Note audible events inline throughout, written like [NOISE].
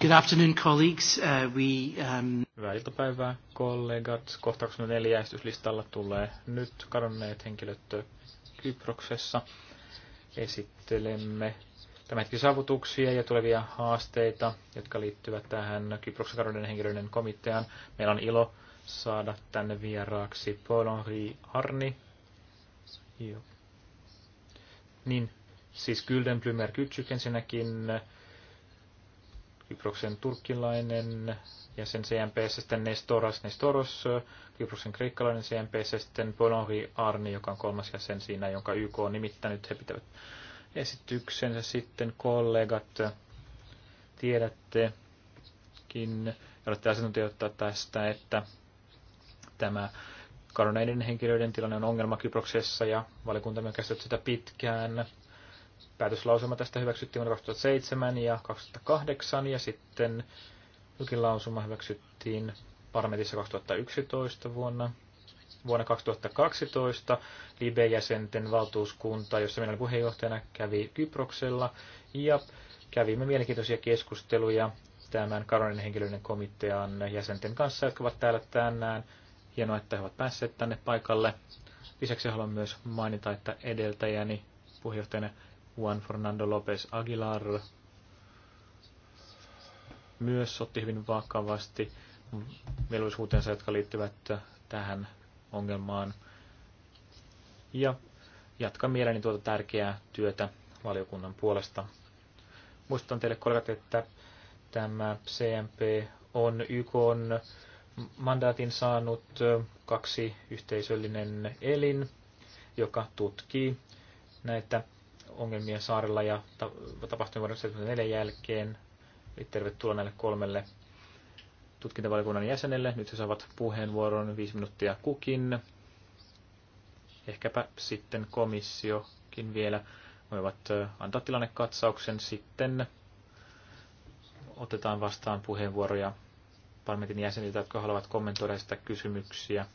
Good afternoon, colleagues. Uh, we, um... Hyvää iltapäivää, kollegat. Kohta 24 esityslistalla tulee nyt kadonneet henkilöt Kyproksessa. Esittelemme tämänhetkisiä saavutuksia ja tulevia haasteita, jotka liittyvät tähän Kyproksen kadonneiden henkilöiden komiteaan. Meillä on ilo saada tänne vieraaksi Paul-Henri Arni. Joo. Niin, siis Gyldenblumer Kytsyk ensinnäkin Kyproksen turkkilainen ja sen CMP, sitten Nestoras Nestoros, Kyproksen kreikkalainen CMP, sitten Bonori Arni, joka on kolmas jäsen siinä, jonka YK on nimittänyt. He pitävät esityksensä sitten kollegat, tiedättekin, ja olette asiantuntijoita tästä, että tämä kadonneiden henkilöiden tilanne on ongelma Kyproksessa ja valiokunta on käsitellyt sitä pitkään päätöslausuma tästä hyväksyttiin vuonna 2007 ja 2008 ja sitten lausuma hyväksyttiin parlamentissa 2011 vuonna. Vuonna 2012 Libe-jäsenten valtuuskunta, jossa minä olin puheenjohtajana, kävi Kyproksella ja kävimme mielenkiintoisia keskusteluja tämän Karonin henkilöiden komitean jäsenten kanssa, jotka ovat täällä tänään. Hienoa, että he ovat päässeet tänne paikalle. Lisäksi haluan myös mainita, että edeltäjäni puheenjohtajana Juan Fernando López Aguilar myös otti hyvin vakavasti velvollisuutensa, jotka liittyvät tähän ongelmaan. Ja jatkan mieleni tuota tärkeää työtä valiokunnan puolesta. Muistutan teille kollegat, että tämä CMP on YK on mandaatin saanut kaksi yhteisöllinen elin, joka tutkii näitä ongelmia saarella ja tapahtui vuoden 1974 jälkeen. Eli tervetuloa näille kolmelle tutkintavaliokunnan jäsenelle. Nyt he saavat puheenvuoron viisi minuuttia kukin. Ehkäpä sitten komissiokin vielä voivat antaa tilannekatsauksen. Sitten otetaan vastaan puheenvuoroja parlamentin jäseniltä, jotka haluavat kommentoida sitä kysymyksiä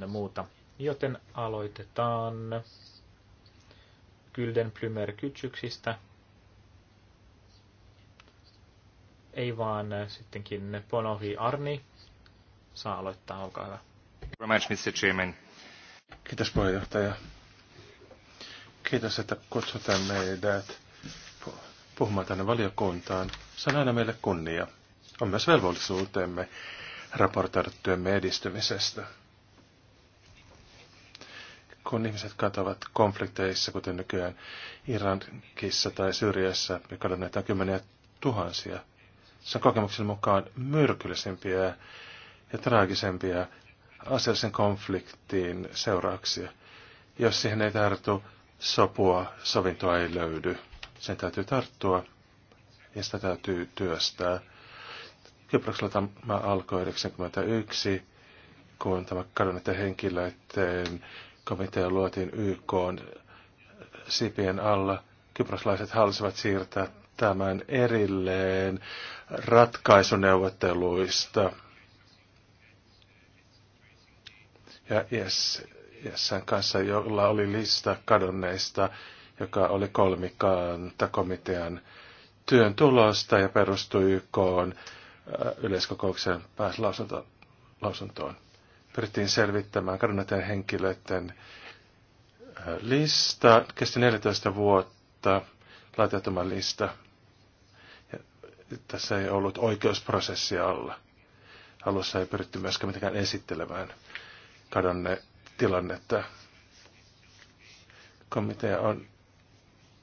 ja muuta. Joten aloitetaan plymer kytsyksistä Ei vaan äh, sittenkin Ponohi Arni saa aloittaa, olkaa hyvä. Kiitos puheenjohtaja. Kiitos, että kutsutte meidät puhumaan tänne valiokuntaan. Se on aina meille kunnia. On myös velvollisuutemme raportoida työmme edistymisestä kun ihmiset katoavat konflikteissa, kuten nykyään Irankissa tai Syyriassa, ja kadonneita näitä kymmeniä tuhansia. Se on kokemuksen mukaan myrkyllisempiä ja traagisempia aseellisen konfliktiin seurauksia. Jos siihen ei tartu, sopua, sovintoa ei löydy. Sen täytyy tarttua ja sitä täytyy työstää. Kyproksella tämä alkoi 1991, kun tämä kadonneiden henkilöiden komitea luotiin YK sipien alla. Kyproslaiset halusivat siirtää tämän erilleen ratkaisuneuvotteluista. Ja yes, Jessen kanssa, jolla oli lista kadonneista, joka oli kolmikanta komitean työn tulosta ja perustui YK äh, yleiskokouksen pääslausuntoon pyrittiin selvittämään kadonneiden henkilöiden lista. Kesti 14 vuotta laitettoman lista. Ja tässä ei ollut oikeusprosessia alla. Alussa ei pyritty myöskään mitenkään esittelemään kadonne tilannetta. Komitea on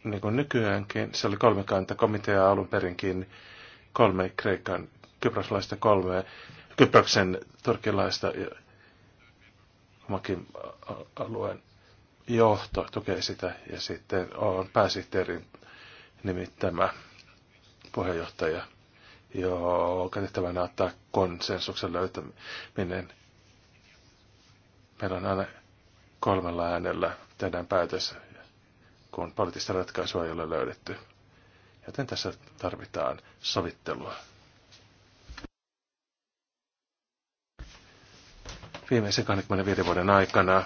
niin kuin nykyäänkin, se oli kolmikanta komitea alun perinkin kolme kreikan kyproslaista kolme, kyproksen turkilaista ja Makin alueen johto tukee sitä ja sitten on pääsihteerin nimittämä puheenjohtaja, joka tehtävänä ottaa konsensuksen löytäminen. Meillä on aina kolmella äänellä tehdään päätös, kun poliittista ratkaisua ei ole löydetty. Joten tässä tarvitaan sovittelua. viimeisen 25 vuoden aikana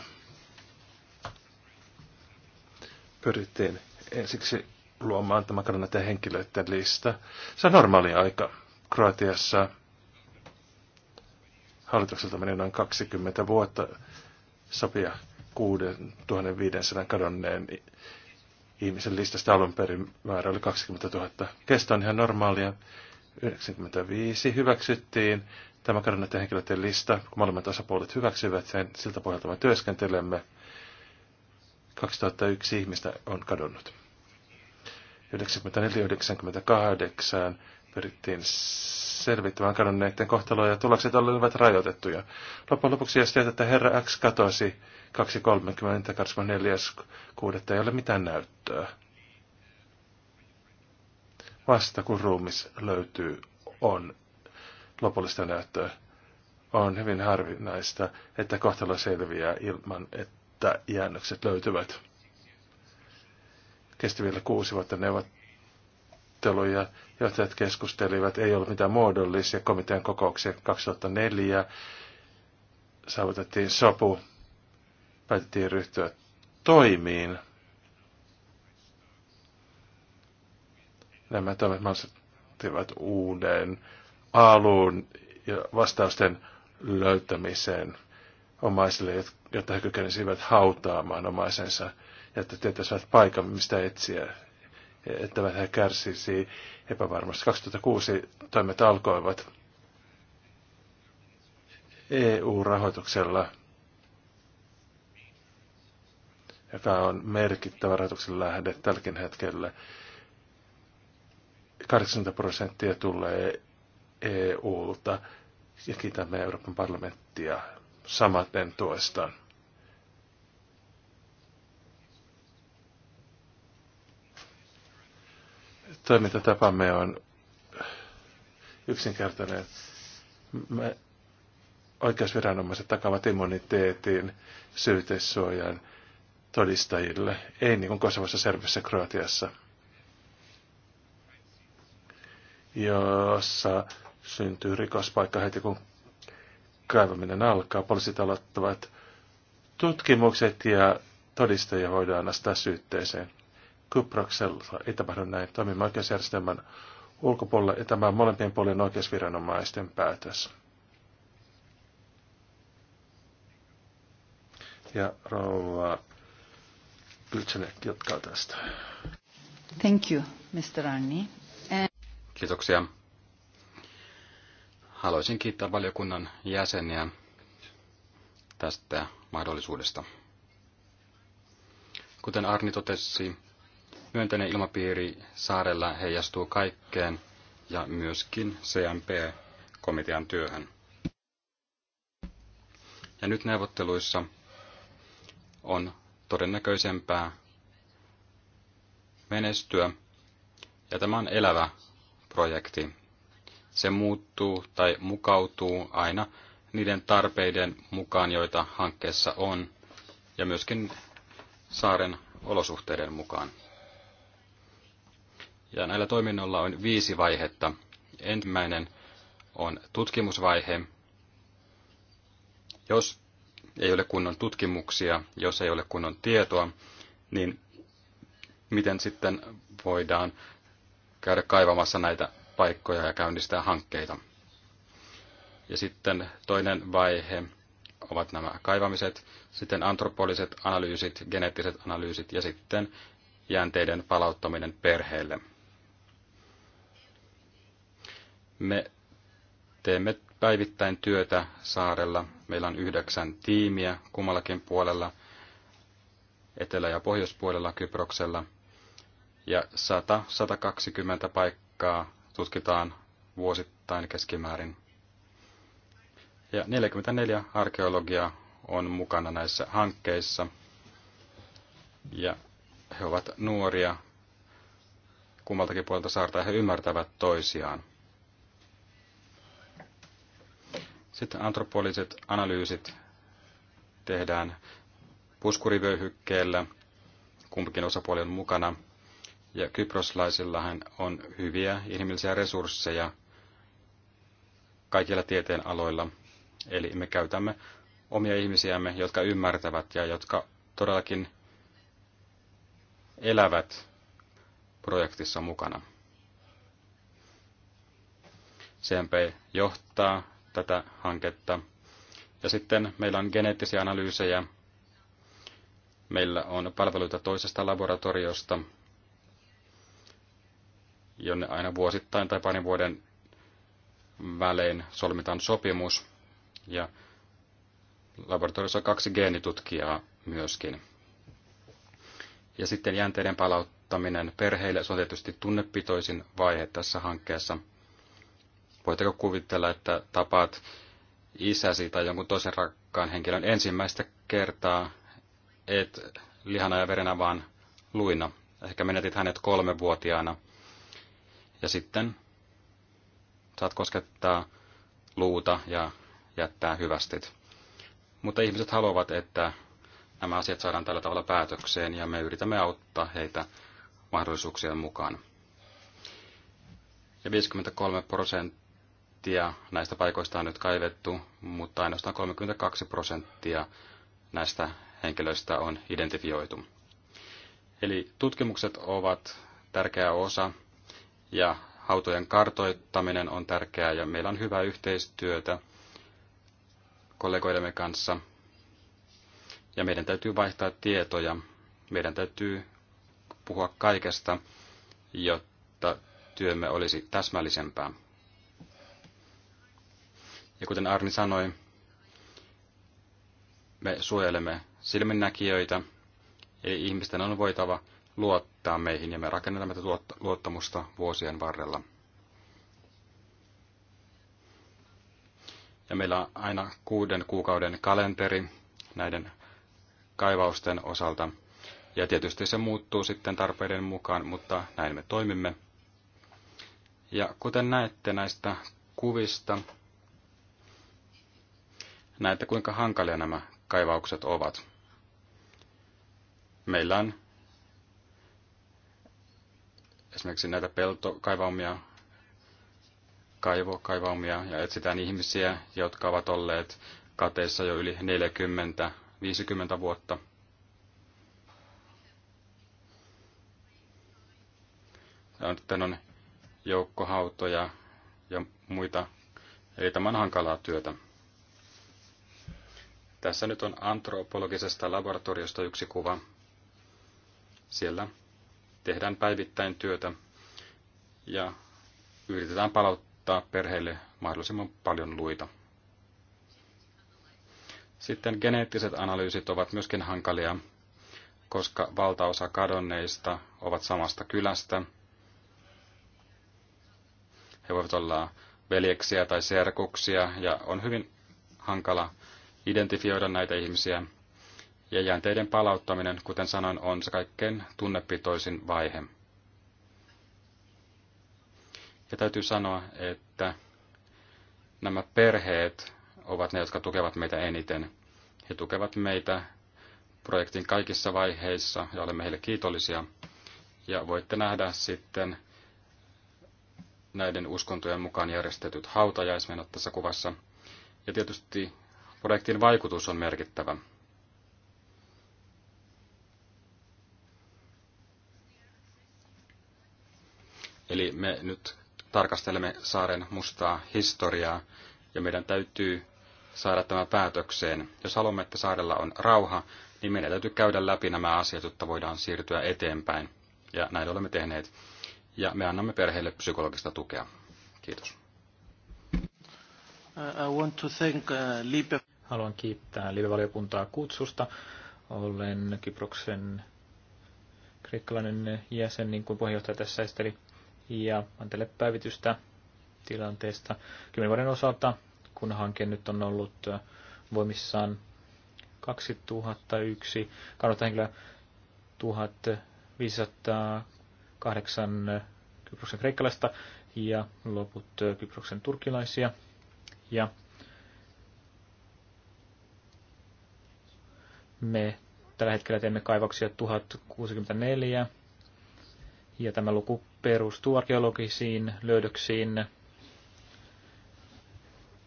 pyrittiin ensiksi luomaan tämä kannattajan henkilöiden lista. Se on normaali aika. Kroatiassa hallitukselta meni noin 20 vuotta sopia 6500 kadonneen ihmisen listasta alun perin määrä oli 20 000. Kesto on ihan normaalia. 95 hyväksyttiin tämä kadonneiden henkilöiden lista, kun molemmat osapuolet hyväksyvät sen, siltä pohjalta me työskentelemme. 2001 ihmistä on kadonnut. 94-98 pyrittiin selvittämään kadonneiden kohtaloa ja tulokset olivat rajoitettuja. Loppujen lopuksi jos tiedät, että herra X katosi 2.30-24.6. ei ole mitään näyttöä. Vasta kun ruumis löytyy, on lopullista näyttöä. On hyvin harvinaista, että kohtalo selviää ilman, että jäännökset löytyvät. Kesti vielä kuusi vuotta neuvotteluja, johtajat keskustelivat, ei ollut mitään muodollisia komitean kokouksia. 2004 saavutettiin sopu, päätettiin ryhtyä toimiin. Nämä toimet mahdollistivat uuden aluun ja vastausten löytämiseen omaisille, jotta he kykenisivät hautaamaan omaisensa ja että tietäisivät paikan, mistä etsiä, että he kärsisi epävarmasti. 2006 toimet alkoivat EU-rahoituksella, joka on merkittävä rahoituksen lähde tälläkin hetkellä. 80 prosenttia tulee EUlta ja kiitämme Euroopan parlamenttia samaten tuestaan. Toimintatapamme on yksinkertainen. Me oikeusviranomaiset takavat immuniteetin, syytesuojan todistajille, ei niin kuin Kosovassa, Serbiassa ja Kroatiassa, jossa syntyy paikka heti, kun kaivaminen alkaa. Poliisit aloittavat tutkimukset ja todistajia voidaan astaa syytteeseen. Kyproksella ei tapahdu näin. Toimimme oikeusjärjestelmän ulkopuolella ja tämä on molempien puolien oikeusviranomaisten päätös. Ja rouva Kyltsenek jatkaa tästä. Thank you, Mr. Arni. And... Kiitoksia haluaisin kiittää valiokunnan jäseniä tästä mahdollisuudesta. Kuten Arni totesi, myönteinen ilmapiiri saarella heijastuu kaikkeen ja myöskin CMP-komitean työhön. Ja nyt neuvotteluissa on todennäköisempää menestyä, ja tämä on elävä projekti, se muuttuu tai mukautuu aina niiden tarpeiden mukaan, joita hankkeessa on, ja myöskin saaren olosuhteiden mukaan. Ja näillä toiminnoilla on viisi vaihetta. Ensimmäinen on tutkimusvaihe. Jos ei ole kunnon tutkimuksia, jos ei ole kunnon tietoa, niin miten sitten voidaan käydä kaivamassa näitä paikkoja ja käynnistää hankkeita. Ja sitten toinen vaihe ovat nämä kaivamiset, sitten antropoliset analyysit, geneettiset analyysit ja sitten jäänteiden palauttaminen perheelle. Me teemme päivittäin työtä saarella. Meillä on yhdeksän tiimiä kummallakin puolella, etelä- ja pohjoispuolella Kyproksella, ja 100-120 paikkaa tutkitaan vuosittain keskimäärin. Ja 44 arkeologia on mukana näissä hankkeissa. Ja he ovat nuoria kummaltakin puolelta saarta ja he ymmärtävät toisiaan. Sitten antropoliset analyysit tehdään puskurivöyhykkeellä. Kumpikin osapuoli on mukana ja kyproslaisillahan on hyviä inhimillisiä resursseja kaikilla tieteen aloilla. Eli me käytämme omia ihmisiämme, jotka ymmärtävät ja jotka todellakin elävät projektissa mukana. CMP johtaa tätä hanketta. Ja sitten meillä on geneettisiä analyysejä. Meillä on palveluita toisesta laboratoriosta, jonne aina vuosittain tai parin vuoden välein solmitaan sopimus. Ja laboratoriossa on kaksi geenitutkijaa myöskin. Ja sitten jänteiden palauttaminen perheille, se on tietysti tunnepitoisin vaihe tässä hankkeessa. Voitteko kuvitella, että tapaat isäsi tai jonkun toisen rakkaan henkilön ensimmäistä kertaa, et lihana ja verenä vaan luina. Ehkä menetit hänet kolmevuotiaana – ja sitten saat koskettaa luuta ja jättää hyvästit. Mutta ihmiset haluavat, että nämä asiat saadaan tällä tavalla päätökseen ja me yritämme auttaa heitä mahdollisuuksien mukaan. Ja 53 prosenttia näistä paikoista on nyt kaivettu, mutta ainoastaan 32 prosenttia näistä henkilöistä on identifioitu. Eli tutkimukset ovat tärkeä osa ja hautojen kartoittaminen on tärkeää ja meillä on hyvää yhteistyötä kollegoidemme kanssa. Ja meidän täytyy vaihtaa tietoja, meidän täytyy puhua kaikesta, jotta työmme olisi täsmällisempää. Ja kuten Arni sanoi, me suojelemme silminnäkijöitä, eli ihmisten on voitava luottaa meihin ja me rakennamme tätä luottamusta vuosien varrella. Ja meillä on aina kuuden kuukauden kalenteri näiden kaivausten osalta. Ja tietysti se muuttuu sitten tarpeiden mukaan, mutta näin me toimimme. Ja kuten näette näistä kuvista, näette kuinka hankalia nämä kaivaukset ovat. Meillä on esimerkiksi näitä peltokaivaumia, kaivokaivaumia ja etsitään ihmisiä, jotka ovat olleet kateissa jo yli 40-50 vuotta. Sitten on joukkohautoja ja muita. Eli tämä on hankalaa työtä. Tässä nyt on antropologisesta laboratoriosta yksi kuva. Siellä tehdään päivittäin työtä ja yritetään palauttaa perheille mahdollisimman paljon luita. Sitten geneettiset analyysit ovat myöskin hankalia, koska valtaosa kadonneista ovat samasta kylästä. He voivat olla veljeksiä tai serkuksia ja on hyvin hankala identifioida näitä ihmisiä ja jänteiden palauttaminen, kuten sanoin, on se kaikkein tunnepitoisin vaihe. Ja täytyy sanoa, että nämä perheet ovat ne, jotka tukevat meitä eniten. He tukevat meitä projektin kaikissa vaiheissa ja olemme heille kiitollisia. Ja voitte nähdä sitten näiden uskontojen mukaan järjestetyt hautajaismenot tässä kuvassa. Ja tietysti projektin vaikutus on merkittävä. Eli me nyt tarkastelemme saaren mustaa historiaa ja meidän täytyy saada tämä päätökseen. Jos haluamme, että saarella on rauha, niin meidän täytyy käydä läpi nämä asiat, jotta voidaan siirtyä eteenpäin. Ja näin olemme tehneet. Ja me annamme perheelle psykologista tukea. Kiitos. Uh, uh, Haluan kiittää libe valiokuntaa kutsusta. Olen Kyproksen kreikkalainen jäsen, niin kuin puheenjohtaja tässä esteli ja antele päivitystä tilanteesta kymmenen vuoden osalta, kun hanke nyt on ollut voimissaan 2001, kannattaa henkilöä 1508 Kyproksen kreikkalaista ja loput Kyproksen turkilaisia. Ja me tällä hetkellä teemme kaivoksia 1064 ja tämä luku perustuu arkeologisiin löydöksiin.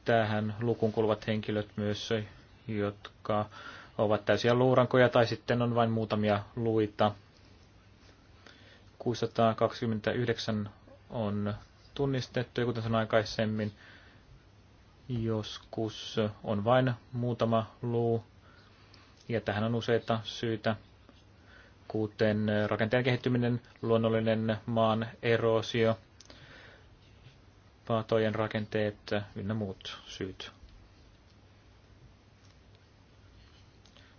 Tähän lukuun kuuluvat henkilöt myös, jotka ovat täysiä luurankoja tai sitten on vain muutamia luita. 629 on tunnistettu ja kuten sanoin aikaisemmin, joskus on vain muutama luu ja tähän on useita syitä kuten rakenteen kehittyminen, luonnollinen maan eroosio, paatojen rakenteet ynnä muut syyt.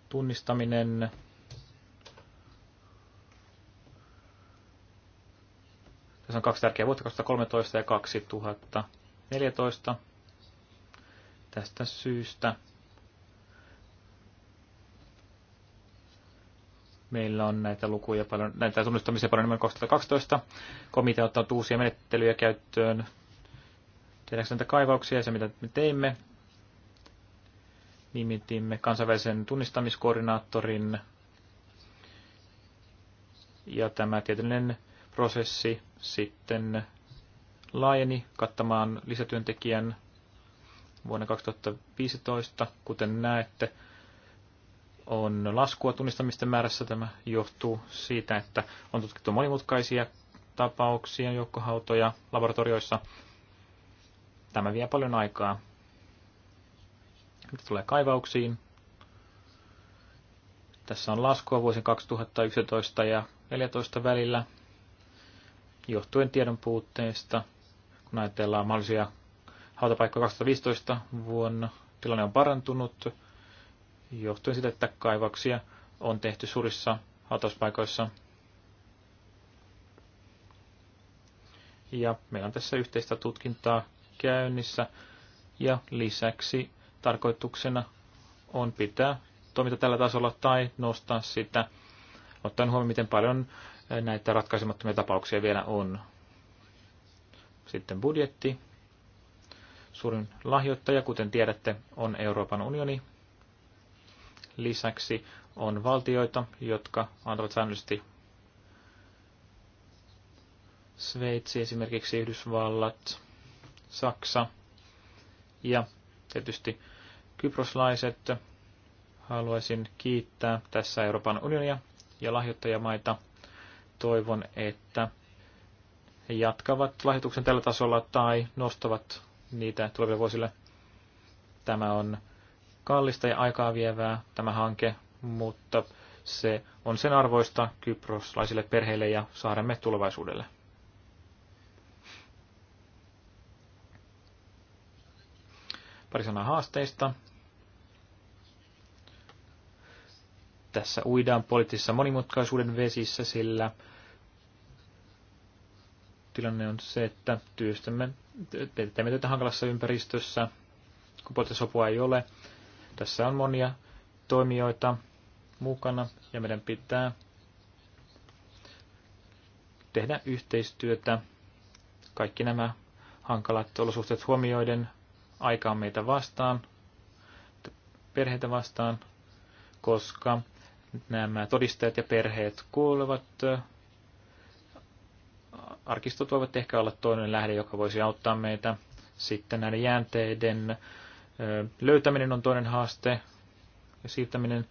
Tunnistaminen, Tässä on kaksi tärkeää vuotta, 2013 ja 2014. Tästä syystä Meillä on näitä lukuja paljon, näitä tunnistamisia paljon enemmän 2012. Komitea ottaa uusia menettelyjä käyttöön. Tehdäänkö näitä kaivauksia ja se, mitä me teimme? Nimitimme kansainvälisen tunnistamiskoordinaattorin. Ja tämä tieteellinen prosessi sitten laajeni kattamaan lisätyöntekijän vuonna 2015, kuten näette on laskua tunnistamisten määrässä. Tämä johtuu siitä, että on tutkittu monimutkaisia tapauksia, joukkohautoja laboratorioissa. Tämä vie paljon aikaa. Mitä tulee kaivauksiin? Tässä on laskua vuosien 2011 ja 2014 välillä johtuen tiedon puutteesta. Kun ajatellaan mahdollisia hautapaikkoja 2015 vuonna, tilanne on parantunut johtuen siitä, että kaivaksia on tehty suurissa hatauspaikoissa. Ja meillä on tässä yhteistä tutkintaa käynnissä. Ja lisäksi tarkoituksena on pitää toiminta tällä tasolla tai nostaa sitä, ottaen huomioon, miten paljon näitä ratkaisemattomia tapauksia vielä on. Sitten budjetti. Suurin lahjoittaja, kuten tiedätte, on Euroopan unioni, Lisäksi on valtioita, jotka antavat säännöllisesti Sveitsi, esimerkiksi Yhdysvallat, Saksa ja tietysti kyproslaiset. Haluaisin kiittää tässä Euroopan unionia ja lahjoittajamaita. Toivon, että he jatkavat lahjoituksen tällä tasolla tai nostavat niitä tuleville vuosille. Tämä on kallista ja aikaa vievää tämä hanke, mutta se on sen arvoista kyproslaisille perheille ja saaremme tulevaisuudelle. Pari sanaa haasteista. Tässä uidaan poliittisessa monimutkaisuuden vesissä, sillä tilanne on se, että työstämme, teemme työtä hankalassa ympäristössä, kun poliittista sopua ei ole, tässä on monia toimijoita mukana ja meidän pitää tehdä yhteistyötä kaikki nämä hankalat olosuhteet huomioiden aikaan meitä vastaan, perheitä vastaan, koska nämä todistajat ja perheet kuulevat. Arkistot voivat ehkä olla toinen lähde, joka voisi auttaa meitä sitten näiden jäänteiden löytäminen on toinen haaste ja siirtäminen.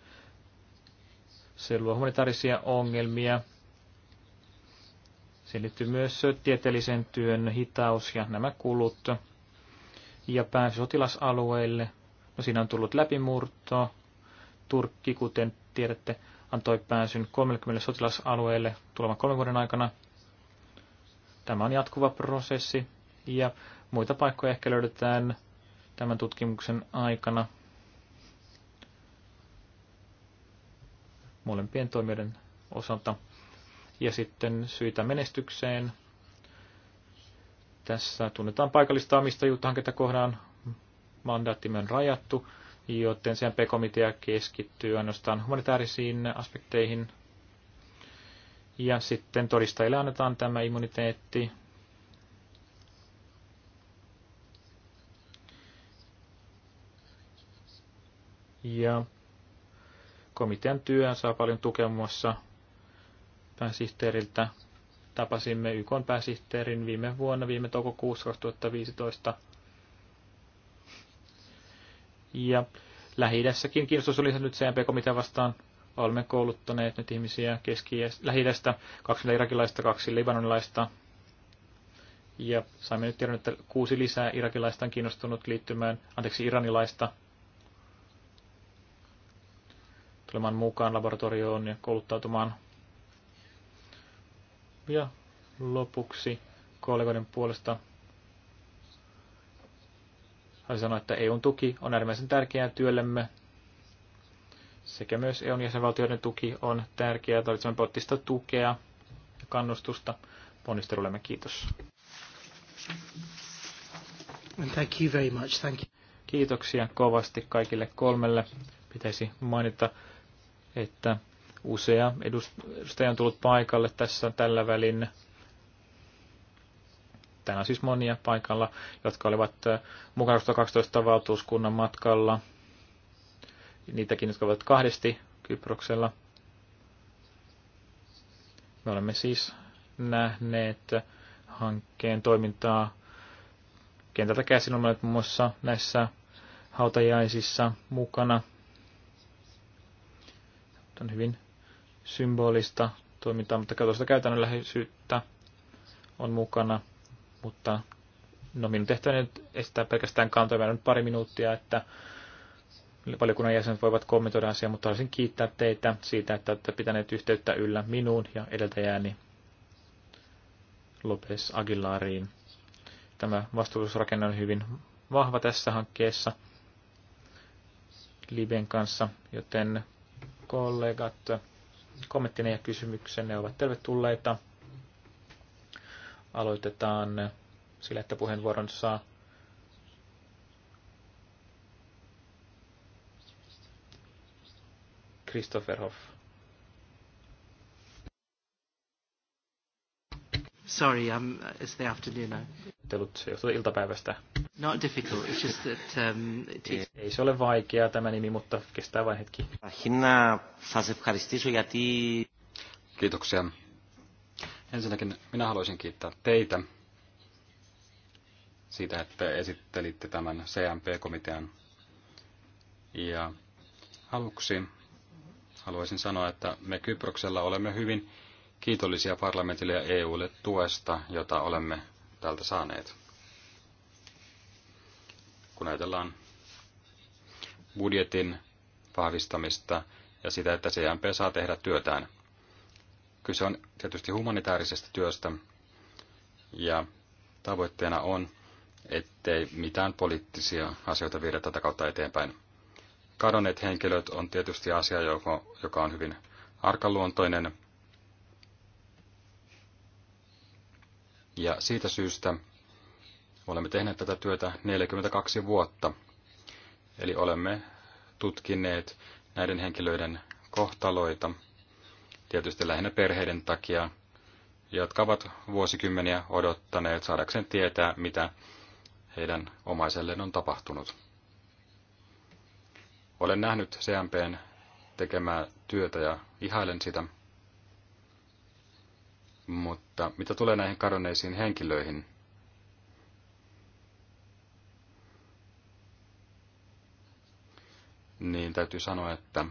Se luo humanitaarisia ongelmia. Se liittyy myös tieteellisen työn hitaus ja nämä kulut. Ja pääsy sotilasalueille. No siinä on tullut läpimurto. Turkki, kuten tiedätte, antoi pääsyn 30 sotilasalueelle tulevan kolmen vuoden aikana. Tämä on jatkuva prosessi ja muita paikkoja ehkä löydetään tämän tutkimuksen aikana molempien toimijoiden osalta. Ja sitten syitä menestykseen. Tässä tunnetaan paikallista omistajuutta hanketta kohdaan. Mandaattimme on rajattu, joten sen komitea keskittyy ainoastaan humanitaarisiin aspekteihin. Ja sitten todistajille annetaan tämä immuniteetti Ja komitean työn saa paljon tukea muassa pääsihteeriltä. Tapasimme YK pääsihteerin viime vuonna, viime toukokuussa 2015. Ja Lähi-idässäkin kiinnostus oli nyt CMP-komitea vastaan. Olemme kouluttaneet nyt ihmisiä keski Lähi-idästä, kaksi irakilaista, kaksi libanonilaista. Ja saimme nyt tiedon, että kuusi lisää irakilaista on kiinnostunut liittymään, anteeksi iranilaista, tulemaan mukaan laboratorioon ja kouluttautumaan. Ja lopuksi kollegoiden puolesta hän sanoi, että EUn tuki on äärimmäisen tärkeää työllemme, sekä myös EUn jäsenvaltioiden tuki on tärkeää. Tarvitsemme poliittista tukea ja kannustusta ponnistelullemme. Kiitos. thank you very much. Thank you. Kiitoksia kovasti kaikille kolmelle. Pitäisi mainita että usea edustaja on tullut paikalle tässä tällä välin. Täällä on siis monia paikalla, jotka olivat äh, mukana 12 valtuuskunnan matkalla. Niitäkin, jotka ovat kahdesti Kyproksella. Me olemme siis nähneet hankkeen toimintaa kentältä käsin olemme muun muassa näissä hautajaisissa mukana – on hyvin symbolista toimintaa, mutta käytännön käytännönläheisyyttä on mukana, mutta no minun tehtäväni nyt estää pelkästään kantoja. Meillä on nyt pari minuuttia, että valiokunnan jäsenet voivat kommentoida asiaa, mutta haluaisin kiittää teitä siitä, että olette pitäneet yhteyttä yllä minuun ja edeltäjääni Lopes Aguilariin. Tämä vastuullisuusrakenne on hyvin vahva tässä hankkeessa Liben kanssa, joten kollegat, kommenttinne ja kysymyksenne ovat tervetulleita. Aloitetaan sillä, että puheenvuoron saa Christopher Hoff. Sorry, um, it's the afternoon neuvottelut johtuu iltapäivästä. Not difficult, it's just that, um, it takes... Ei se ole vaikeaa tämä nimi, mutta kestää vain hetki. Kiitoksia. Ensinnäkin minä haluaisin kiittää teitä siitä, että esittelitte tämän CMP-komitean. Ja aluksi haluaisin sanoa, että me Kyproksella olemme hyvin kiitollisia parlamentille ja EUlle tuesta, jota olemme täältä saaneet. Kun ajatellaan budjetin vahvistamista ja sitä, että CMP saa tehdä työtään. Kyse on tietysti humanitaarisesta työstä ja tavoitteena on, ettei mitään poliittisia asioita viedä tätä kautta eteenpäin. Kadonneet henkilöt on tietysti asia, joka on hyvin arkaluontoinen Ja siitä syystä olemme tehneet tätä työtä 42 vuotta. Eli olemme tutkineet näiden henkilöiden kohtaloita, tietysti lähinnä perheiden takia, jotka ovat vuosikymmeniä odottaneet saadakseen tietää, mitä heidän omaiselleen on tapahtunut. Olen nähnyt CMPn tekemää työtä ja ihailen sitä. Mutta mitä tulee näihin kadonneisiin henkilöihin, niin täytyy sanoa, että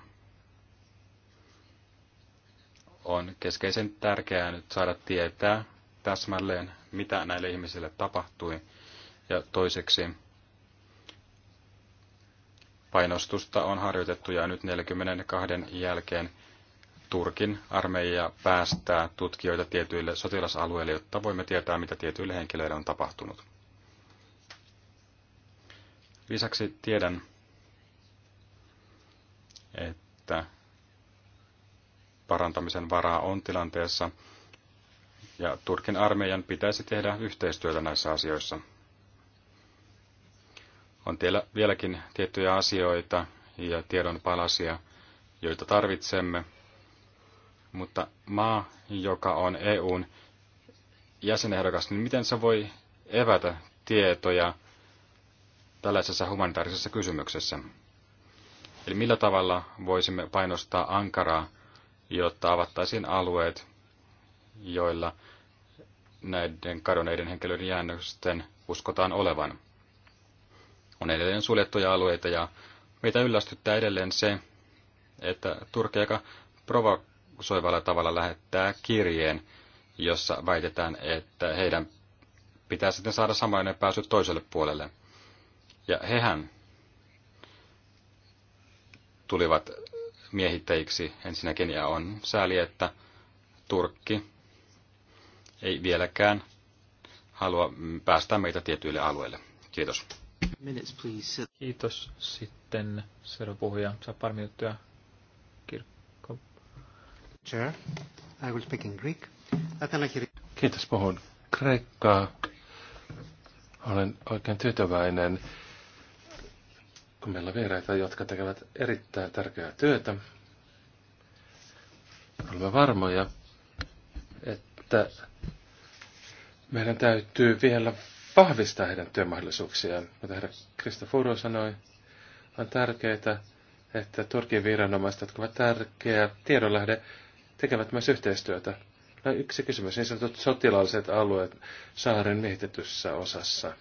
on keskeisen tärkeää nyt saada tietää täsmälleen, mitä näille ihmisille tapahtui. Ja toiseksi painostusta on harjoitettu ja nyt 42 jälkeen Turkin armeija päästää tutkijoita tietyille sotilasalueille, jotta voimme tietää, mitä tietyille henkilöille on tapahtunut. Lisäksi tiedän, että parantamisen varaa on tilanteessa, ja Turkin armeijan pitäisi tehdä yhteistyötä näissä asioissa. On vieläkin tiettyjä asioita ja tiedon palasia, joita tarvitsemme, mutta maa, joka on EUn jäsenehdokas, niin miten se voi evätä tietoja tällaisessa humanitaarisessa kysymyksessä? Eli millä tavalla voisimme painostaa Ankaraa, jotta avattaisiin alueet, joilla näiden kadonneiden henkilöiden jäännösten uskotaan olevan. On edelleen suljettuja alueita ja meitä yllästyttää edelleen se, että Turkki, joka soivalla tavalla lähettää kirjeen, jossa väitetään, että heidän pitää sitten saada samainen pääsy toiselle puolelle. Ja hehän tulivat miehittäjiksi ensinnäkin, ja on sääli, että Turkki ei vieläkään halua päästä meitä tietyille alueille. Kiitos. Kiitos. Sitten seuraava puhuja saa pari minuuttia Chair, I will speak in Greek. Kiitos, puhun kreikkaa. Olen oikein tyytyväinen, kun meillä on vieraita, jotka tekevät erittäin tärkeää työtä. Olemme varmoja, että meidän täytyy vielä vahvistaa heidän työmahdollisuuksiaan. Mitä herra Kristoforo sanoi, on tärkeää, että Turkin viranomaiset, jotka ovat tärkeä tiedonlähde, tekevät myös yhteistyötä. No, yksi kysymys, niin sanotut sotilaalliset alueet saaren miehitetyssä osassa.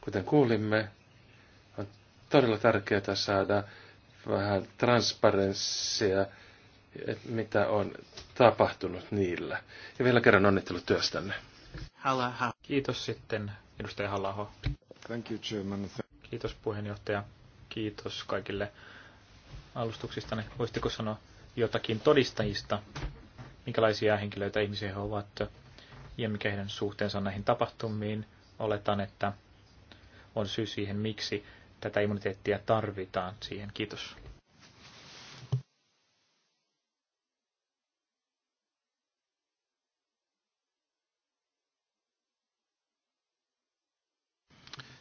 Kuten kuulimme, on todella tärkeää saada vähän transparenssia, mitä on tapahtunut niillä. Ja vielä kerran onnittelut työstänne. Halaha. Kiitos sitten, edustaja Halaho. Thank you, Kiitos puheenjohtaja. Kiitos kaikille alustuksistanne. Niin voisitteko sanoa jotakin todistajista, minkälaisia henkilöitä ihmisiä he ovat ja mikä heidän suhteensa on näihin tapahtumiin? Oletan, että on syy siihen, miksi tätä immuniteettia tarvitaan siihen. Kiitos.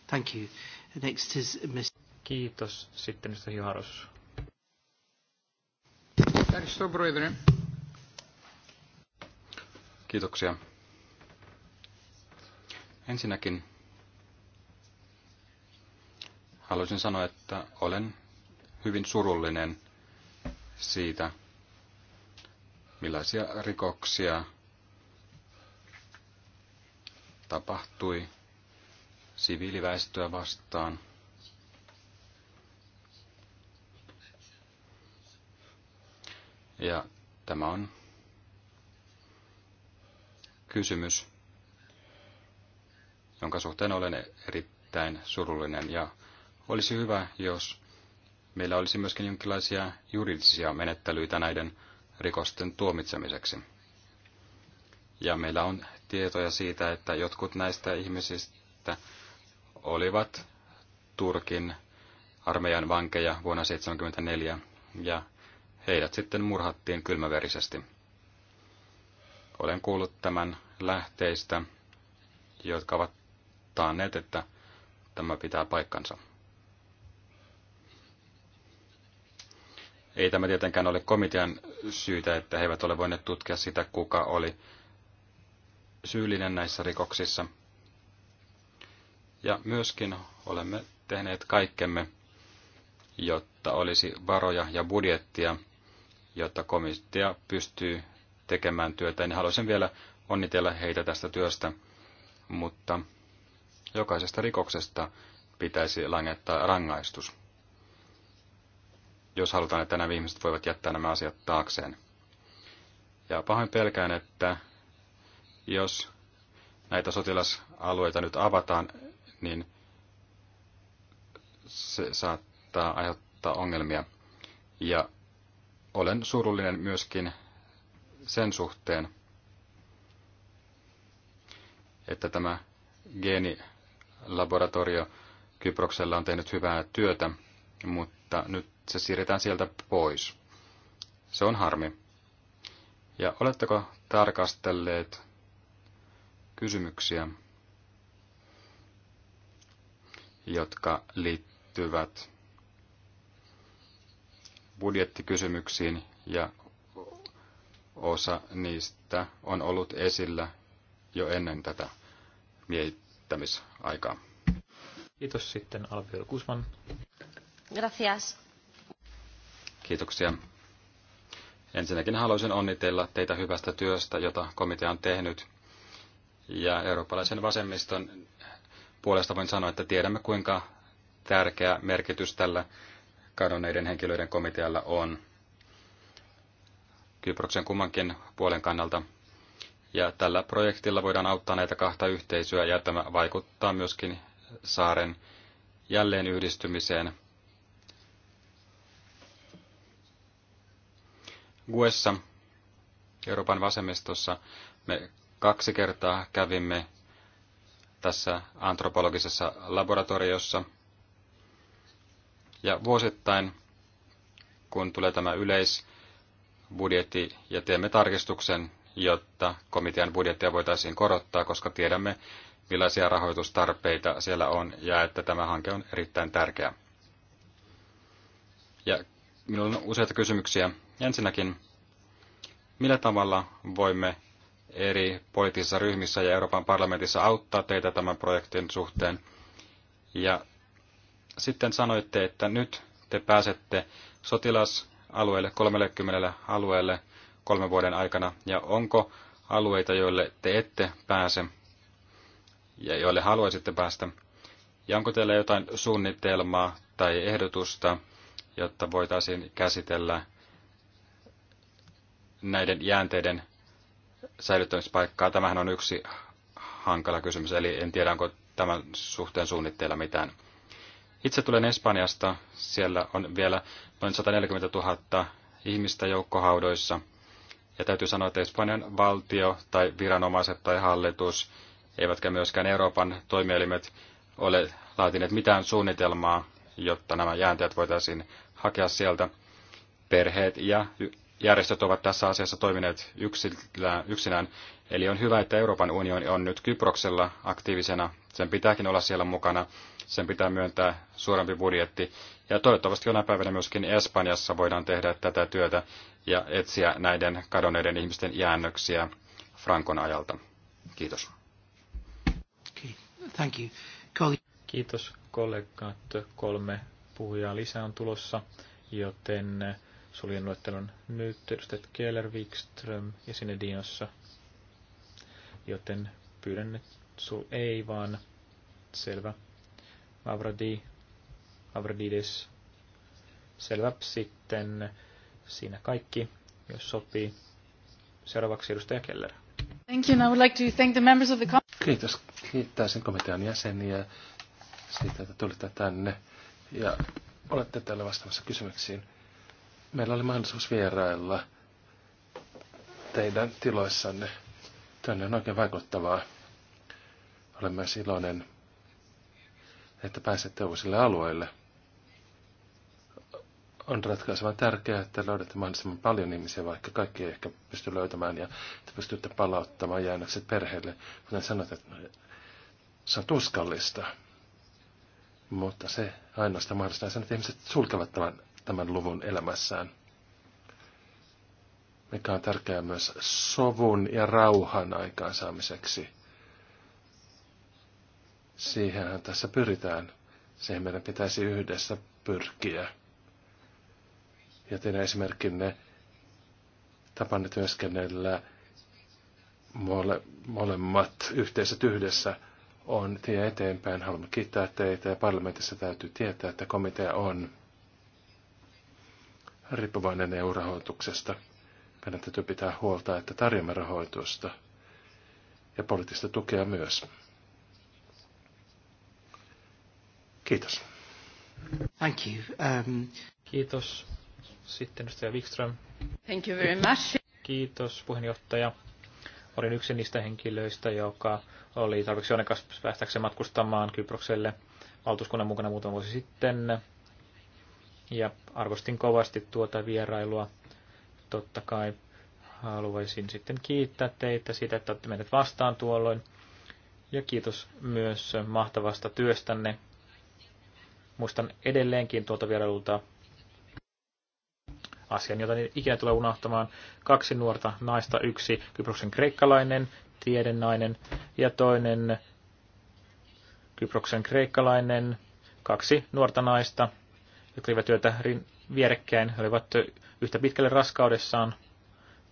Thank you. Next is Mr. Kiitos. Sitten Mr. Hiharus. Kiitoksia. Ensinnäkin haluaisin sanoa, että olen hyvin surullinen siitä, millaisia rikoksia tapahtui siviiliväestöä vastaan – Ja tämä on kysymys, jonka suhteen olen erittäin surullinen. Ja olisi hyvä, jos meillä olisi myöskin jonkinlaisia juridisia menettelyitä näiden rikosten tuomitsemiseksi. Ja meillä on tietoja siitä, että jotkut näistä ihmisistä olivat Turkin armeijan vankeja vuonna 1974 ja heidät sitten murhattiin kylmäverisesti. Olen kuullut tämän lähteistä, jotka ovat taanneet, että tämä pitää paikkansa. Ei tämä tietenkään ole komitean syytä, että he eivät ole voineet tutkia sitä, kuka oli syyllinen näissä rikoksissa. Ja myöskin olemme tehneet kaikkemme, jotta olisi varoja ja budjettia jotta komitea pystyy tekemään työtä. Niin haluaisin vielä onnitella heitä tästä työstä, mutta jokaisesta rikoksesta pitäisi langettaa rangaistus, jos halutaan, että nämä ihmiset voivat jättää nämä asiat taakseen. Ja pahoin pelkään, että jos näitä sotilasalueita nyt avataan, niin se saattaa aiheuttaa ongelmia. Ja olen surullinen myöskin sen suhteen, että tämä geenilaboratorio Kyproksella on tehnyt hyvää työtä, mutta nyt se siirretään sieltä pois. Se on harmi. Ja oletteko tarkastelleet kysymyksiä, jotka liittyvät budjettikysymyksiin ja osa niistä on ollut esillä jo ennen tätä miehittämisaikaa. Kiitos sitten Alfio Kusman. Gracias. Kiitoksia. Ensinnäkin haluaisin onnitella teitä hyvästä työstä, jota komitea on tehnyt. Ja eurooppalaisen vasemmiston puolesta voin sanoa, että tiedämme kuinka tärkeä merkitys tällä kadonneiden henkilöiden komitealla on Kyproksen kummankin puolen kannalta. Ja tällä projektilla voidaan auttaa näitä kahta yhteisöä ja tämä vaikuttaa myöskin saaren jälleen yhdistymiseen. Guessa, Euroopan vasemmistossa, me kaksi kertaa kävimme tässä antropologisessa laboratoriossa – ja vuosittain, kun tulee tämä yleisbudjetti ja teemme tarkistuksen, jotta komitean budjettia voitaisiin korottaa, koska tiedämme, millaisia rahoitustarpeita siellä on ja että tämä hanke on erittäin tärkeä. Ja minulla on useita kysymyksiä. Ensinnäkin, millä tavalla voimme eri poliittisissa ryhmissä ja Euroopan parlamentissa auttaa teitä tämän projektin suhteen? Ja sitten sanoitte, että nyt te pääsette sotilasalueelle 30 alueelle kolmen vuoden aikana, ja onko alueita, joille te ette pääse ja joille haluaisitte päästä? Ja onko teillä jotain suunnitelmaa tai ehdotusta, jotta voitaisiin käsitellä näiden jäänteiden säilyttämispaikkaa? Tämähän on yksi hankala kysymys, eli en tiedä, onko tämän suhteen suunnitteilla mitään. Itse tulen Espanjasta. Siellä on vielä noin 140 000 ihmistä joukkohaudoissa. Ja täytyy sanoa, että Espanjan valtio tai viranomaiset tai hallitus, eivätkä myöskään Euroopan toimielimet ole laatineet mitään suunnitelmaa, jotta nämä jäänteet voitaisiin hakea sieltä. Perheet ja järjestöt ovat tässä asiassa toimineet yksinään. Eli on hyvä, että Euroopan unioni on nyt Kyproksella aktiivisena. Sen pitääkin olla siellä mukana sen pitää myöntää suurempi budjetti. Ja toivottavasti jonain päivänä myöskin Espanjassa voidaan tehdä tätä työtä ja etsiä näiden kadonneiden ihmisten jäännöksiä Frankon ajalta. Kiitos. Thank you. Kiitos kollegat. Kolme puhujaa lisää on tulossa, joten suljen luettelon nyt edustajat Keller, Wikström ja sinne Diossa. Joten pyydän, että sul ei vaan selvä. Avradi Mavrodidis. Selvä. Sitten siinä kaikki, jos sopii. Seuraavaksi edustaja Keller. Thank you, and I would like to thank the members of the Kiitos. sen komitean jäseniä siitä, että tulitte tänne ja olette täällä vastaamassa kysymyksiin. Meillä oli mahdollisuus vierailla teidän tiloissanne. tänne on oikein vaikuttavaa. Olen myös iloinen että pääsette uusille alueille. On ratkaisevan tärkeää, että löydätte mahdollisimman paljon ihmisiä, vaikka kaikki ei ehkä pysty löytämään, ja että pystytte palauttamaan jäännökset perheelle. Kuten sanoit, että se on tuskallista. Mutta se ainoastaan mahdollistaa sen, että ihmiset sulkevat tämän, tämän luvun elämässään mikä on tärkeää myös sovun ja rauhan aikaansaamiseksi. Siihenhän tässä pyritään. Siihen meidän pitäisi yhdessä pyrkiä. Ja teidän esimerkkinne tapanne työskennellä mole, molemmat yhteisöt yhdessä on tie eteenpäin. Haluamme kiittää teitä ja parlamentissa täytyy tietää, että komitea on riippuvainen EU-rahoituksesta. Meidän täytyy pitää huolta, että tarjomme rahoitusta ja poliittista tukea myös. Kiitos. Thank you. Um... Kiitos. Sitten edustaja Wikström. Thank you very much. Kiitos puheenjohtaja. Olin yksi niistä henkilöistä, joka oli tarpeeksi onnekas päästäkseen matkustamaan Kyprokselle valtuuskunnan mukana muutama vuosi sitten. Ja arvostin kovasti tuota vierailua. Totta kai haluaisin sitten kiittää teitä siitä, että olette menneet vastaan tuolloin. Ja kiitos myös mahtavasta työstänne Muistan edelleenkin tuolta vierailulta asian, jota ikinä tulee unohtamaan. Kaksi nuorta naista, yksi Kyproksen kreikkalainen, tiedennainen, ja toinen Kyproksen kreikkalainen, kaksi nuorta naista, jotka olivat työtä vierekkäin, he olivat yhtä pitkälle raskaudessaan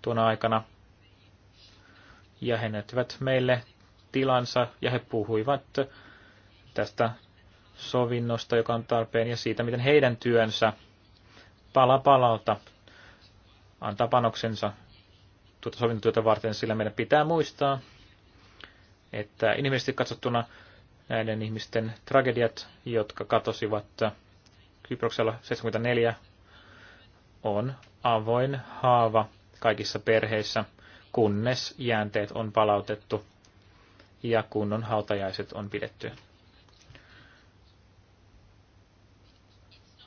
tuona aikana. Ja he näyttivät meille tilansa ja he puhuivat tästä sovinnosta, joka on tarpeen, ja siitä, miten heidän työnsä pala palalta antaa panoksensa tuota sovintotyötä varten, sillä meidän pitää muistaa, että inhimillisesti katsottuna näiden ihmisten tragediat, jotka katosivat Kyproksella 74, on avoin haava kaikissa perheissä, kunnes jäänteet on palautettu ja kunnon hautajaiset on pidetty.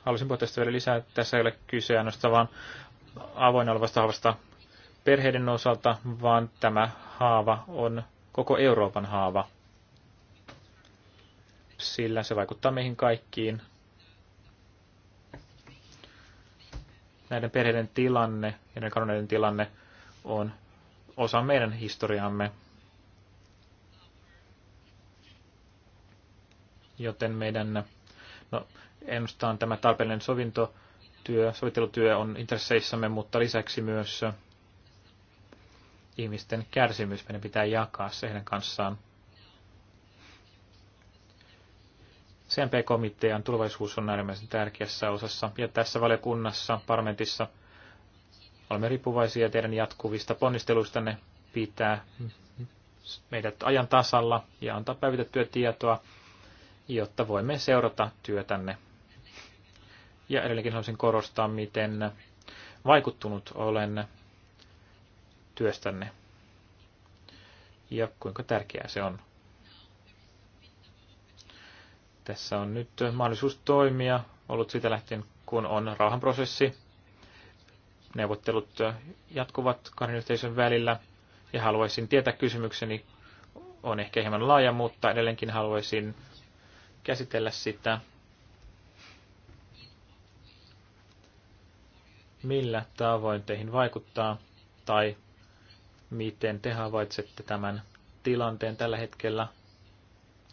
Haluaisin puhua tästä vielä lisää. Tässä ei ole kyse ainoastaan vaan avoin olevasta haavasta perheiden osalta, vaan tämä haava on koko Euroopan haava. Sillä se vaikuttaa meihin kaikkiin. Näiden perheiden tilanne ja näiden kadonneiden tilanne on osa meidän historiaamme. Joten meidän, no, Ennustaan tämä tarpeellinen sovintotyö, sovittelutyö on intresseissämme, mutta lisäksi myös ihmisten kärsimys meidän pitää jakaa se heidän kanssaan. CMP-komitean tulevaisuus on äärimmäisen tärkeässä osassa, ja tässä valiokunnassa, parlamentissa, olemme riippuvaisia teidän jatkuvista ponnisteluistanne pitää meidät ajan tasalla ja antaa päivitettyä tietoa, jotta voimme seurata työtänne ja edelleenkin haluaisin korostaa, miten vaikuttunut olen työstänne ja kuinka tärkeää se on. Tässä on nyt mahdollisuus toimia ollut sitä lähtien, kun on rauhanprosessi. Neuvottelut jatkuvat kahden yhteisön välillä ja haluaisin tietää kysymykseni on ehkä hieman laaja, mutta edelleenkin haluaisin käsitellä sitä millä tavoin teihin vaikuttaa tai miten te havaitsette tämän tilanteen tällä hetkellä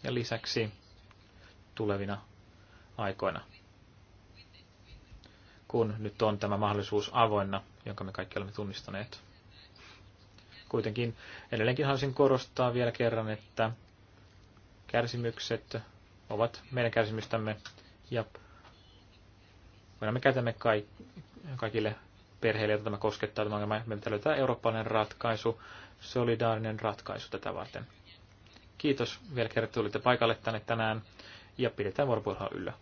ja lisäksi tulevina aikoina, kun nyt on tämä mahdollisuus avoinna, jonka me kaikki olemme tunnistaneet. Kuitenkin edelleenkin haluaisin korostaa vielä kerran, että kärsimykset ovat meidän kärsimystämme ja voidaan me käytämme kaik- kaikille perheille, joita tämä koskettaa tämä ongelma. Meidän löytää eurooppalainen ratkaisu, solidaarinen ratkaisu tätä varten. Kiitos vielä kerran, että tulitte paikalle tänne tänään ja pidetään vuoropuhelua yllä.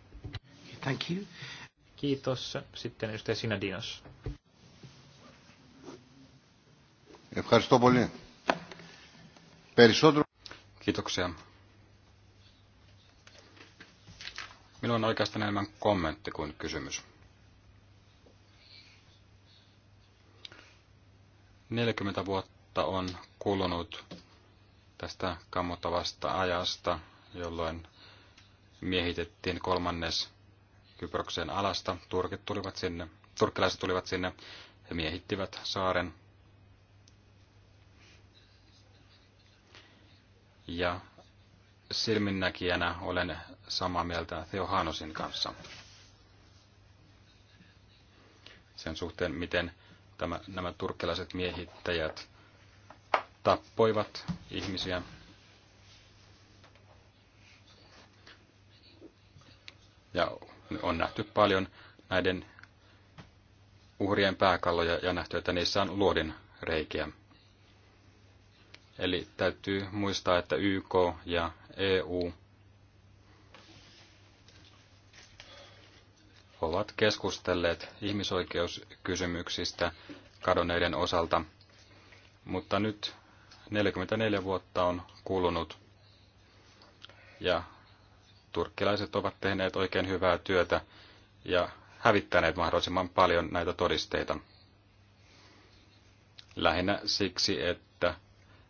Thank you. Kiitos. Sitten edustaja sinä Dinos. Kiitoksia. Minulla on oikeastaan enemmän kommentti kuin kysymys. 40 vuotta on kulunut tästä kammottavasta ajasta, jolloin miehitettiin kolmannes Kyproksen alasta. Turkit tulivat sinne, turkkilaiset tulivat sinne ja miehittivät saaren. Ja silminnäkijänä olen samaa mieltä Theohanosin kanssa sen suhteen, miten tämä, nämä turkkilaiset miehittäjät tappoivat ihmisiä. Ja on nähty paljon näiden uhrien pääkalloja ja nähty, että niissä on luodin reikiä. Eli täytyy muistaa, että YK ja EU ovat keskustelleet ihmisoikeuskysymyksistä kadonneiden osalta, mutta nyt 44 vuotta on kulunut ja turkkilaiset ovat tehneet oikein hyvää työtä ja hävittäneet mahdollisimman paljon näitä todisteita. Lähinnä siksi, että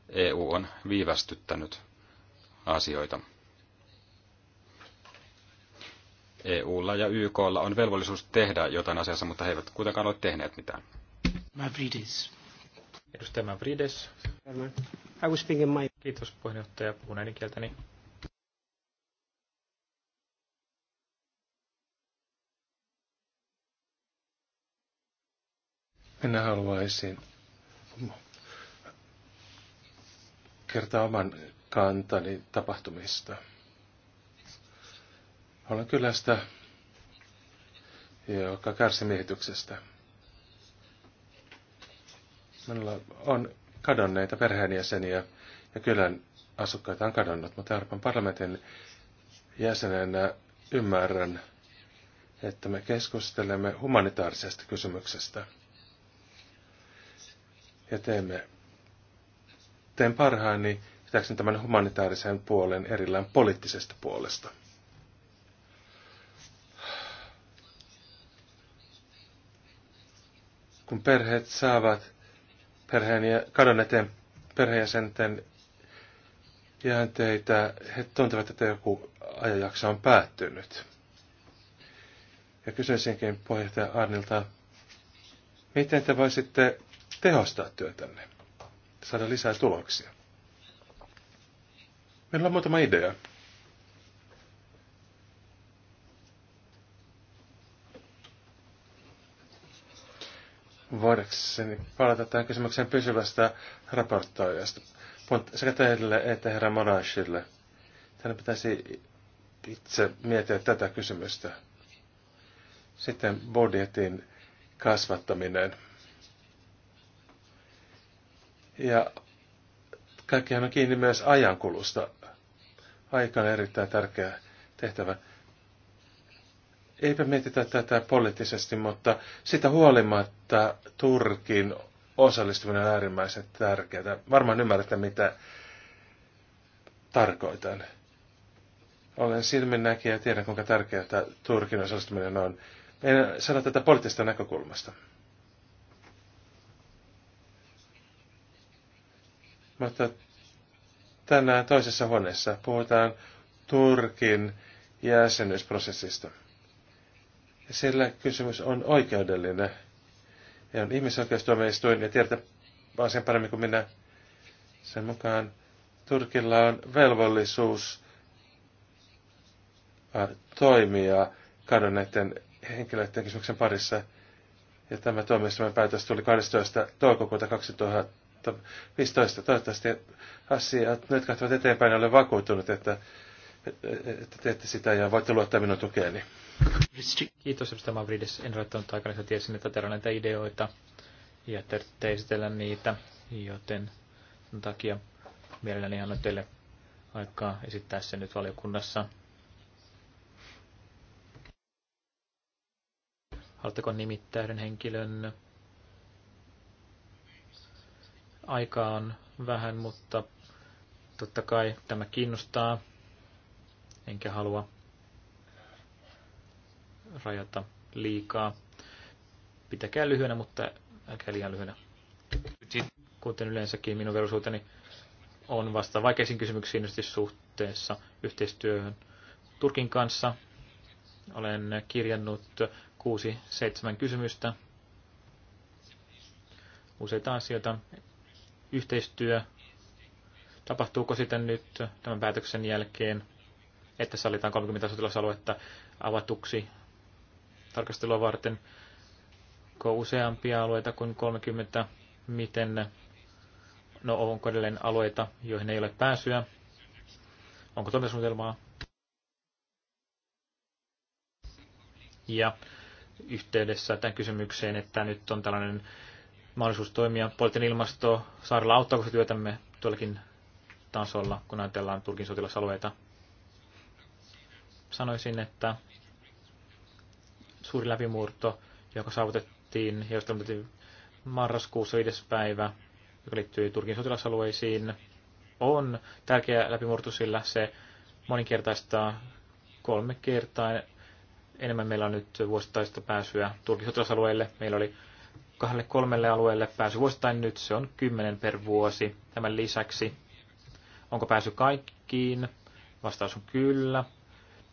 EU on viivästyttänyt asioita. EUlla ja YKlla on velvollisuus tehdä jotain asiassa, mutta he eivät kuitenkaan ole tehneet mitään. Mavridis. Edustaja Mavrides. I was my... Kiitos puheenjohtaja, puhun äidinkieltäni. Minä haluaisin kertoa oman kantani tapahtumista. Olen kylästä, joka kärsi miehityksestä. Minulla on kadonneita perheenjäseniä ja kylän asukkaita on kadonnut, mutta Euroopan parlamentin jäsenenä ymmärrän, että me keskustelemme humanitaarisesta kysymyksestä ja teemme, teen parhaani pitääkseni tämän humanitaarisen puolen erillään poliittisesta puolesta. kun perheet saavat perheen ja kadonneiden perheenjäsenten jäänteitä, he tuntevat, että joku ajanjakso on päättynyt. Ja kysyisinkin puheenjohtaja Arnilta, miten te voisitte tehostaa työtänne, saada lisää tuloksia? Meillä on muutama idea. niin palata tähän kysymykseen pysyvästä raportoijasta. Sekä teille että herra Monashille. Tänne pitäisi itse miettiä tätä kysymystä. Sitten budjetin kasvattaminen. Ja kaikkihan on kiinni myös ajankulusta. Aika on erittäin tärkeä tehtävä. Eipä mietitä tätä poliittisesti, mutta sitä huolimatta Turkin osallistuminen on äärimmäisen tärkeää. Varmaan ymmärrätte, mitä tarkoitan. Olen silminnäkijä ja tiedän, kuinka tärkeää Turkin osallistuminen on. En sano tätä poliittisesta näkökulmasta. Mutta tänään toisessa huoneessa puhutaan Turkin jäsenyysprosessista sillä kysymys on oikeudellinen. Ja on ihmisoikeustuomioistuin ja tiedät vaan sen paremmin kuin minä. Sen mukaan Turkilla on velvollisuus äh, toimia kadonneiden henkilöiden kysymyksen parissa. Ja tämä tuomioistuimen päätös tuli 12. toukokuuta 2015. Toivottavasti asiat nyt katsovat eteenpäin ja olen vakuuttunut, että että teette sitä ja voitte luottaa minun tukeeni. Kiitos, että Mavridis. En rajoittanut aikana, että tiesin, että teillä on näitä ideoita ja te, esitellä niitä, joten sen takia mielelläni annan teille aikaa esittää sen nyt valiokunnassa. Haluatteko nimittää yhden henkilön? Aikaa on vähän, mutta totta kai tämä kiinnostaa enkä halua rajata liikaa. Pitäkää lyhyenä, mutta älkää liian lyhyenä. Kuten yleensäkin minun velvollisuuteni on vasta vaikeisiin kysymyksiin suhteessa yhteistyöhön Turkin kanssa. Olen kirjannut kuusi, seitsemän kysymystä. Useita asioita. Yhteistyö. Tapahtuuko sitten nyt tämän päätöksen jälkeen? että sallitaan 30 sotilasaluetta avatuksi tarkastelua varten. Onko useampia alueita kuin 30? Miten, no onko edelleen alueita, joihin ei ole pääsyä? Onko toimintasuunnitelmaa? Ja yhteydessä tämän kysymykseen, että nyt on tällainen mahdollisuus toimia. Poliittinen ilmasto saarella auttaako se työtämme tuollakin tasolla, kun ajatellaan Turkin sotilasalueita? sanoisin, että suuri läpimurto, joka saavutettiin, josta marraskuussa 5. päivä, joka liittyy Turkin sotilasalueisiin, on tärkeä läpimurto, sillä se moninkertaistaa kolme kertaa enemmän meillä on nyt vuosittaista pääsyä Turkin sotilasalueelle. Meillä oli kahdelle kolmelle alueelle pääsy vuosittain, nyt se on kymmenen per vuosi. Tämän lisäksi, onko pääsy kaikkiin? Vastaus on kyllä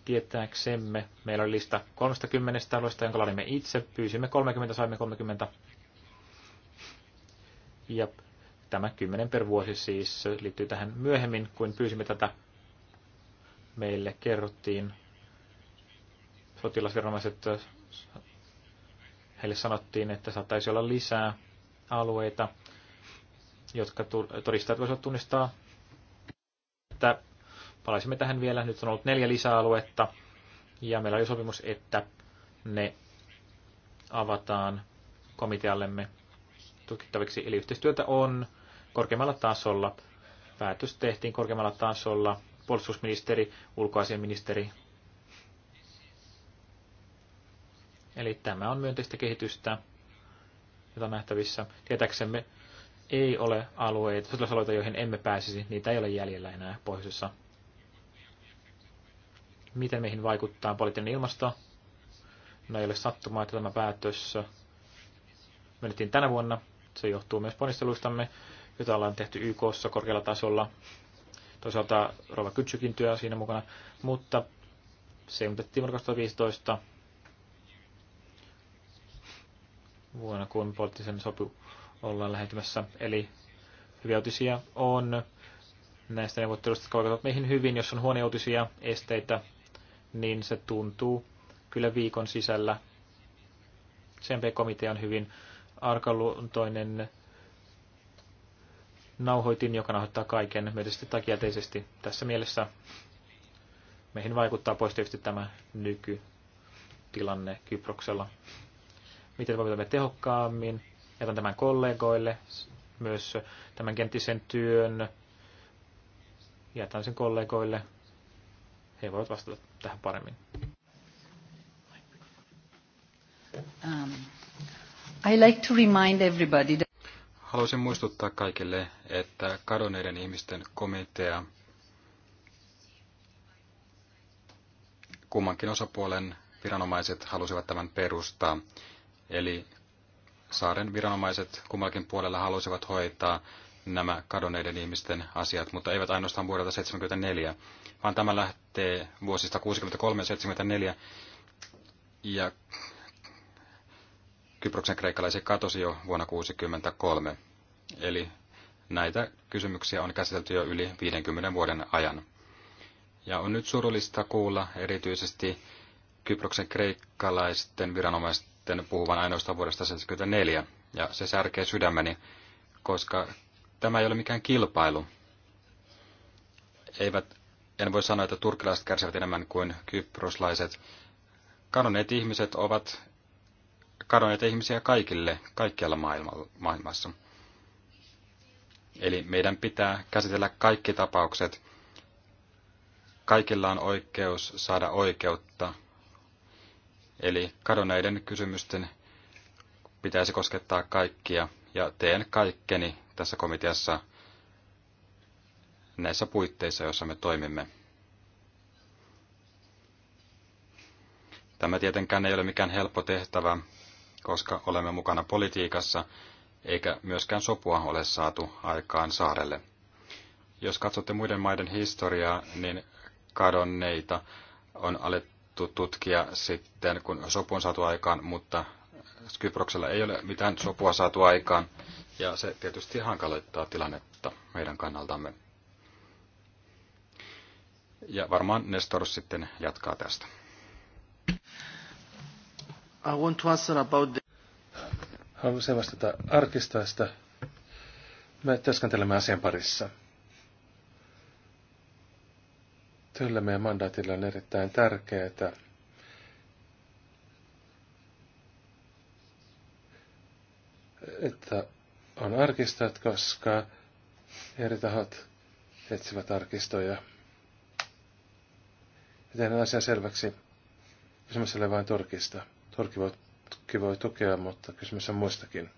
tietääksemme. Meillä oli lista 30 aloista, jonka olimme itse. Pyysimme 30, saimme 30. Ja tämä 10 per vuosi siis liittyy tähän myöhemmin, kuin pyysimme tätä. Meille kerrottiin sotilasviranomaiset, heille sanottiin, että saattaisi olla lisää alueita, jotka todistajat voisivat tunnistaa, että Palaisimme tähän vielä. Nyt on ollut neljä lisäaluetta. Ja meillä oli sopimus, että ne avataan komiteallemme tutkittaviksi. Eli yhteistyötä on korkeammalla tasolla. Päätös tehtiin korkeammalla tasolla. Puolustusministeri, ulkoasiaministeri. Eli tämä on myönteistä kehitystä, jota on nähtävissä. Tietääksemme ei ole alueita, sotilasalueita, joihin emme pääsisi. Niitä ei ole jäljellä enää pohjoisessa Miten meihin vaikuttaa poliittinen ilmasto? No ei ole sattumaa, että tämä päätös menettiin tänä vuonna. Se johtuu myös ponnisteluistamme, joita ollaan tehty YKssa korkealla tasolla. Toisaalta Rova Kytsykin työ on siinä mukana, mutta se muutettiin vuonna 2015 vuonna, kun poliittisen sopu ollaan lähentymässä. Eli hyviä uutisia on näistä neuvotteluista jotka meihin hyvin, jos on huonoja esteitä, niin se tuntuu kyllä viikon sisällä. CMP-komitea on hyvin arkaluontoinen nauhoitin, joka nauhoittaa kaiken myönteisesti tai Tässä mielessä meihin vaikuttaa positiivisesti tämä nykytilanne Kyproksella. Miten voimme tehokkaammin? Jätän tämän kollegoille, myös tämän kenttisen työn. Jätän sen kollegoille he voivat vastata tähän paremmin. Um, I like to remind everybody that... Haluaisin muistuttaa kaikille, että kadonneiden ihmisten komitea kummankin osapuolen viranomaiset halusivat tämän perustaa. Eli saaren viranomaiset kummallakin puolella halusivat hoitaa nämä kadonneiden ihmisten asiat, mutta eivät ainoastaan vuodelta 1974, vaan tämä lähtee vuosista 63 74 ja Kyproksen kreikkalaisia katosi jo vuonna 63, Eli näitä kysymyksiä on käsitelty jo yli 50 vuoden ajan. Ja on nyt surullista kuulla erityisesti Kyproksen kreikkalaisten viranomaisten puhuvan ainoastaan vuodesta 1974. Ja se särkee sydämeni, koska tämä ei ole mikään kilpailu. Eivät en voi sanoa, että turkilaiset kärsivät enemmän kuin kyproslaiset. Kadonneet ihmiset ovat kadonneet ihmisiä kaikille, kaikkialla maailmassa. Eli meidän pitää käsitellä kaikki tapaukset. Kaikilla on oikeus saada oikeutta. Eli kadonneiden kysymysten pitäisi koskettaa kaikkia ja teen kaikkeni tässä komiteassa, näissä puitteissa, joissa me toimimme. Tämä tietenkään ei ole mikään helppo tehtävä, koska olemme mukana politiikassa, eikä myöskään sopua ole saatu aikaan saarelle. Jos katsotte muiden maiden historiaa, niin kadonneita on alettu tutkia sitten, kun sopu on saatu aikaan, mutta Kyproksella ei ole mitään sopua saatu aikaan, ja se tietysti hankaloittaa tilannetta meidän kannaltamme. Ja varmaan Nestor sitten jatkaa tästä. I want to answer about the... Haluaisin vastata arkistaista. Me työskentelemme asian parissa. Kyllä meidän mandaatilla on erittäin tärkeää, että on arkistajat, koska eri tahot etsivät arkistoja ja tehdään asia selväksi. Kysymys ei ole vain torkista. Torki voi, Turkki voi tukea, mutta kysymys on muistakin.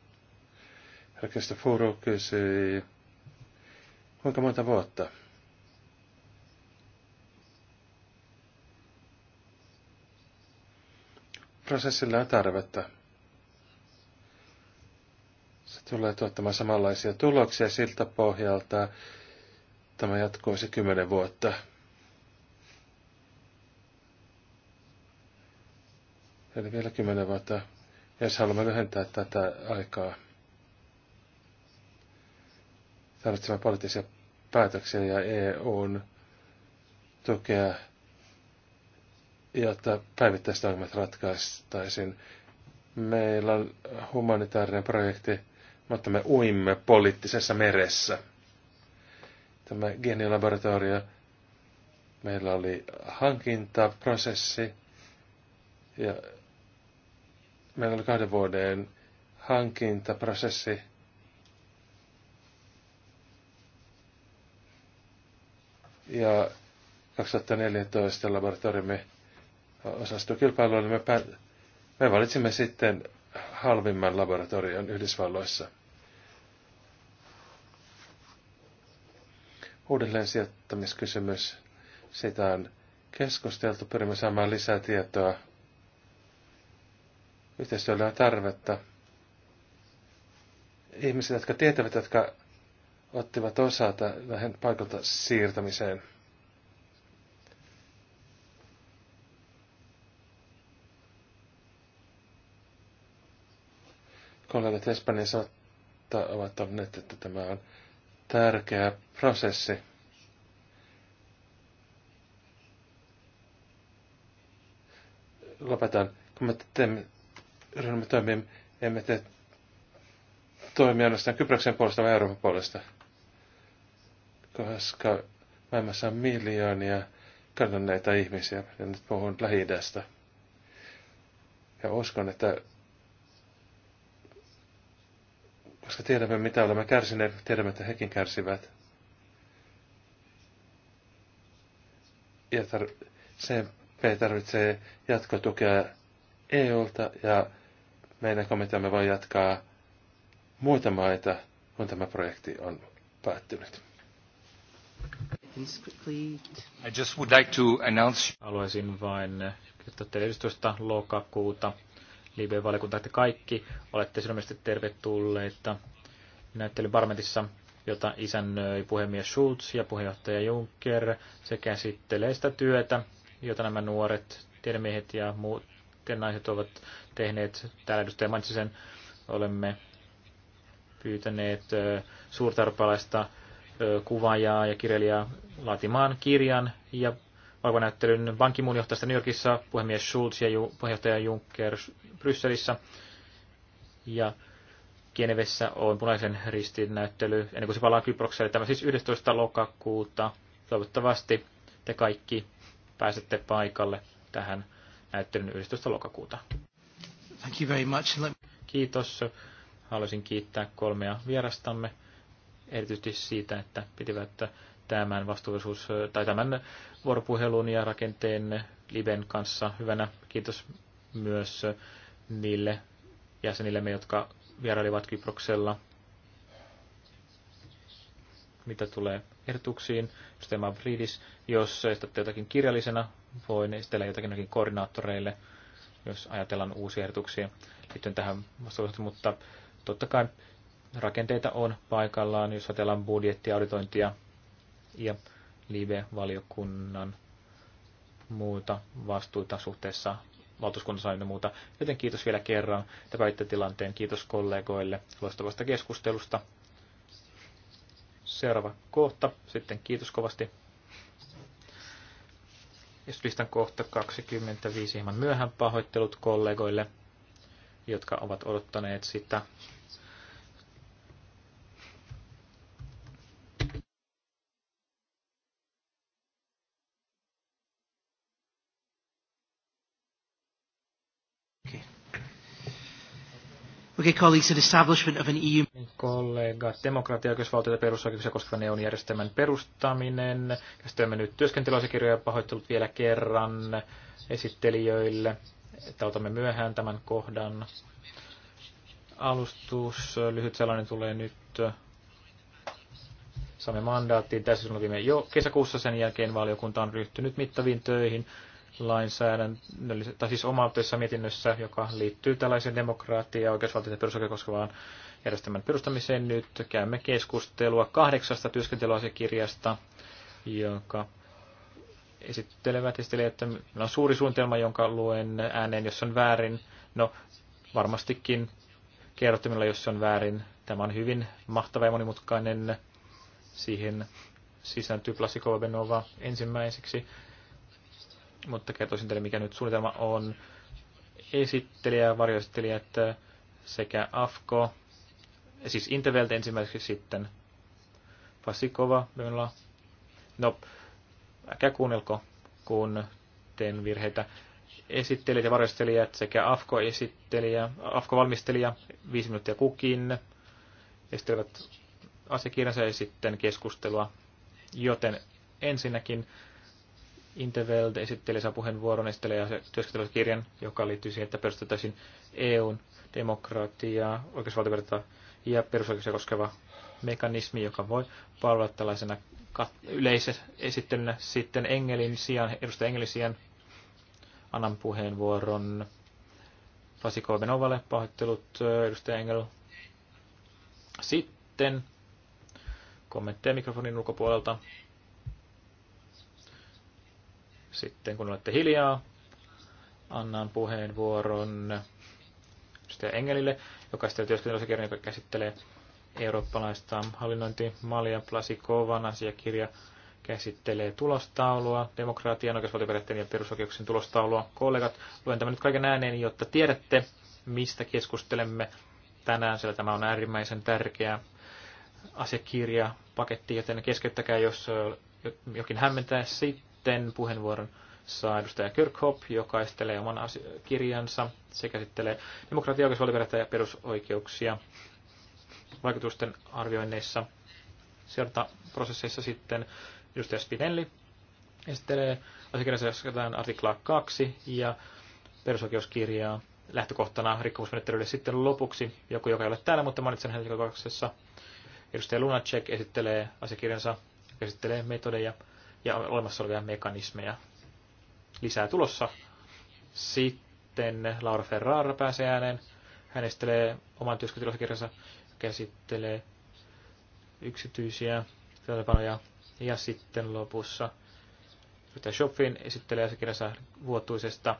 Herkestä Furu kysyi, kuinka monta vuotta? Prosessilla on tarvetta. Se tulee tuottamaan samanlaisia tuloksia siltä pohjalta. Tämä jatkuisi kymmenen vuotta. Eli vielä kymmenen vuotta. Jos haluamme lyhentää tätä aikaa, tarvitsemme poliittisia päätöksiä ja EUn tukea, jotta päivittäiset ongelmat ratkaistaisiin. Meillä on humanitaarinen projekti, mutta me uimme poliittisessa meressä. Tämä genilaboratorio, meillä oli hankintaprosessi ja meillä oli kahden vuoden hankintaprosessi. Ja 2014 laboratoriomme osastui kilpailuun, niin me, pää- me valitsimme sitten halvimman laboratorion Yhdysvalloissa. Uudelleen sijoittamiskysymys. Sitä on keskusteltu, pyrimme saamaan lisää tietoa yhteistyölle on tarvetta. Ihmiset, jotka tietävät, jotka ottivat osaa tähän paikalta siirtämiseen. Kollegat Espanjassa ovat tavanneet, että tämä on tärkeä prosessi. Lopetan, kun me teemme ryhmämme toimii, emme tee toimia ainoastaan Kyproksen puolesta vai Euroopan puolesta. Koska maailmassa on miljoonia kadonneita ihmisiä, ja nyt puhun lähi -idästä. Ja uskon, että koska tiedämme mitä olemme kärsineet, tiedämme, että hekin kärsivät. Ja tar- CP tarvitsee jatkotukea EUlta ja meidän komiteamme voi jatkaa muita maita, kun tämä projekti on päättynyt. I just would like to announce... Haluaisin vain kertoa teille 11. lokakuuta Libe-valiokunta, että kaikki olette sinun tervetulleita näyttelyn parlamentissa, jota isännöi puhemies Schulz ja puheenjohtaja Juncker sekä käsittelee sitä työtä, jota nämä nuoret tiedemiehet ja muut naiset ovat tehneet, täällä edustaja Mantsisen sen, olemme pyytäneet suurtarpalaista kuvaajaa ja kirjailijaa laatimaan kirjan ja valvonäyttelyn bankimuun johtajasta New Yorkissa, puhemies Schulz ja puheenjohtaja Juncker Brysselissä. Ja Genevessä on punaisen ristin näyttely ennen kuin se palaa Kyprokselle. Tämä siis 11. lokakuuta. Toivottavasti te kaikki pääsette paikalle tähän näyttelyn 11. lokakuuta. Thank you very much. Kiitos. Haluaisin kiittää kolmea vierastamme, erityisesti siitä, että pitivät tämän vastuullisuus tai tämän vuoropuhelun ja rakenteen Liben kanssa hyvänä. Kiitos myös niille jäsenillemme, jotka vierailivat Kyproksella. Mitä tulee ehdotuksiin, Stema jos estätte jotakin kirjallisena, voin esitellä jotakin koordinaattoreille – jos ajatellaan uusia ehdotuksia liittyen tähän vastuullisuuteen, mutta totta kai rakenteita on paikallaan, jos ajatellaan budjettia, auditointia ja live-valiokunnan muuta vastuuta suhteessa valtuuskunnassa ja muuta. Joten kiitos vielä kerran tämän tilanteen. Kiitos kollegoille loistavasta keskustelusta. Seuraava kohta. Sitten kiitos kovasti. Listan kohta 25 hieman myöhään pahoittelut kollegoille, jotka ovat odottaneet sitä. Okay, colleagues, an establishment of an EU... Niin, kollega, demokratia, oikeusvaltio ja perusoikeuksia koskevan EUn järjestelmän perustaminen. Käsittelemme nyt työskentelyasiakirjoja pahoittelut vielä kerran esittelijöille, että otamme myöhään tämän kohdan. Alustus, lyhyt sellainen tulee nyt. Saamme mandaattiin täysin viime jo kesäkuussa sen jälkeen valiokunta on ryhtynyt mittaviin töihin lainsäädännöllisessä, tai siis omaltuissa mietinnössä, joka liittyy tällaiseen demokraattia ja oikeusvaltioiden perusoikeuden koskevaan järjestelmän perustamiseen. Nyt käymme keskustelua kahdeksasta työskentelyasiakirjasta, joka esittelevät esittelee, että meillä on suuri suunnitelma, jonka luen ääneen, jos on väärin. No, varmastikin kerrottimilla, jos on väärin. Tämä on hyvin mahtava ja monimutkainen. Siihen sisääntyy Plasikova Benova ensimmäiseksi mutta kertoisin teille, mikä nyt suunnitelma on. Esittelijä, varjoesittelijät sekä AFKO, siis Intervelt ensimmäiseksi sitten Vasikova Mönla. No, äkää kuunnelko, kun teen virheitä. Esittelijät ja varjoesittelijät sekä AFKO-esittelijä, AFKO-valmistelija, viisi minuuttia kukin, esittelevät asiakirjansa ja sitten keskustelua. Joten ensinnäkin Interveld esitteli saa puheenvuoron esitteli ja kirjan, joka liittyy siihen, että perustettaisiin EUn demokratiaa, oikeusvaltioperiaatetta ja perusoikeuksia koskeva mekanismi, joka voi palvella tällaisena yleisesittelynä sitten Engelin sijaan, edustaja Engelin sijaan annan puheenvuoron Pasi Kovenovalle, pahoittelut äh, edustaja Engel. Sitten kommentteja mikrofonin ulkopuolelta. Sitten kun olette hiljaa, annan puheenvuoron sitten Engelille, joka sitten kerran, joka käsittelee eurooppalaista hallinnointimallia. Plasikovan asiakirja käsittelee tulostaulua, demokratian, oikeusvaltioperiaatteen ja perusoikeuksien tulostaulua. Kollegat, luen tämän nyt kaiken ääneen, jotta tiedätte, mistä keskustelemme tänään, sillä tämä on äärimmäisen tärkeä asiakirja, paketti, joten keskeyttäkää, jos jokin hämmentää. Sitten sitten puheenvuoron saa edustaja Hopp, joka esittelee oman asio- kirjansa. Se käsittelee demokratia, oikeusvaltioperäistä ja perusoikeuksia vaikutusten arvioinneissa. Sieltä prosesseissa sitten edustaja Spinelli esittelee asiakirjassa jossa artiklaa 2 ja perusoikeuskirjaa lähtökohtana rikkomusmenettelylle sitten lopuksi joku, joka ei ole täällä, mutta mainitsen hänen Edustaja Lunacek esittelee asiakirjansa, käsittelee metodeja, ja olemassa olevia mekanismeja. Lisää tulossa. Sitten Laura Ferrara pääsee ääneen. Hän estelee oman työskentelyohjelmansa, käsittelee yksityisiä työpanoja. Ja sitten lopussa Rita Schopfin esittelee asiakirjansa vuotuisesta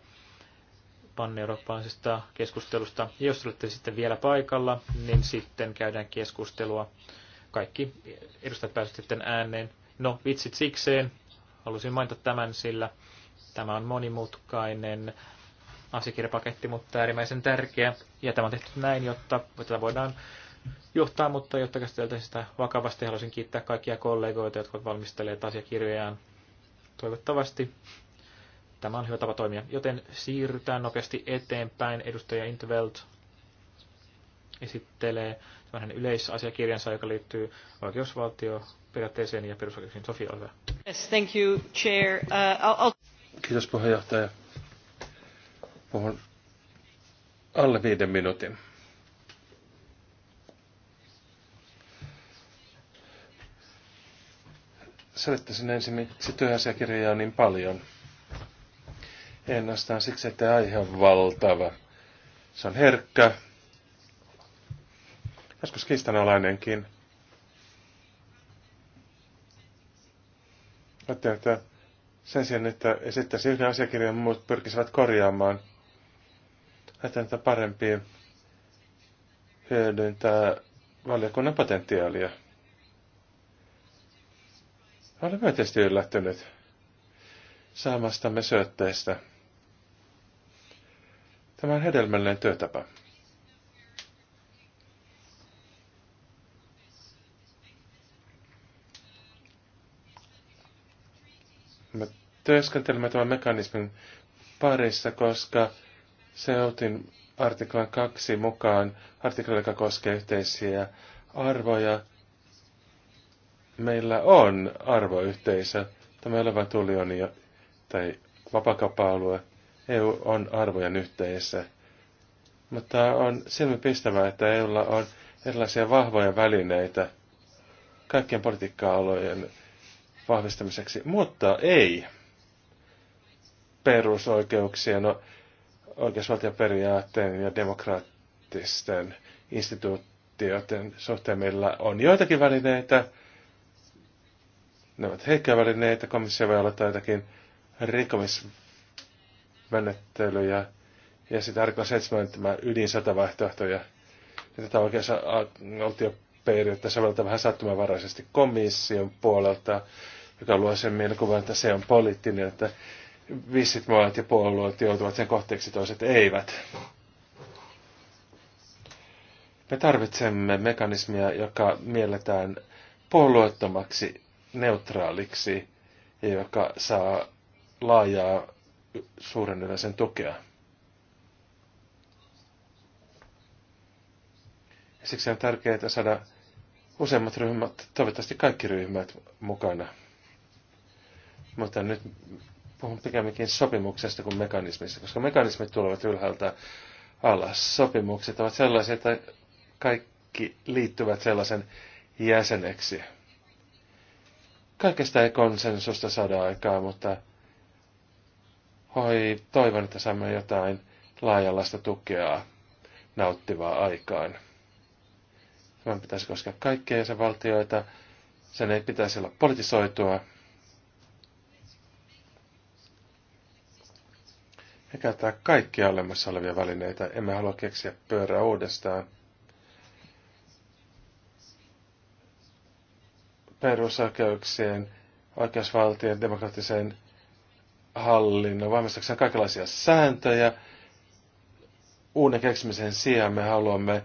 panneurooppalaisesta keskustelusta. Ja jos olette sitten vielä paikalla, niin sitten käydään keskustelua. Kaikki edustajat pääsevät sitten ääneen No, vitsit sikseen. Halusin mainita tämän, sillä tämä on monimutkainen asiakirjapaketti, mutta äärimmäisen tärkeä. Ja tämä on tehty näin, jotta tätä voidaan johtaa, mutta jotta käsiteltäisiin sitä vakavasti, haluaisin kiittää kaikkia kollegoita, jotka ovat valmistelleet asiakirjojaan. Toivottavasti tämä on hyvä tapa toimia. Joten siirrytään nopeasti eteenpäin. Edustaja Intveld esittelee tämän yleisasiakirjansa, joka liittyy oikeusvaltio periaatteeseen ja perusoikeuksiin. Sofia, ole hyvä. Yes, thank you, chair. Uh, I'll... Kiitos puheenjohtaja. Puhun alle viiden minuutin. selittäisin ensin, miksi työasiakirjoja on niin paljon. Ennastaan siksi, että aihe on valtava. Se on herkkä, joskus kiistanalainenkin. Ajattelin, että sen sijaan, että esittäisi yhden asiakirjan, muut pyrkisivät korjaamaan. Ajattelin, että parempi hyödyntää valiokunnan potentiaalia. Olen tietysti yllättynyt saamastamme syötteistä. Tämä on hedelmällinen työtapa. me työskentelemme tämän mekanismin parissa, koska se otin artiklan kaksi mukaan, artikla, joka koskee yhteisiä arvoja, meillä on arvoyhteisö, tämä elävä vain tulioni tai vapakauppa EU on arvojen yhteisö. Mutta on silmipistävää, että EUlla on erilaisia vahvoja välineitä kaikkien politiikka-alojen vahvistamiseksi, mutta ei perusoikeuksien, no, oikeusvaltioperiaatteen ja demokraattisten instituutioiden suhteen meillä on joitakin välineitä. Ne ovat heikkoja välineitä, komissio voi aloittaa jotakin rikomismenettelyjä. ja sitten artikla 7 tämä ydinsatavaihtoehtoja. Ja tätä oikeusvaltioperiaatetta sovelletaan vähän sattumanvaraisesti komission puolelta joka luo sen mielikuvan, että se on poliittinen, että vissit maat ja puolueet joutuvat sen kohteeksi, toiset eivät. Me tarvitsemme mekanismia, joka mielletään puolueettomaksi, neutraaliksi ja joka saa laajaa suuren yleisen tukea. siksi on tärkeää saada useimmat ryhmät, toivottavasti kaikki ryhmät mukana. Mutta nyt puhun pikemminkin sopimuksesta kuin mekanismista, koska mekanismit tulevat ylhäältä alas. Sopimukset ovat sellaisia, että kaikki liittyvät sellaisen jäseneksi. Kaikesta ei konsensusta saada aikaa, mutta hoi, toivon, että saamme jotain laajallaista tukea nauttivaa aikaan. Tämän pitäisi koskea kaikkia jäsenvaltioita. Sen ei pitäisi olla politisoitua. Me käyttää kaikkia olemassa olevia välineitä. Emme halua keksiä pyörää uudestaan. Perusoikeuksien, oikeusvaltion, demokraattiseen hallinnon, valmistakseen kaikenlaisia sääntöjä. Uuden keksimisen sijaan me haluamme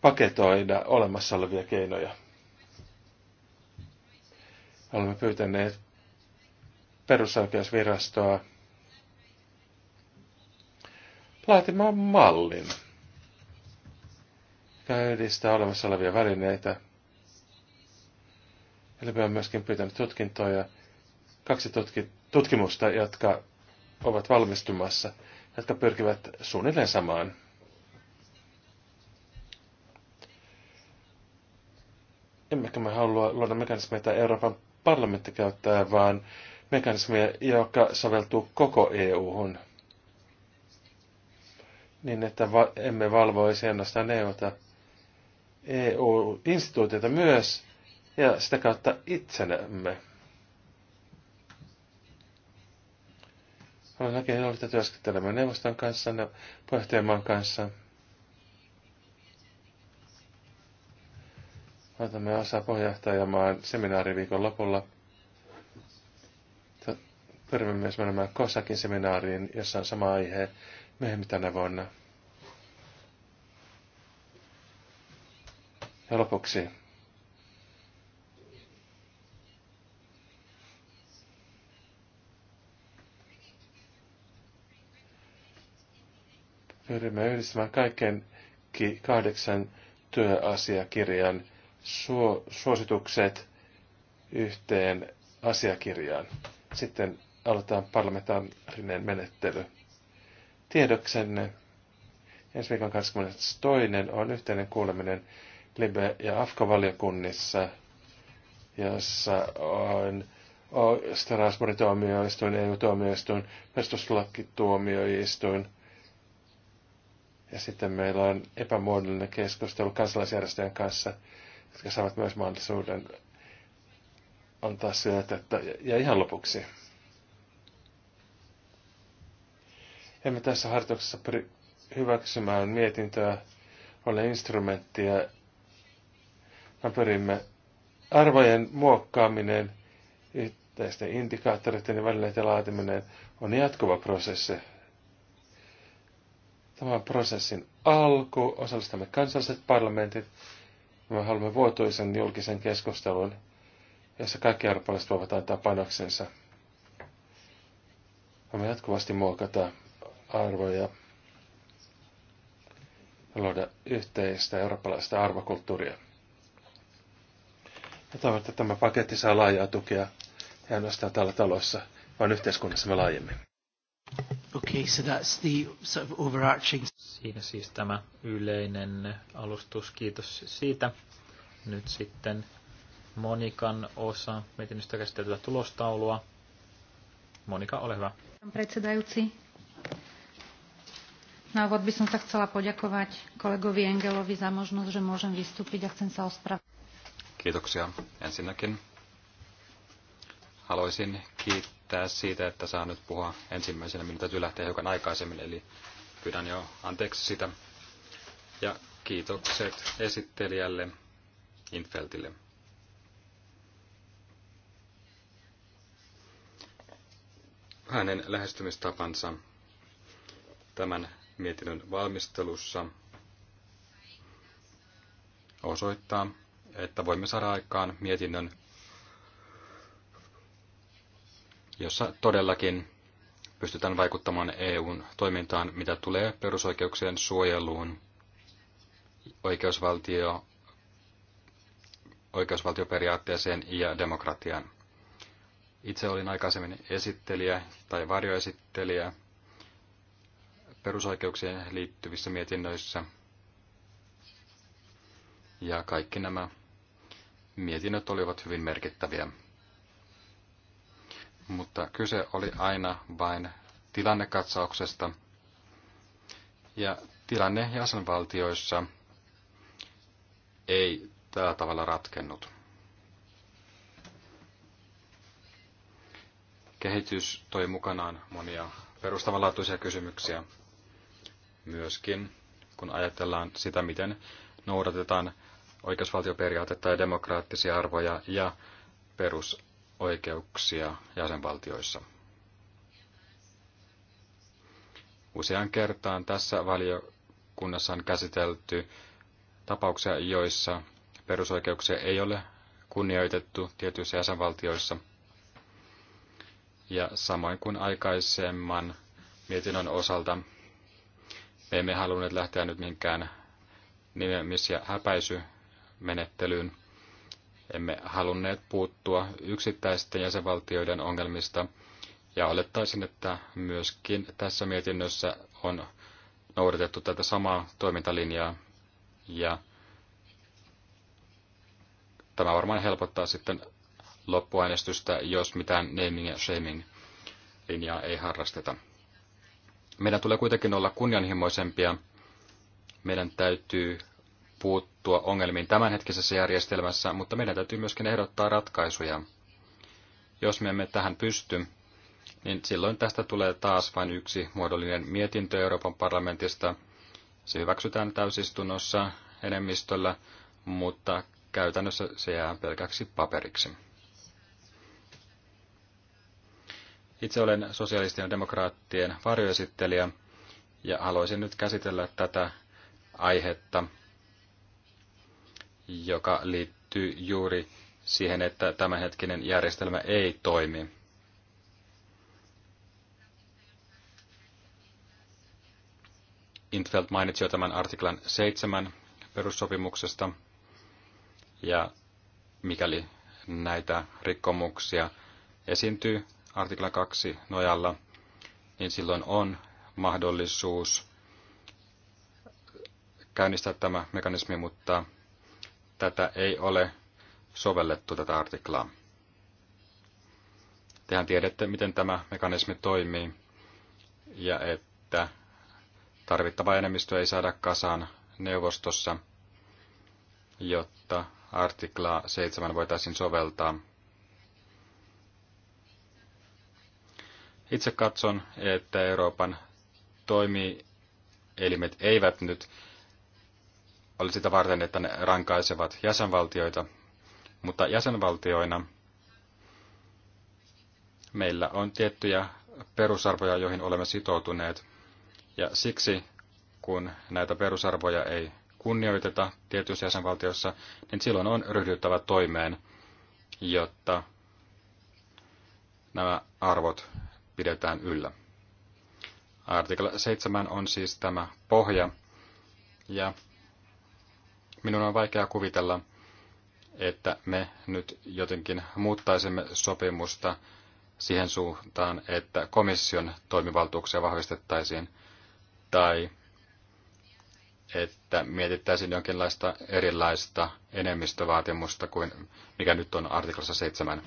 paketoida olemassa olevia keinoja. Olemme pyytäneet perusoikeusvirastoa laatimaan mallin, joka edistää olemassa olevia välineitä. Eli on myöskin pyytänyt tutkintoja, kaksi tutki, tutkimusta, jotka ovat valmistumassa, jotka pyrkivät suunnilleen samaan. Emmekä me halua luoda mekanismeita Euroopan parlamentti käyttää, vaan mekanismeja, joka soveltuu koko EU-hun niin että va- emme valvoisi ainoastaan EUta, EU-instituutiota myös, ja sitä kautta itsenämme. Olen ollut työskentelemään neuvoston kanssa, puheenjohtajamaan kanssa. Otamme osaa puheenjohtajamaan seminaariviikon lopulla. Pyrimme myös menemään Kosakin seminaariin, jossa on sama aihe myöhemmin tänä vuonna. Ja lopuksi pyrimme yhdistämään kaiken kahdeksan työasiakirjan suo, suositukset yhteen asiakirjaan. Sitten aloitetaan parlamentaarinen menettely tiedoksenne. Ensi viikon 22. on yhteinen kuuleminen Libe- ja Afko-valiokunnissa, jossa on Strasbourgin tuomioistuin, EU-tuomioistuin, perustuslakituomioistuin. Ja sitten meillä on epämuodollinen keskustelu kansalaisjärjestöjen kanssa, jotka saavat myös mahdollisuuden antaa syötettä. Ja ihan lopuksi. Emme tässä harjoituksessa pyri hyväksymään mietintöä ole instrumenttia. Me pyrimme arvojen muokkaaminen, yhteisten indikaattoreiden ja välineiden laatiminen on jatkuva prosessi. Tämän prosessin alku osallistamme kansalliset parlamentit. Me haluamme vuotuisen julkisen keskustelun, jossa kaikki eurooppalaiset voivat antaa panoksensa. Me jatkuvasti muokata arvoja luoda yhteistä eurooppalaista arvokulttuuria. Ja toivon, että tämä paketti saa laajaa tukea ei ainoastaan täällä talossa, vaan yhteiskunnassamme laajemmin. Okay, so that's the sort of overarching... Siinä siis tämä yleinen alustus. Kiitos siitä. Nyt sitten Monikan osa mietinnöstä käsiteltyä tulostaulua. Monika, ole hyvä. Predsedajuci, Na úvod by som sa chcela poďakovať kolegovi Engelovi za možnosť, že môžem vystúpiť a chcem sa ospravedlniť. Kiitoksia ensinnäkin. Haluaisin kiittää siitä, että saan nyt puhua ensimmäisenä. Minun täytyy lähteä hiukan aikaisemmin, eli pyydän jo anteeksi sitä. Ja kiitokset esittelijälle Infeltille. Hänen lähestymistapansa tämän mietinnön valmistelussa osoittaa, että voimme saada aikaan mietinnön, jossa todellakin pystytään vaikuttamaan EUn toimintaan, mitä tulee perusoikeuksien suojeluun, oikeusvaltio, oikeusvaltioperiaatteeseen ja demokratiaan. Itse olin aikaisemmin esittelijä tai varjoesittelijä perusoikeuksien liittyvissä mietinnöissä. Ja kaikki nämä mietinnöt olivat hyvin merkittäviä. Mutta kyse oli aina vain tilannekatsauksesta. Ja tilanne jäsenvaltioissa ei tällä tavalla ratkennut. Kehitys toi mukanaan monia perustavanlaatuisia kysymyksiä myöskin, kun ajatellaan sitä, miten noudatetaan oikeusvaltioperiaatetta ja demokraattisia arvoja ja perusoikeuksia jäsenvaltioissa. Usean kertaan tässä valiokunnassa on käsitelty tapauksia, joissa perusoikeuksia ei ole kunnioitettu tietyissä jäsenvaltioissa. Ja samoin kuin aikaisemman mietinnön osalta me emme halunneet lähteä nyt mihinkään nimemis- ja häpäisymenettelyyn. Emme halunneet puuttua yksittäisten jäsenvaltioiden ongelmista, ja olettaisin, että myöskin tässä mietinnössä on noudatettu tätä samaa toimintalinjaa, ja tämä varmaan helpottaa sitten loppuäänestystä, jos mitään naming ja shaming linjaa ei harrasteta. Meidän tulee kuitenkin olla kunnianhimoisempia. Meidän täytyy puuttua ongelmiin tämänhetkisessä järjestelmässä, mutta meidän täytyy myöskin ehdottaa ratkaisuja. Jos me emme tähän pysty, niin silloin tästä tulee taas vain yksi muodollinen mietintö Euroopan parlamentista. Se hyväksytään täysistunnossa enemmistöllä, mutta käytännössä se jää pelkäksi paperiksi. Itse olen sosialistien ja demokraattien varjoesittelijä ja haluaisin nyt käsitellä tätä aihetta, joka liittyy juuri siihen, että tämänhetkinen järjestelmä ei toimi. Intfeld mainitsi jo tämän artiklan 7 perussopimuksesta, ja mikäli näitä rikkomuksia esiintyy artikla 2 nojalla, niin silloin on mahdollisuus käynnistää tämä mekanismi, mutta tätä ei ole sovellettu tätä artiklaa. Tehän tiedätte, miten tämä mekanismi toimii ja että tarvittava enemmistö ei saada kasaan neuvostossa, jotta artiklaa 7 voitaisiin soveltaa Itse katson, että Euroopan toimielimet eivät nyt ole sitä varten, että ne rankaisevat jäsenvaltioita, mutta jäsenvaltioina meillä on tiettyjä perusarvoja, joihin olemme sitoutuneet. Ja siksi, kun näitä perusarvoja ei kunnioiteta tietyissä jäsenvaltioissa, niin silloin on ryhdyttävä toimeen, jotta nämä arvot pidetään yllä. Artikla 7 on siis tämä pohja, ja minun on vaikea kuvitella, että me nyt jotenkin muuttaisimme sopimusta siihen suuntaan, että komission toimivaltuuksia vahvistettaisiin tai että mietittäisiin jonkinlaista erilaista enemmistövaatimusta kuin mikä nyt on artiklassa 7.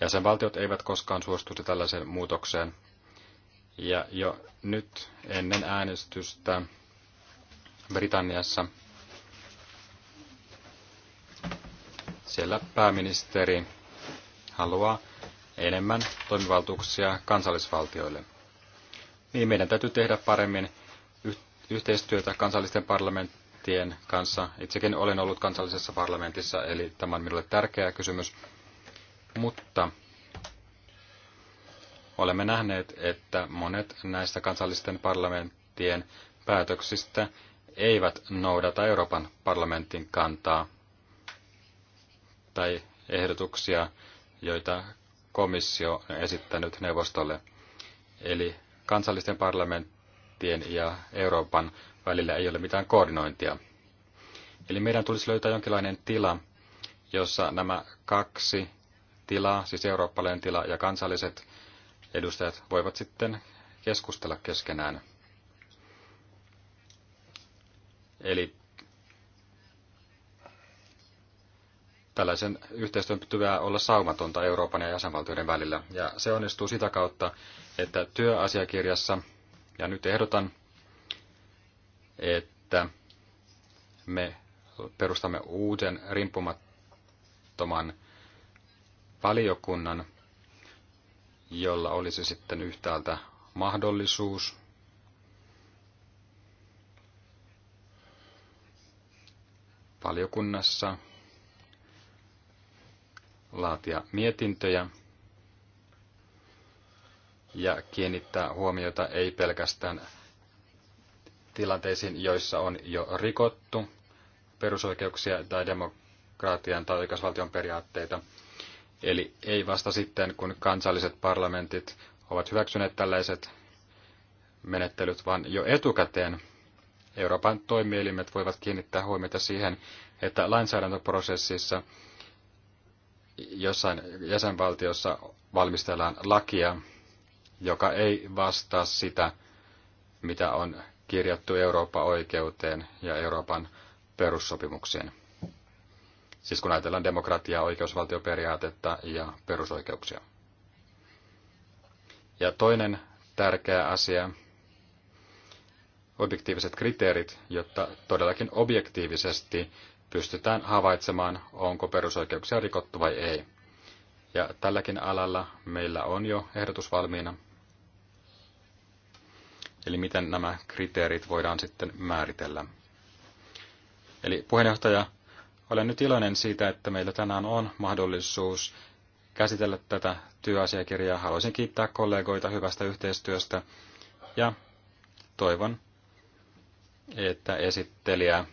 Jäsenvaltiot eivät koskaan suostuisi tällaiseen muutokseen. Ja jo nyt ennen äänestystä Britanniassa siellä pääministeri haluaa enemmän toimivaltuuksia kansallisvaltioille. Niin meidän täytyy tehdä paremmin yhteistyötä kansallisten parlamenttien kanssa. Itsekin olen ollut kansallisessa parlamentissa, eli tämä on minulle tärkeä kysymys. Mutta olemme nähneet, että monet näistä kansallisten parlamenttien päätöksistä eivät noudata Euroopan parlamentin kantaa tai ehdotuksia, joita komissio on esittänyt neuvostolle. Eli kansallisten parlamenttien ja Euroopan välillä ei ole mitään koordinointia. Eli meidän tulisi löytää jonkinlainen tila, jossa nämä kaksi tila, siis eurooppalainen tila ja kansalliset edustajat voivat sitten keskustella keskenään. Eli tällaisen yhteistyön pitää olla saumatonta Euroopan ja jäsenvaltioiden välillä. Ja se onnistuu sitä kautta, että työasiakirjassa, ja nyt ehdotan, että me perustamme uuden riippumattoman valiokunnan, jolla olisi sitten yhtäältä mahdollisuus valiokunnassa laatia mietintöjä ja kiinnittää huomiota ei pelkästään tilanteisiin, joissa on jo rikottu perusoikeuksia tai demokratian tai oikeusvaltion periaatteita, Eli ei vasta sitten, kun kansalliset parlamentit ovat hyväksyneet tällaiset menettelyt, vaan jo etukäteen Euroopan toimielimet voivat kiinnittää huomiota siihen, että lainsäädäntöprosessissa jossain jäsenvaltiossa valmistellaan lakia, joka ei vastaa sitä, mitä on kirjattu Eurooppa-oikeuteen ja Euroopan perussopimukseen. Siis kun ajatellaan demokratiaa, oikeusvaltioperiaatetta ja perusoikeuksia. Ja toinen tärkeä asia, objektiiviset kriteerit, jotta todellakin objektiivisesti pystytään havaitsemaan, onko perusoikeuksia rikottu vai ei. Ja tälläkin alalla meillä on jo ehdotus valmiina. Eli miten nämä kriteerit voidaan sitten määritellä. Eli puheenjohtaja, olen nyt iloinen siitä, että meillä tänään on mahdollisuus käsitellä tätä työasiakirjaa. Haluaisin kiittää kollegoita hyvästä yhteistyöstä ja toivon, että esittelijä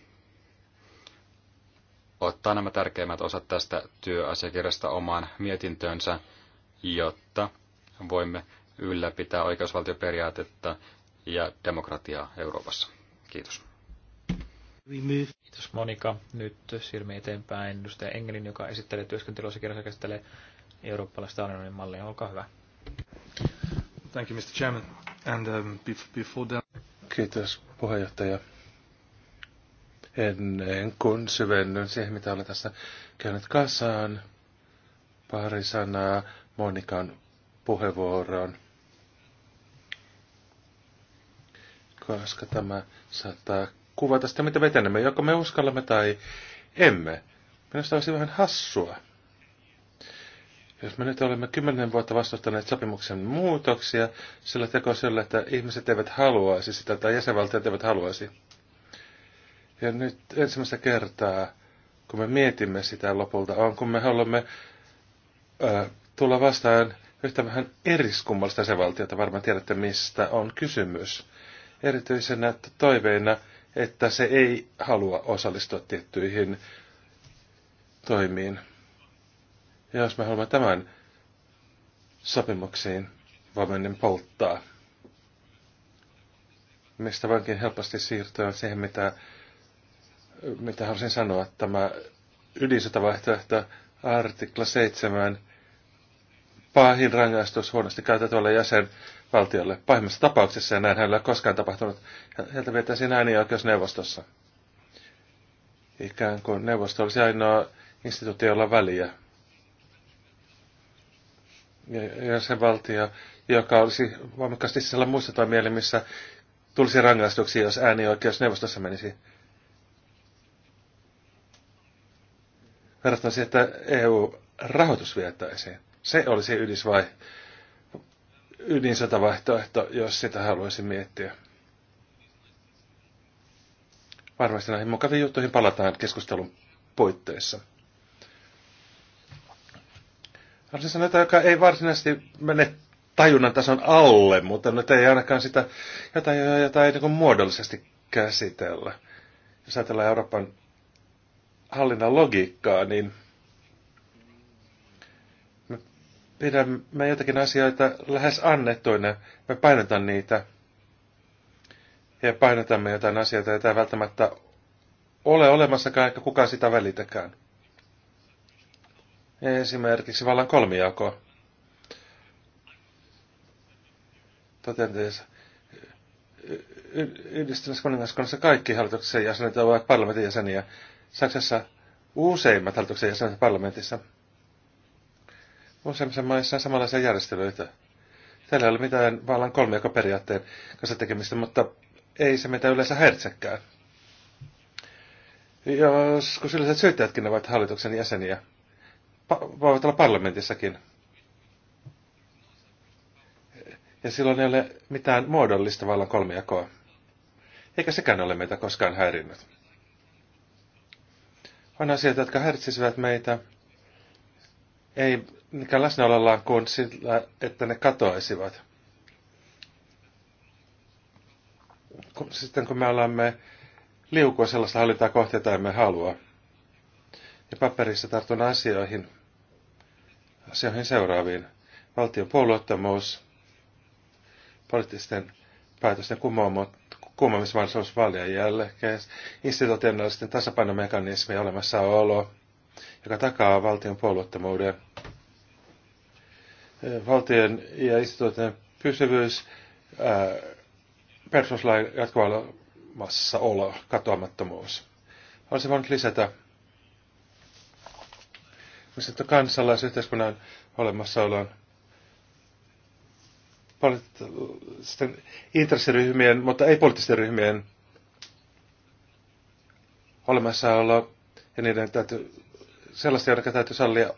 ottaa nämä tärkeimmät osat tästä työasiakirjasta omaan mietintöönsä, jotta voimme ylläpitää oikeusvaltioperiaatetta ja demokratiaa Euroopassa. Kiitos. Kiitos Monika. Nyt silmi eteenpäin edustaja Engelin, joka esittelee työskentelyssä kirjassa käsittelee eurooppalaista anonymin mallia. Olkaa hyvä. Thank you, Mr. Chairman. And um, before that... Kiitos puheenjohtaja. Ennen kuin syvennyn siihen, mitä olen tässä käynyt kasaan, pari sanaa Monikan puheenvuoroon. Koska tämä saattaa kuvata sitä, mitä me etenemme, joko me uskallamme tai emme. Minusta olisi vähän hassua. Jos me nyt olemme kymmenen vuotta vastustaneet sopimuksen muutoksia, sillä teko sillä, että ihmiset eivät haluaisi sitä tai jäsenvaltiot eivät haluaisi. Ja nyt ensimmäistä kertaa, kun me mietimme sitä lopulta, on kun me haluamme äh, tulla vastaan yhtä vähän eriskummallista jäsenvaltiota, varmaan tiedätte mistä on kysymys. Erityisenä toiveena että se ei halua osallistua tiettyihin toimiin. Ja jos me haluamme tämän sopimuksiin voimme polttaa, mistä voinkin helposti siirtyä siihen, mitä, mitä halusin sanoa, tämä ydinsotavaihtoehto artikla 7, pahin rangaistus huonosti käytetyllä jäsen valtiolle. Pahimmassa tapauksessa ja näin hänellä ei ole koskaan tapahtunut. Heiltä vietäisiin äänioikeus neuvostossa. Ikään kuin neuvosto olisi ainoa instituutio, jolla väliä. Ja, ja se valtio, joka olisi voimakkaasti sisällä muissa toimielimissä, tulisi rangaistuksi, jos äänioikeus neuvostossa menisi. Verrattuna siihen, että EU-rahoitus vietäisiin. Se olisi ydisvai ydinsotavaihtoehto, jos sitä haluaisi miettiä. Varmasti näihin mukaviin juttuihin palataan keskustelun puitteissa. Haluaisin sanoa, että joka ei varsinaisesti mene tajunnan tason alle, mutta nyt ei ainakaan sitä jotain, jotain niin muodollisesti käsitellä. Jos ajatellaan Euroopan hallinnan logiikkaa, niin – pidämme jotakin asioita lähes annettuina. Me painotan niitä ja painotamme jotain asioita, joita ei välttämättä ole olemassakaan, eikä kukaan sitä välitäkään. Esimerkiksi vallan kolmijako. Totenteessa yhdistyneessä kuningaskunnassa kaikki hallituksen jäsenet ovat parlamentin jäseniä. Saksassa useimmat hallituksen jäsenet parlamentissa – Useimmissa maissa on samanlaisia järjestelyitä. Täällä ei ole mitään vallan periaatteen kanssa tekemistä, mutta ei se meitä yleensä häiritsekään. Joskus yleiset syyttäjätkin ovat hallituksen jäseniä. Pa- voivat olla parlamentissakin. Ja silloin ei ole mitään muodollista vallan kolmijakoa. Eikä sekään ole meitä koskaan häirinnyt. On asioita, jotka häiritsisivät meitä. Ei niinkään läsnäolollaan kuin sillä, että ne katoaisivat. Sitten kun me olemme liukua sellaista hallintaa kohti, jota emme halua. Ja paperissa tartun asioihin, asioihin seuraaviin. Valtion puolueettomuus, poliittisten päätösten kumoamismahdollisuus vaalien jälkeen, institutionaalisten tasapainomekanismien olemassaolo, joka takaa valtion puolueettomuuden valtion ja instituutioiden pysyvyys, perustuslain jatkuvassa olo, katoamattomuus. Olisi voinut lisätä, että kansalaisyhteiskunnan olemassaolon poliittisten intressiryhmien, mutta ei poliittisten ryhmien olemassaolo ja niiden täytyy, sellaista, jotka täytyy sallia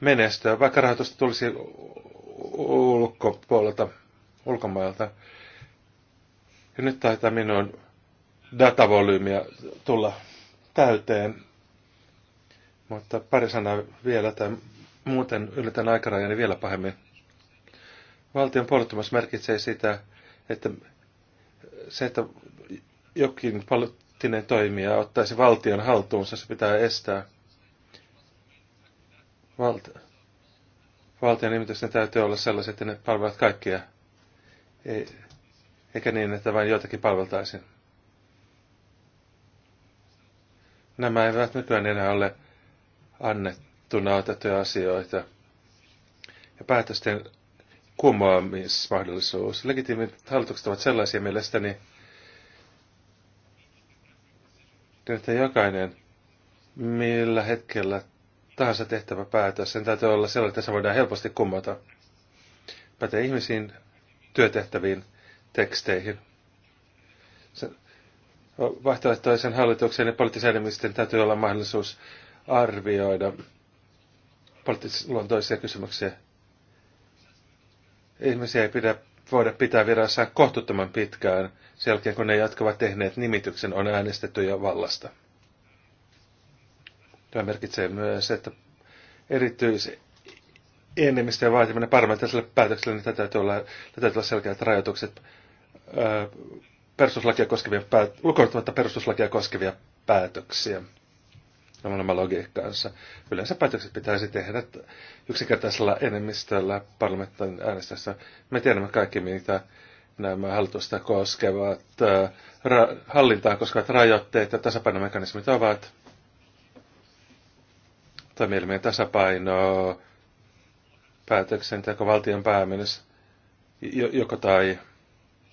menestyä, vaikka rahoitusta tulisi ulkopuolelta, ulkomailta. Ja nyt taitaa minun datavolyymiä tulla täyteen. Mutta pari sanaa vielä, tai muuten ylitän aikarajani vielä pahemmin. Valtion puolittumus merkitsee sitä, että se, että jokin poliittinen toimija ottaisi valtion haltuunsa, se pitää estää valta, valtion ne täytyy olla sellaiset, että ne palvelevat kaikkia, Ei, eikä niin, että vain joitakin palveltaisiin. Nämä eivät nykyään enää ole annettuna otettuja asioita. Ja päätösten kumoamismahdollisuus. Legitiimit hallitukset ovat sellaisia mielestäni, että jokainen millä hetkellä tahansa tehtävä päätös, sen täytyy olla sellainen, että se voidaan helposti kumota. Pätee ihmisiin, työtehtäviin, teksteihin. vaihtoehtoisen hallituksen ja poliittisen enemmistön täytyy olla mahdollisuus arvioida poliittisluontoisia kysymyksiä. Ihmisiä ei pidä voida pitää virassaan kohtuuttoman pitkään sen jälkeen, kun ne, jotka ovat tehneet nimityksen, on äänestetty jo vallasta. Tämä merkitsee myös, että erityis ja vaatiminen parlamentaariselle päätökselle, niin täytyy olla, täytyy olla selkeät rajoitukset perustuslakia koskevia päät- perustuslakia koskevia päätöksiä oma logiikkaansa. Yleensä päätökset pitäisi tehdä yksinkertaisella enemmistöllä parlamentin äänestössä. Me tiedämme kaikki, mitä nämä hallitusta koskevat, ra- hallintaa koskevat rajoitteet ja tasapainomekanismit ovat toimielimien tasapainoa, päätöksenteko valtion pääminen, joko tai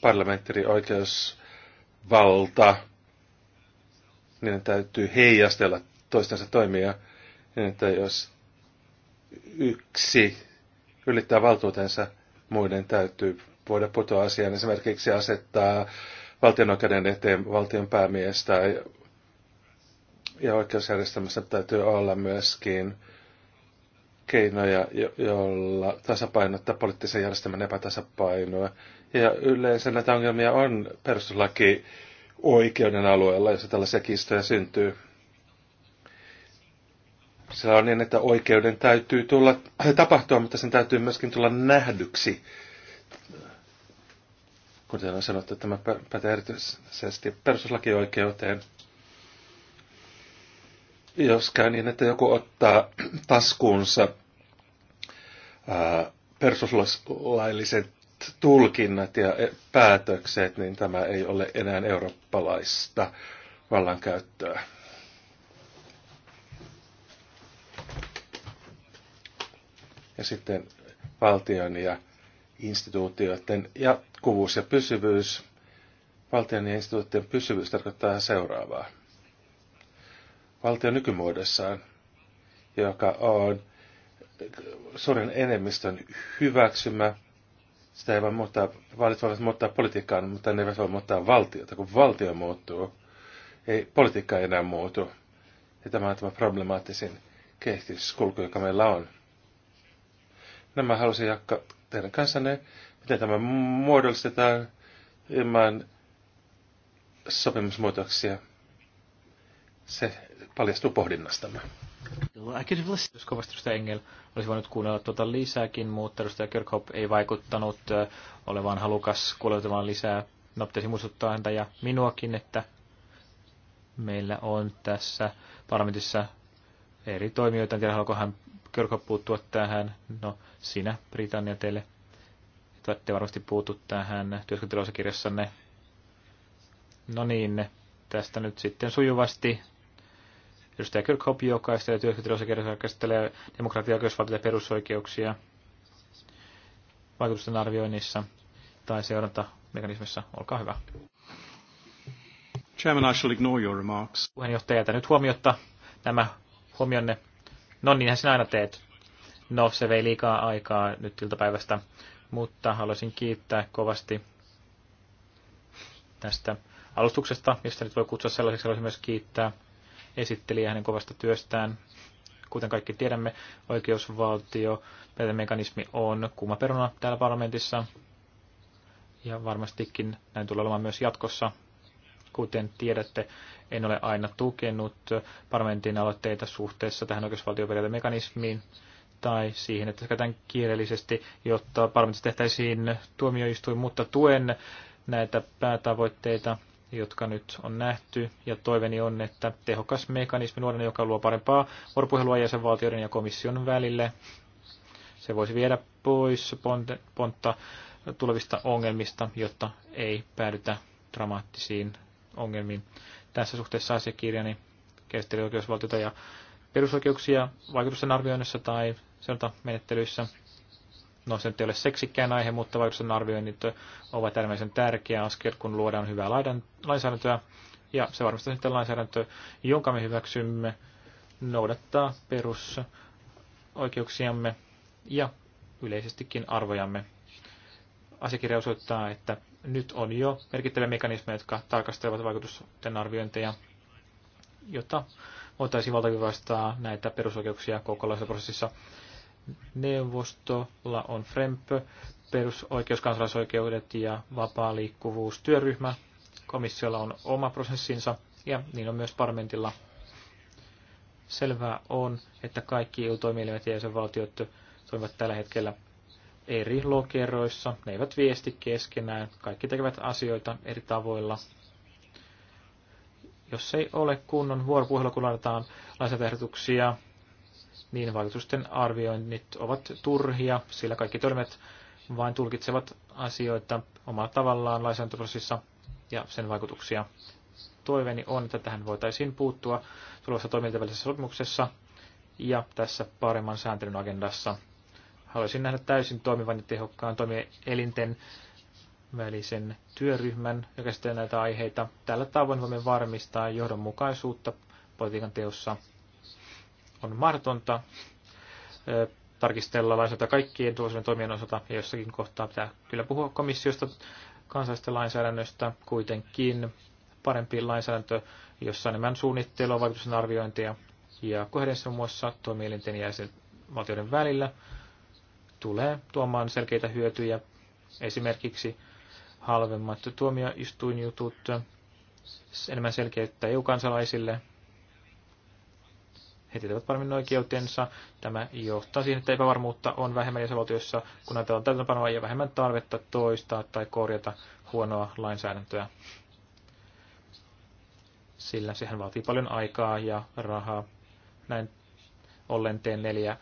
parlamenttiri oikeusvalta, niiden täytyy heijastella toistensa toimia, niin että jos yksi ylittää valtuutensa, muiden täytyy voida putoa asiaan. Esimerkiksi asettaa valtionoikeuden eteen valtion päämies tai ja oikeusjärjestelmässä täytyy olla myöskin keinoja, joilla tasapainottaa poliittisen järjestelmän epätasapainoa. Ja yleensä näitä ongelmia on perustuslaki oikeuden alueella, jossa tällaisia kistoja syntyy. Se on niin, että oikeuden täytyy tulla, [CLEARS THROAT] tapahtua, mutta sen täytyy myöskin tulla nähdyksi. Kuten on sanottu, tämä pätee erityisesti perustuslakioikeuteen. oikeuteen jos käy niin, että joku ottaa [CLEARS THROAT] taskuunsa perustuslailliset tulkinnat ja e, päätökset, niin tämä ei ole enää eurooppalaista vallankäyttöä. Ja sitten valtion ja instituutioiden jatkuvuus ja pysyvyys. Valtion ja instituutioiden pysyvyys tarkoittaa seuraavaa valtio nykymuodossaan, joka on suuren enemmistön hyväksymä. Sitä ei voi muuttaa, vaalit voivat muuttaa politiikkaan, mutta ne eivät voi muuttaa valtiota. Kun valtio muuttuu, ei politiikka enää muutu. Ja tämä on tämä problemaattisin kehityskulku, joka meillä on. Nämä halusin jakaa teidän kanssanne, miten tämä muodollistetaan ilman sopimusmuutoksia. Se paljastuu pohdinnastamme. Jos kovasti edustaja Engel olisi voinut kuunnella tuota lisääkin, mutta edustaja Kirkhope ei vaikuttanut olevan halukas kuulemaan lisää. No, pitäisi muistuttaa häntä ja minuakin, että meillä on tässä parlamentissa eri toimijoita. En tiedä, haluaako hän Kirkhope puuttua tähän. No, sinä, Britannia, teille te varmasti puutu tähän työskentelyosakirjassanne. No niin, tästä nyt sitten sujuvasti Edustaja Kirkhope käsittelee työskentelyosakirjoja, joka käsittelee demokratia- oikeusvaltio- ja perusoikeuksia vaikutusten arvioinnissa tai seurantamekanismissa. Olkaa hyvä. Chairman, I shall ignore your remarks. Puheenjohtaja, jätä nyt huomiota nämä huomionne. No niinhän sinä aina teet. No, se vei liikaa aikaa nyt iltapäivästä, mutta haluaisin kiittää kovasti tästä alustuksesta, josta nyt voi kutsua sellaiseksi. Haluaisin myös kiittää esitteli hänen kovasta työstään. Kuten kaikki tiedämme, oikeusvaltio, mekanismi on kuuma peruna täällä parlamentissa. Ja varmastikin näin tulee olemaan myös jatkossa. Kuten tiedätte, en ole aina tukenut parlamentin aloitteita suhteessa tähän oikeusvaltioperiaatemekanismiin tai siihen, että käytän kiireellisesti, jotta parlamentissa tehtäisiin tuomioistuin, mutta tuen näitä päätavoitteita jotka nyt on nähty, ja toiveni on, että tehokas mekanismi luodaan, joka luo parempaa vuoropuhelua jäsenvaltioiden ja komission välille. Se voisi viedä pois pontta tulevista ongelmista, jotta ei päädytä dramaattisiin ongelmiin. Tässä suhteessa asiakirjani käsitteli oikeusvaltiota ja perusoikeuksia vaikutusten arvioinnissa tai sieltä menettelyissä No se nyt ei ole seksikään aihe, mutta vaikutusten arvioinnit ovat äärimmäisen tärkeä askel, kun luodaan hyvää lainsäädäntöä. Ja se varmasti sitten lainsäädäntö, jonka me hyväksymme, noudattaa perusoikeuksiamme ja yleisestikin arvojamme. Asiakirja osoittaa, että nyt on jo merkittäviä mekanismeja, jotka tarkastelevat vaikutusten arviointeja, jotta voitaisiin valtavirtaistaa näitä perusoikeuksia koko prosessissa neuvostolla on FREMP, perusoikeuskansalaisoikeudet ja vapaa liikkuvuus työryhmä. Komissiolla on oma prosessinsa ja niin on myös parlamentilla. Selvää on, että kaikki EU-toimielimet ja jäsenvaltiot toimivat tällä hetkellä eri lokeroissa. Ne eivät viesti keskenään. Kaikki tekevät asioita eri tavoilla. Jos ei ole kunnon vuoropuhelu, kun laitetaan lainsäädäntöehdotuksia niin vaikutusten arvioinnit ovat turhia, sillä kaikki toimet vain tulkitsevat asioita omalla tavallaan lainsäädäntöprosessissa ja sen vaikutuksia. Toiveeni on, että tähän voitaisiin puuttua tulevassa toimintavälisessä sopimuksessa ja tässä paremman sääntelyn agendassa. Haluaisin nähdä täysin toimivan ja tehokkaan toimielinten välisen työryhmän, joka sitten näitä aiheita. Tällä tavoin voimme varmistaa johdonmukaisuutta politiikan teossa on mahdotonta tarkistella lainsäädäntöä kaikkien tuollaisen toimien osalta, ja jossakin kohtaa pitää kyllä puhua komissiosta, kansallisesta lainsäädännöstä, kuitenkin parempi lainsäädäntö, jossa on enemmän suunnittelua, vaikutusten arviointia ja kohdessa muassa toimielinten ja valtioiden välillä tulee tuomaan selkeitä hyötyjä, esimerkiksi halvemmat tuomioistuinjutut, enemmän selkeyttä EU-kansalaisille he tietävät paremmin oikeutensa. Tämä johtaa siihen, että epävarmuutta on vähemmän jäsenvaltioissa, kun ajatellaan täytäntöpanoa ja vähemmän tarvetta toistaa tai korjata huonoa lainsäädäntöä. Sillä sehän vaatii paljon aikaa ja rahaa. Näin ollen teen neljä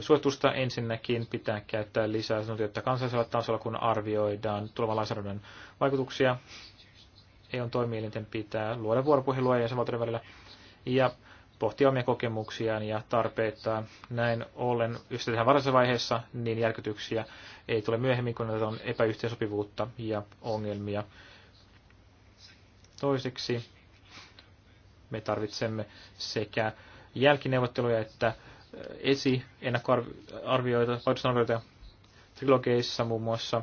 suositusta. Ensinnäkin pitää käyttää lisää sanotioita kansallisella tasolla, kun arvioidaan tulevan lainsäädännön vaikutuksia. eu toimielinten pitää luoda vuoropuhelua ja jäsenvaltioiden välillä ja pohtia omia kokemuksiaan ja tarpeitaan. Näin ollen, just tähän varhaisessa vaiheessa, niin järkytyksiä ei tule myöhemmin, kun on epäyhteensopivuutta ja ongelmia. Toiseksi me tarvitsemme sekä jälkineuvotteluja että äh, esi ennakkoarvioita, trilogeissa muun muassa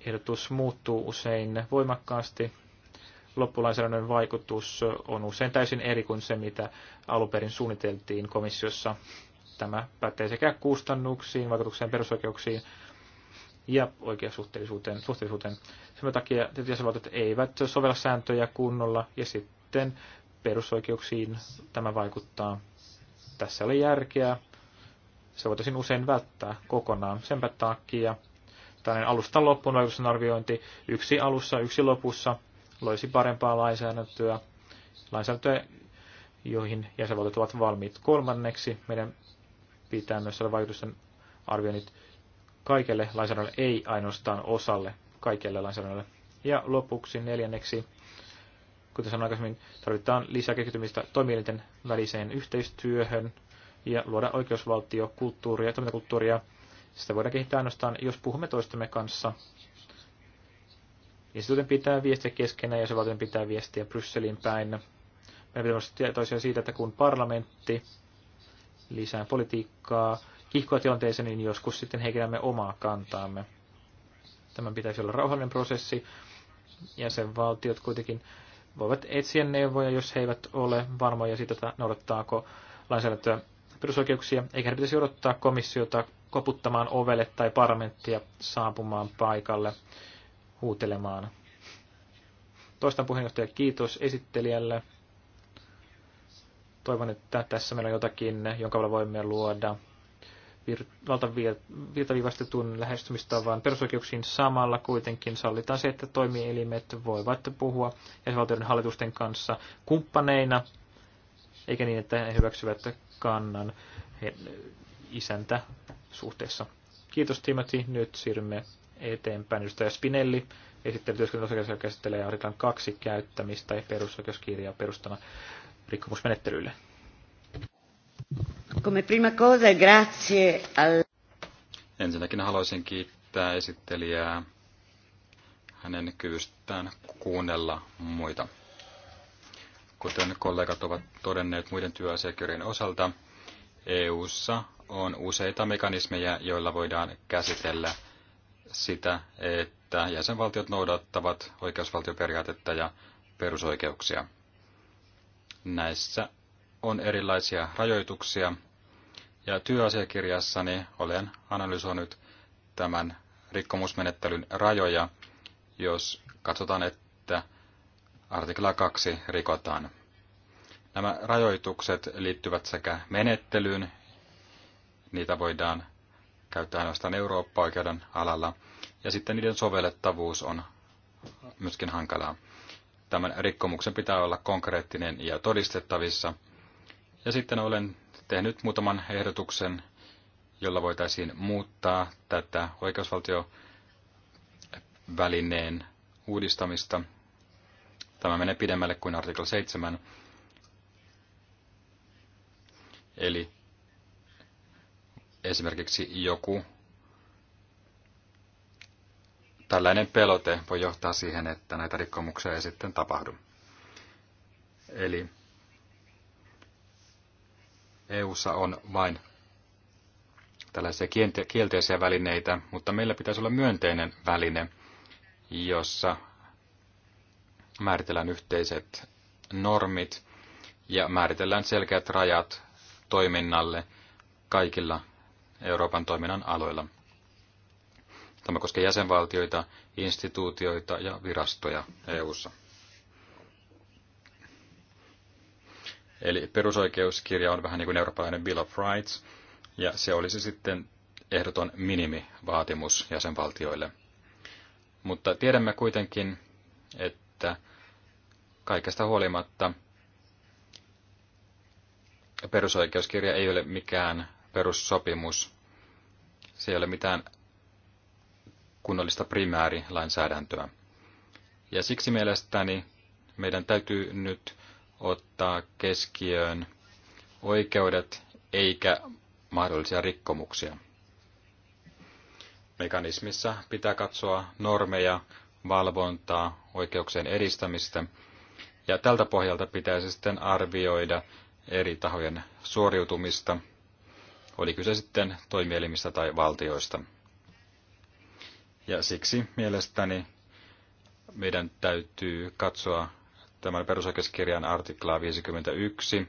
ehdotus muuttuu usein voimakkaasti loppulainsäädännön vaikutus on usein täysin eri kuin se, mitä aluperin suunniteltiin komissiossa. Tämä pätee sekä kustannuksiin, vaikutukseen perusoikeuksiin ja oikeasuhteellisuuteen. Suhteellisuuteen. Sen takia jäsenvaltiot eivät sovella sääntöjä kunnolla ja sitten perusoikeuksiin tämä vaikuttaa. Tässä oli järkeä. Se voitaisiin usein välttää kokonaan. Senpä takia tällainen alusta loppuun vaikutusten arviointi yksi alussa, yksi lopussa – loisi parempaa lainsäädäntöä, lainsäädäntöä, joihin jäsenvaltiot ovat valmiit. Kolmanneksi meidän pitää myös olla vaikutusten arvioinnit kaikelle lainsäädännölle, ei ainoastaan osalle, kaikelle lainsäädännölle. Ja lopuksi neljänneksi, kuten sanoin aikaisemmin, tarvitaan lisää kehittymistä toimielinten väliseen yhteistyöhön ja luoda kulttuuria ja toimintakulttuuria. Sitä voidaan kehittää ainoastaan, jos puhumme toistemme kanssa Instituutin pitää viestiä keskenään ja se valtion pitää viestiä Brysseliin päin. Meidän pitää myös tietoisia siitä, että kun parlamentti lisää politiikkaa kihkoa tilanteeseen, niin joskus sitten heikennämme omaa kantaamme. Tämän pitäisi olla rauhallinen prosessi. Jäsenvaltiot kuitenkin voivat etsiä neuvoja, jos he eivät ole varmoja siitä, että noudattaako lainsäädäntöä perusoikeuksia, eikä pitäisi odottaa komissiota koputtamaan ovelle tai parlamenttia saapumaan paikalle huutelemaan. Toistan puheenjohtaja kiitos esittelijälle. Toivon, että tässä meillä on jotakin, jonka avulla voimme luoda valtaviivaistetun lähestymistavan perusoikeuksiin samalla kuitenkin sallitaan se, että toimielimet voivat puhua jäsenvaltioiden hallitusten kanssa kumppaneina, eikä niin, että he hyväksyvät kannan isäntä suhteessa. Kiitos Timothy, nyt siirrymme eteenpäin. Edustaja Spinelli esitteli työskentelyosakirjassa, joka käsittelee artiklan kaksi käyttämistä ja perusoikeuskirjaa perustana rikkomusmenettelylle. Come prima cosa, grazie al... Ensinnäkin haluaisin kiittää esittelijää hänen kyvystään kuunnella muita. Kuten kollegat ovat todenneet muiden työasiakirjojen osalta, EU:ssa on useita mekanismeja, joilla voidaan käsitellä sitä, että jäsenvaltiot noudattavat oikeusvaltioperiaatetta ja perusoikeuksia. Näissä on erilaisia rajoituksia, ja työasiakirjassani olen analysoinut tämän rikkomusmenettelyn rajoja, jos katsotaan, että artikla 2 rikotaan. Nämä rajoitukset liittyvät sekä menettelyyn, niitä voidaan käyttää ainoastaan eurooppa-oikeuden alalla, ja sitten niiden sovellettavuus on myöskin hankalaa. Tämän rikkomuksen pitää olla konkreettinen ja todistettavissa. Ja sitten olen tehnyt muutaman ehdotuksen, jolla voitaisiin muuttaa tätä oikeusvaltiovälineen uudistamista. Tämä menee pidemmälle kuin artikla 7. Eli esimerkiksi joku tällainen pelote voi johtaa siihen, että näitä rikkomuksia ei sitten tapahdu. Eli EU:ssa on vain tällaisia kielteisiä välineitä, mutta meillä pitäisi olla myönteinen väline, jossa määritellään yhteiset normit ja määritellään selkeät rajat toiminnalle kaikilla Euroopan toiminnan aloilla. Tämä koskee jäsenvaltioita, instituutioita ja virastoja EU:ssa. Eli perusoikeuskirja on vähän niin kuin eurooppalainen Bill of Rights, ja se olisi sitten ehdoton minimivaatimus jäsenvaltioille. Mutta tiedämme kuitenkin, että kaikesta huolimatta perusoikeuskirja ei ole mikään perussopimus. Se ei ole mitään kunnollista primäärilainsäädäntöä. Ja siksi mielestäni meidän täytyy nyt ottaa keskiöön oikeudet eikä mahdollisia rikkomuksia. Mekanismissa pitää katsoa normeja, valvontaa, oikeuksien edistämistä, ja tältä pohjalta pitäisi sitten arvioida eri tahojen suoriutumista – oli kyse sitten toimielimistä tai valtioista. Ja siksi mielestäni meidän täytyy katsoa tämän perusoikeuskirjan artiklaa 51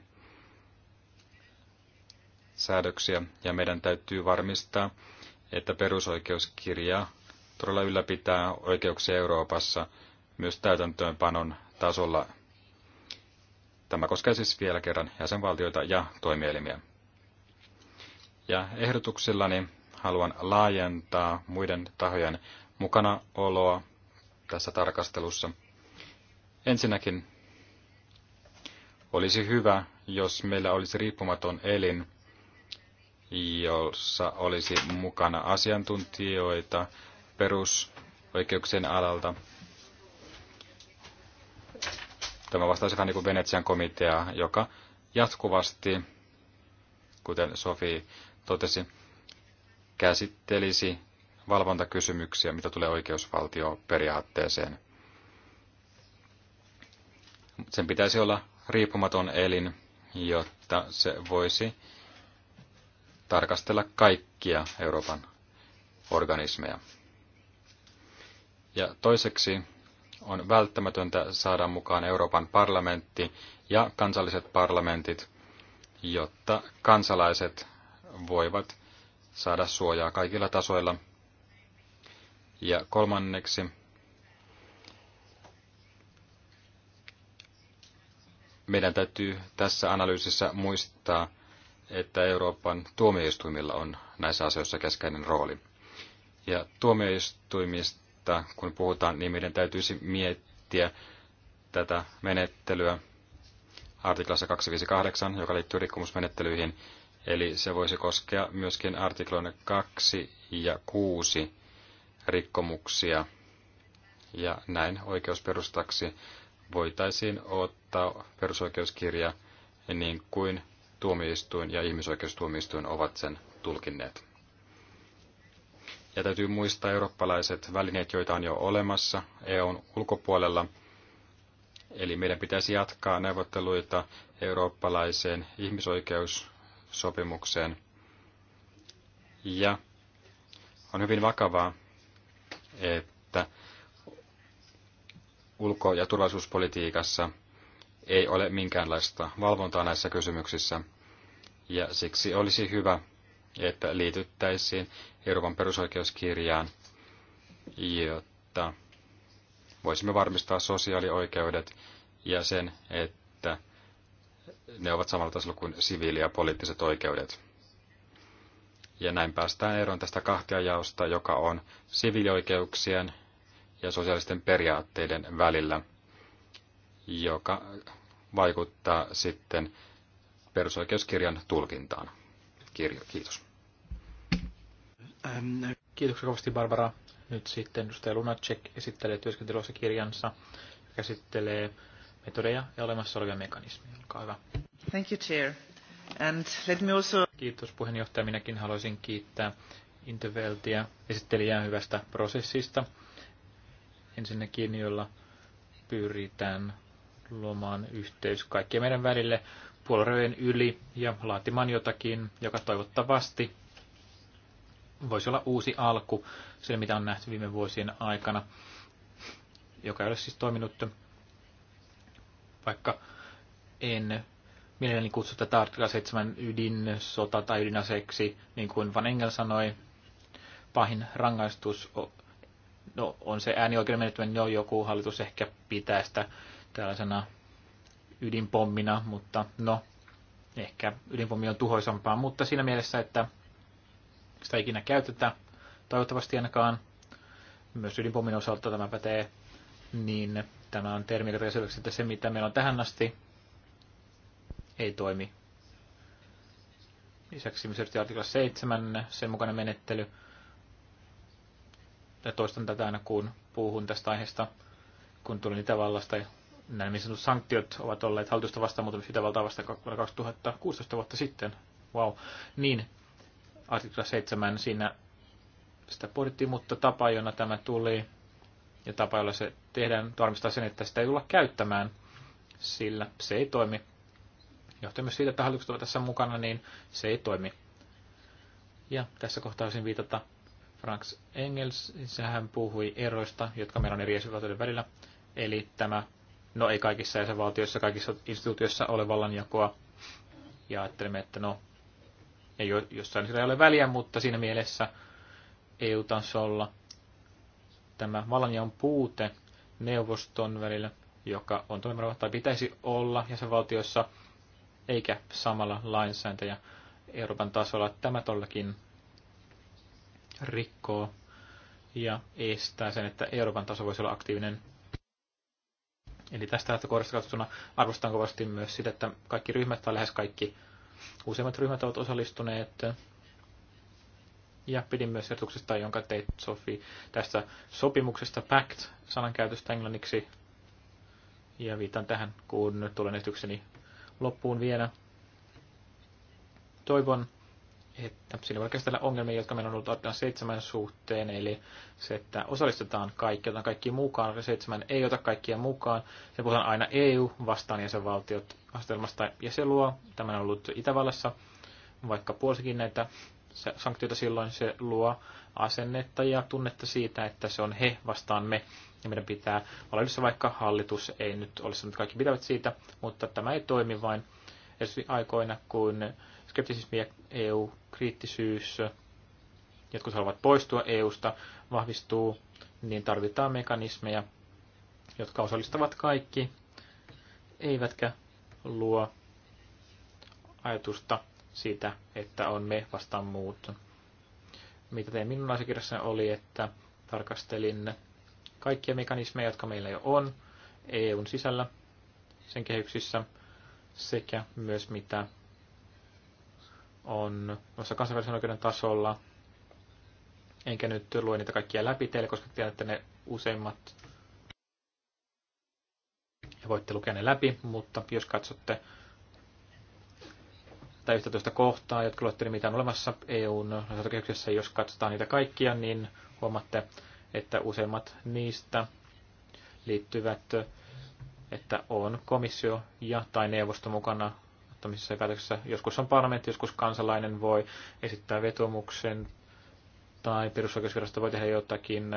säädöksiä, ja meidän täytyy varmistaa, että perusoikeuskirja todella ylläpitää oikeuksia Euroopassa myös täytäntöönpanon tasolla. Tämä koskee siis vielä kerran jäsenvaltioita ja toimielimiä. Ja ehdotuksillani haluan laajentaa muiden tahojen mukanaoloa tässä tarkastelussa. Ensinnäkin olisi hyvä, jos meillä olisi riippumaton elin, jossa olisi mukana asiantuntijoita perusoikeuksien alalta. Tämä vastaisi vähän niin kuin Venetsian komitea, joka jatkuvasti, kuten Sofi totesi, käsittelisi valvontakysymyksiä, mitä tulee oikeusvaltioperiaatteeseen. Sen pitäisi olla riippumaton elin, jotta se voisi tarkastella kaikkia Euroopan organismeja. Ja toiseksi on välttämätöntä saada mukaan Euroopan parlamentti ja kansalliset parlamentit, jotta kansalaiset voivat saada suojaa kaikilla tasoilla. Ja kolmanneksi, meidän täytyy tässä analyysissä muistaa, että Euroopan tuomioistuimilla on näissä asioissa keskeinen rooli. Ja tuomioistuimista, kun puhutaan, niin meidän täytyisi miettiä tätä menettelyä artiklassa 258, joka liittyy rikkomusmenettelyihin, Eli se voisi koskea myöskin artikloina 2 ja 6 rikkomuksia. Ja näin oikeusperustaksi voitaisiin ottaa perusoikeuskirja niin kuin tuomioistuin ja ihmisoikeustuomioistuin ovat sen tulkinneet. Ja täytyy muistaa eurooppalaiset välineet, joita on jo olemassa EUn ulkopuolella. Eli meidän pitäisi jatkaa neuvotteluita eurooppalaiseen ihmisoikeus sopimukseen. Ja on hyvin vakavaa, että ulko- ja turvallisuuspolitiikassa ei ole minkäänlaista valvontaa näissä kysymyksissä, ja siksi olisi hyvä, että liityttäisiin Euroopan perusoikeuskirjaan, jotta voisimme varmistaa sosiaalioikeudet ja sen, että ne ovat samalla tasolla kuin siviili- ja poliittiset oikeudet. Ja näin päästään eroon tästä kahtiajaosta, joka on siviilioikeuksien ja sosiaalisten periaatteiden välillä, joka vaikuttaa sitten perusoikeuskirjan tulkintaan. Kirjo, kiitos. Ähm, kiitoksia kovasti Barbara. Nyt sitten edustaja Lunacek esittelee työskentelyssä kirjansa, joka käsittelee metodeja ja olemassa olevia mekanismeja. Olkaa hyvä. Thank you, Chair. And let me also... Kiitos puheenjohtaja. Minäkin haluaisin kiittää Interveltia esittelijää hyvästä prosessista. Ensinnäkin, jolla pyritään luomaan yhteys kaikkien meidän välille puolueen yli ja laatimaan jotakin, joka toivottavasti voisi olla uusi alku sille, mitä on nähty viime vuosien aikana, joka ei ole siis toiminut vaikka en mielelläni kutsu tätä artikla 7 ydinsota tai ydinaseeksi, niin kuin Van Engel sanoi, pahin rangaistus no, on se äänioikeuden menettäminen, jo joku hallitus ehkä pitää sitä tällaisena ydinpommina, mutta no, ehkä ydinpommi on tuhoisampaa, mutta siinä mielessä, että sitä ikinä käytetä, toivottavasti ainakaan, myös ydinpommin osalta tämä pätee, niin Tämä on termi, että se mitä meillä on tähän asti ei toimi. Lisäksi me artikla 7, sen mukainen menettely. Ja toistan tätä aina, kun puhun tästä aiheesta, kun tulin Itävallasta. Nämä niin sanotut sanktiot ovat olleet hallitusta vastaan, mutta Itävaltaa vasta 2016 vuotta sitten. Wow. Niin, artikla 7, siinä sitä pohdittiin, mutta tapa, jona tämä tuli, ja tapa, jolla se tehdään, varmistaa sen, että sitä ei tulla käyttämään, sillä se ei toimi. Johtuen myös siitä, että hallitukset ovat tässä mukana, niin se ei toimi. Ja tässä kohtaa olisin viitata Franks Engels, sehän puhui eroista, jotka meillä on eri jäsenvaltioiden välillä. Eli tämä, no ei kaikissa jäsenvaltioissa, kaikissa instituutioissa ole vallanjakoa. Ja ajattelemme, että no, ei jossain sillä ei ole väliä, mutta siinä mielessä EU-tasolla tämä vallanjaon puute neuvoston välillä, joka on toimivaltaa, tai pitäisi olla jäsenvaltioissa, eikä samalla lainsääntöjä Euroopan tasolla. Tämä tollakin rikkoo ja estää sen, että Euroopan taso voisi olla aktiivinen. Eli tästä lähtökohdasta katsottuna arvostan kovasti myös sitä, että kaikki ryhmät tai lähes kaikki useimmat ryhmät ovat osallistuneet ja pidin myös ehdotuksesta, jonka teit Sofi tästä sopimuksesta Pact-sanan käytöstä englanniksi. Ja viitan tähän, kun nyt tulen esitykseni loppuun vielä. Toivon, että siinä voi käsitellä ongelmia, jotka meillä on ollut Artikan seitsemän suhteen, eli se, että osallistetaan kaikki, otetaan kaikki mukaan, Artikan seitsemän ei ota kaikkia mukaan, se puhutaan aina EU vastaan jäsenvaltiot asetelmasta, ja se luo, tämä on ollut Itävallassa, vaikka puolisikin näitä sanktioita silloin, se luo asennetta ja tunnetta siitä, että se on he vastaan me. Ja meidän pitää olla yhdessä, vaikka hallitus ei nyt ole sanonut, kaikki pitävät siitä, mutta tämä ei toimi vain aikoina, kun skeptisismi ja EU-kriittisyys, jotkut haluavat poistua EUsta, vahvistuu, niin tarvitaan mekanismeja, jotka osallistavat kaikki, eivätkä luo ajatusta siitä, että on me vastaan muut. Mitä tein minun asiakirjassani oli, että tarkastelin kaikkia mekanismeja, jotka meillä jo on EUn sisällä, sen kehyksissä, sekä myös mitä on noissa kansainvälisen oikeuden tasolla. Enkä nyt lue niitä kaikkia läpi teille, koska että ne useimmat ja voitte lukea ne läpi, mutta jos katsotte tai 11 kohtaa, jotka luettelin, mitä on olemassa EUn kehyksessä. Jos katsotaan niitä kaikkia, niin huomaatte, että useimmat niistä liittyvät, että on komissio ja tai neuvosto mukana ottamisessa ja päätöksessä. Joskus on parlamentti, joskus kansalainen voi esittää vetomuksen tai perusoikeusvirasto voi tehdä jotakin,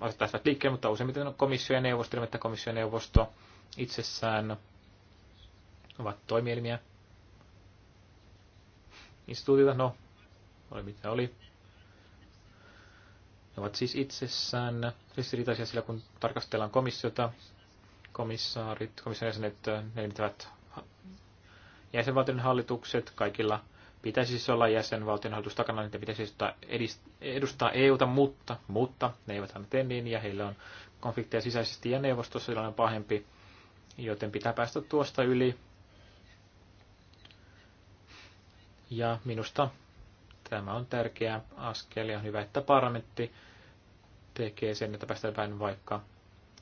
asettaa liikkeen, mutta useimmiten on komissio ja neuvosto, että komissio ja neuvosto itsessään ovat toimielimiä, instituutiota, no, oli mitä oli. Ne ovat siis itsessään ristiriitaisia sillä, kun tarkastellaan komissiota, komissaarit, komission jäsenet, äh, nelittävät jäsenvaltion hallitukset, kaikilla pitäisi siis olla jäsenvaltion hallitus takana, niitä pitäisi edustaa, siis edustaa EUta, mutta, mutta ne eivät aina tee niin, ja heillä on konflikteja sisäisesti ja neuvostossa sellainen pahempi, joten pitää päästä tuosta yli Ja minusta tämä on tärkeä askel ja on hyvä, että parlamentti tekee sen, että päästään vain vaikka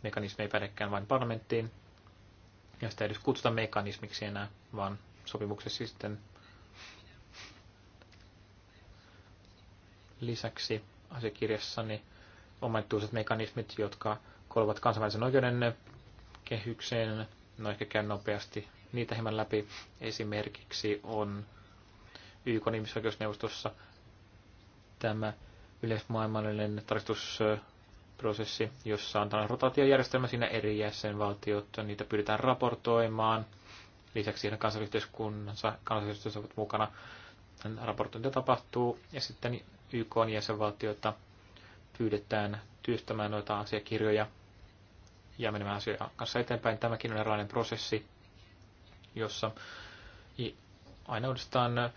mekanismi ei pädekään vain parlamenttiin. Ja sitä ei edes kutsuta mekanismiksi enää, vaan sopimuksessa sitten lisäksi asiakirjassani on mekanismit, jotka kolvat kansainvälisen oikeuden kehykseen. No ehkä käyn nopeasti niitä hieman läpi. Esimerkiksi on YK ihmisoikeusneuvostossa tämä yleismaailmallinen tarkistusprosessi, jossa on tällainen rotaatiojärjestelmä siinä eri jäsenvaltiot, niitä pyritään raportoimaan. Lisäksi siinä kansallisyhteiskunnassa kansallisyhteisöt ovat mukana. Raportointi tapahtuu ja sitten YK jäsenvaltioita pyydetään työstämään noita asiakirjoja ja menemään asioita kanssa eteenpäin. Tämäkin on eräänlainen prosessi, jossa aina uudestaan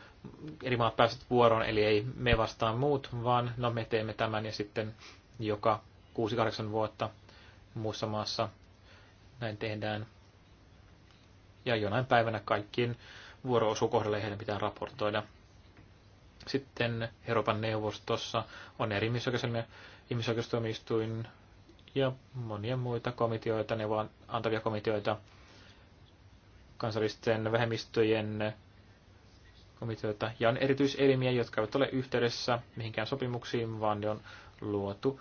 eri maat pääsevät vuoroon, eli ei me vastaan muut, vaan no me teemme tämän ja sitten joka 6-8 vuotta muussa maassa näin tehdään. Ja jonain päivänä kaikkien vuoro osuu kohdalle heidän pitää raportoida. Sitten Euroopan neuvostossa on eri ihmisoikeustuomioistuin ja monia muita komiteoita, vaan antavia komiteoita, kansallisten vähemmistöjen komiteoita ja on erityiselimiä, jotka eivät ole yhteydessä mihinkään sopimuksiin, vaan ne on luotu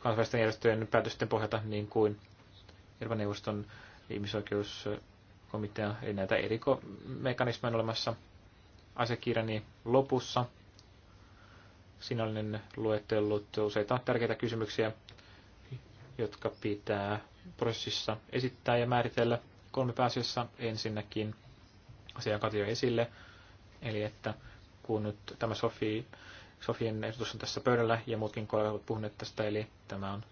kansainvälisten järjestöjen päätösten pohjalta, niin kuin Euroopan neuvoston ihmisoikeuskomitea, eli näitä erikomekanismeja olemassa asiakirjani lopussa. Siinä olen luetellut useita tärkeitä kysymyksiä, jotka pitää prosessissa esittää ja määritellä kolme pääasiassa. Ensinnäkin asia, joka jo esille, Eli että kun nyt tämä Sofi, Sofien ehdotus on tässä pöydällä ja muutkin kollegat ovat puhuneet tästä, eli tämä on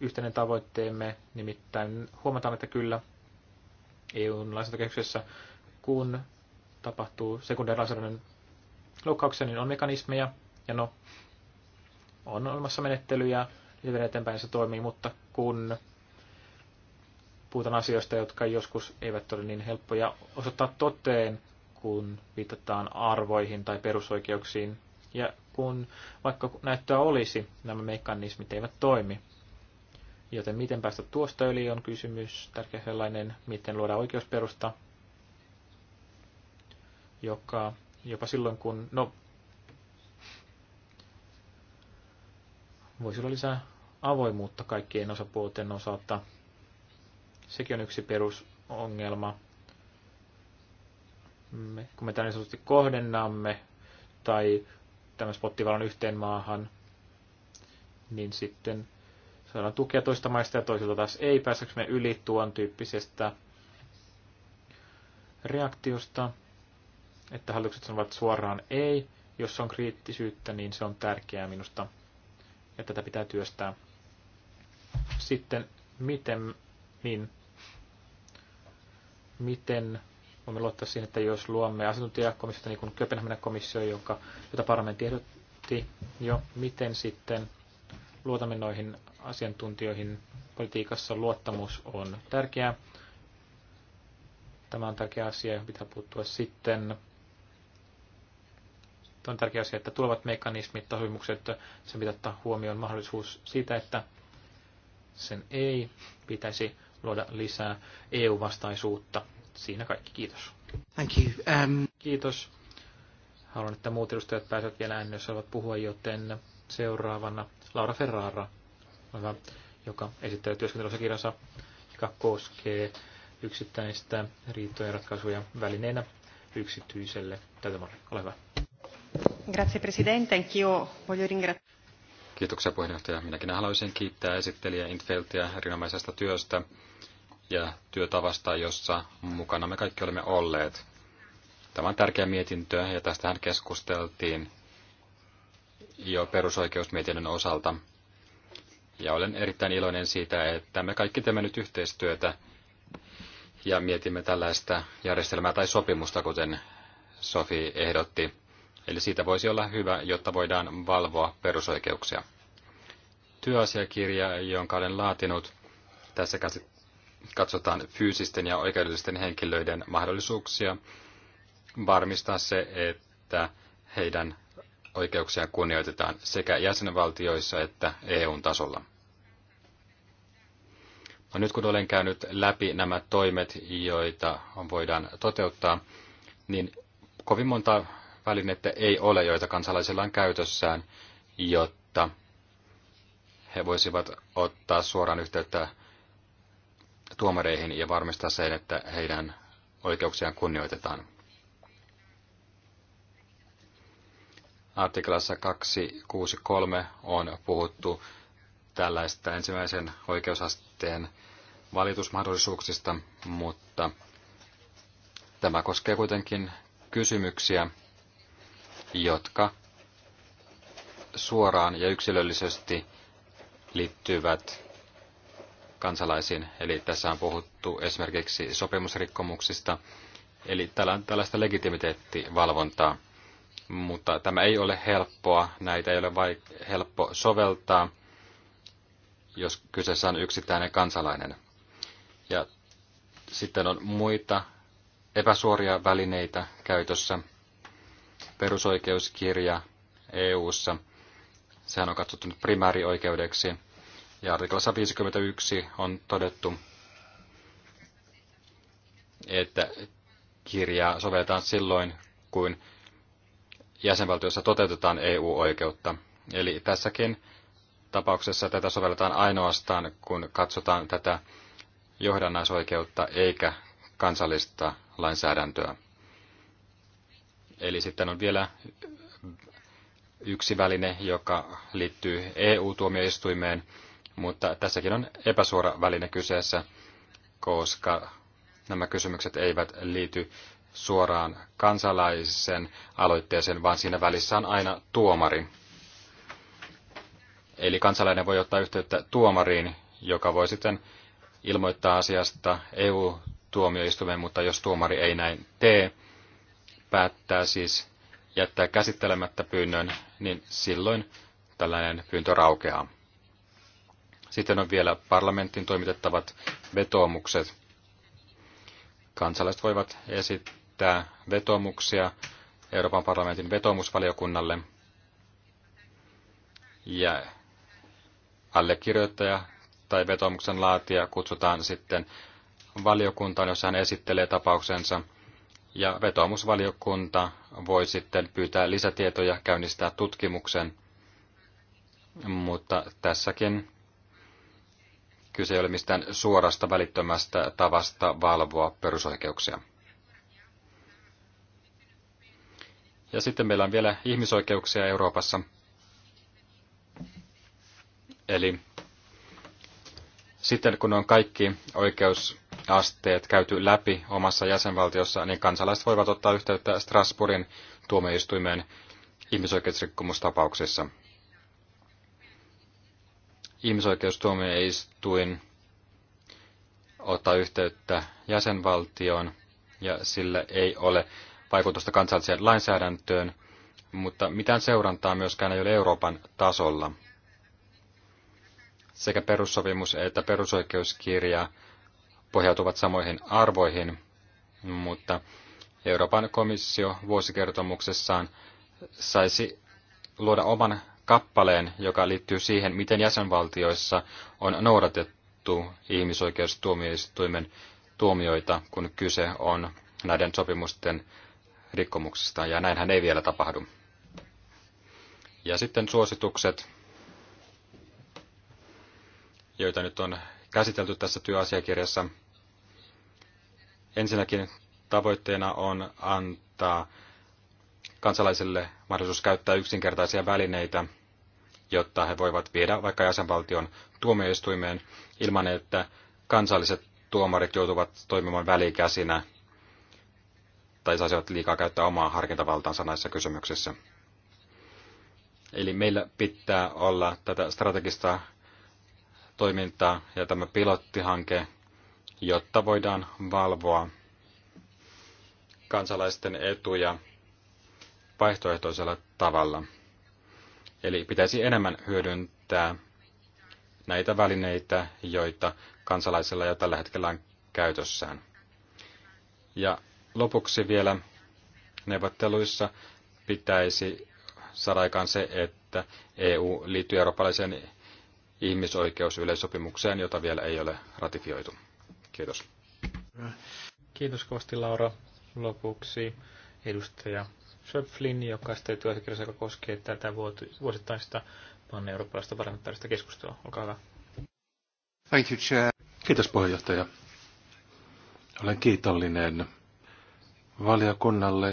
yhteinen tavoitteemme. Nimittäin huomataan, että kyllä eu lainsäädäntökehyksessä, kun tapahtuu sekundaarilainsäädännön loukkauksia, niin on mekanismeja ja no, on olemassa menettelyjä, niitä eteenpäin se toimii, mutta kun puhutaan asioista, jotka joskus eivät ole niin helppoja osoittaa toteen, kun viitataan arvoihin tai perusoikeuksiin. Ja kun vaikka näyttöä olisi, nämä mekanismit eivät toimi. Joten miten päästä tuosta yli on kysymys, tärkeä sellainen, miten luoda oikeusperusta, joka jopa silloin kun, no, voisi olla lisää avoimuutta kaikkien osapuolten osalta. Sekin on yksi perusongelma me, kun me tämän niin sanotusti kohdennamme tai tämän spottivalon yhteen maahan, niin sitten saadaan tukea toista maista ja toisilta taas ei. Päästäkö me yli tuon tyyppisestä reaktiosta, että hallitukset sanovat suoraan ei. Jos on kriittisyyttä, niin se on tärkeää minusta, ja tätä pitää työstää. Sitten miten, niin, miten voimme luottaa siihen, että jos luomme asiantuntijakomissiota, niin kuin Kööpenhaminan komissio, joka, jota parlamentti ehdotti jo, miten sitten luotamme noihin asiantuntijoihin politiikassa. Luottamus on tärkeää. Tämä on tärkeä asia, johon pitää puuttua sitten. Tämä on tärkeä asia, että tulevat mekanismit tai sopimukset, sen pitää ottaa huomioon mahdollisuus siitä, että sen ei pitäisi luoda lisää EU-vastaisuutta. Siinä kaikki, kiitos. Thank you. Um... Kiitos. Haluan, että muut edustajat pääsevät vielä ennen, jos haluat puhua, joten seuraavana Laura Ferrara, joka esittelee työskentelyssä kirjansa, joka koskee yksittäistä riitojen ratkaisuja välineenä yksityiselle täytämarkkinoille. Ole hyvä. Grazie Presidente, anch'io voglio ringraziare. Kiitoksia puheenjohtaja. Minäkin haluaisin kiittää esittelijä Intfeltia erinomaisesta työstä ja työtavasta, jossa mukana me kaikki olemme olleet. Tämä on tärkeä mietintö ja tästähän keskusteltiin jo perusoikeusmietinnön osalta. Ja olen erittäin iloinen siitä, että me kaikki teemme nyt yhteistyötä ja mietimme tällaista järjestelmää tai sopimusta, kuten Sofi ehdotti. Eli siitä voisi olla hyvä, jotta voidaan valvoa perusoikeuksia. Työasiakirja, jonka olen laatinut, tässä katsotaan fyysisten ja oikeudellisten henkilöiden mahdollisuuksia varmistaa se, että heidän oikeuksiaan kunnioitetaan sekä jäsenvaltioissa että EUn tasolla. No nyt kun olen käynyt läpi nämä toimet, joita voidaan toteuttaa, niin kovin monta välinettä ei ole, joita kansalaisilla on käytössään, jotta he voisivat ottaa suoraan yhteyttä tuomareihin ja varmistaa sen, että heidän oikeuksiaan kunnioitetaan. Artiklassa 263 on puhuttu tällaista ensimmäisen oikeusasteen valitusmahdollisuuksista, mutta tämä koskee kuitenkin kysymyksiä, jotka suoraan ja yksilöllisesti liittyvät kansalaisiin. Eli tässä on puhuttu esimerkiksi sopimusrikkomuksista. Eli täällä on tällaista legitimiteettivalvontaa. Mutta tämä ei ole helppoa, näitä ei ole vaik- helppo soveltaa, jos kyseessä on yksittäinen kansalainen. Ja sitten on muita epäsuoria välineitä käytössä. Perusoikeuskirja EU:ssa, sehän on katsottu nyt primäärioikeudeksi, ja artiklassa 51 on todettu, että kirjaa sovelletaan silloin, kun jäsenvaltiossa toteutetaan EU-oikeutta. Eli tässäkin tapauksessa tätä sovelletaan ainoastaan, kun katsotaan tätä johdannaisoikeutta eikä kansallista lainsäädäntöä. Eli sitten on vielä yksi väline, joka liittyy EU-tuomioistuimeen, mutta tässäkin on epäsuora väline kyseessä, koska nämä kysymykset eivät liity suoraan kansalaisen aloitteeseen, vaan siinä välissä on aina tuomari. Eli kansalainen voi ottaa yhteyttä tuomariin, joka voi sitten ilmoittaa asiasta EU-tuomioistuimeen, mutta jos tuomari ei näin tee, päättää siis jättää käsittelemättä pyynnön, niin silloin tällainen pyyntö raukeaa. Sitten on vielä parlamentin toimitettavat vetoomukset. Kansalaiset voivat esittää vetoomuksia Euroopan parlamentin vetoomusvaliokunnalle. Ja allekirjoittaja tai vetoomuksen laatija kutsutaan sitten valiokuntaan, jossa hän esittelee tapauksensa. Ja vetoomusvaliokunta voi sitten pyytää lisätietoja, käynnistää tutkimuksen. Mutta tässäkin Kyse ei ole mistään suorasta välittömästä tavasta valvoa perusoikeuksia. Ja sitten meillä on vielä ihmisoikeuksia Euroopassa. Eli sitten kun on kaikki oikeusasteet käyty läpi omassa jäsenvaltiossa, niin kansalaiset voivat ottaa yhteyttä Strasbourgin tuomioistuimeen ihmisoikeusrikkomustapauksissa ihmisoikeustuomioistuin ottaa yhteyttä jäsenvaltioon ja sillä ei ole vaikutusta kansalliseen lainsäädäntöön, mutta mitään seurantaa myöskään ei ole Euroopan tasolla. Sekä perussopimus että perusoikeuskirja pohjautuvat samoihin arvoihin, mutta Euroopan komissio vuosikertomuksessaan saisi luoda oman kappaleen, joka liittyy siihen, miten jäsenvaltioissa on noudatettu ihmisoikeustuomioistuimen tuomioita, kun kyse on näiden sopimusten rikkomuksista, ja näinhän ei vielä tapahdu. Ja sitten suositukset, joita nyt on käsitelty tässä työasiakirjassa. Ensinnäkin tavoitteena on antaa kansalaisille mahdollisuus käyttää yksinkertaisia välineitä, jotta he voivat viedä vaikka jäsenvaltion tuomioistuimeen ilman, että kansalliset tuomarit joutuvat toimimaan välikäsinä tai saisivat liikaa käyttää omaa harkintavaltaansa näissä kysymyksissä. Eli meillä pitää olla tätä strategista toimintaa ja tämä pilottihanke, jotta voidaan valvoa kansalaisten etuja vaihtoehtoisella tavalla. Eli pitäisi enemmän hyödyntää näitä välineitä, joita kansalaisilla jo tällä hetkellä on käytössään. Ja lopuksi vielä neuvotteluissa pitäisi saada aikaan se, että EU liittyy eurooppalaiseen ihmisoikeusyleissopimukseen, jota vielä ei ole ratifioitu. Kiitos. Kiitos kovasti Laura. Lopuksi edustaja Schwab Flynn, joka sitten työasiakirjassa, joka koskee tätä vuosittaista pan-eurooppalaista parlamentaarista keskustelua. Olkaa hyvä. Thank you, Chair. Kiitos puheenjohtaja. Olen kiitollinen valiokunnalle,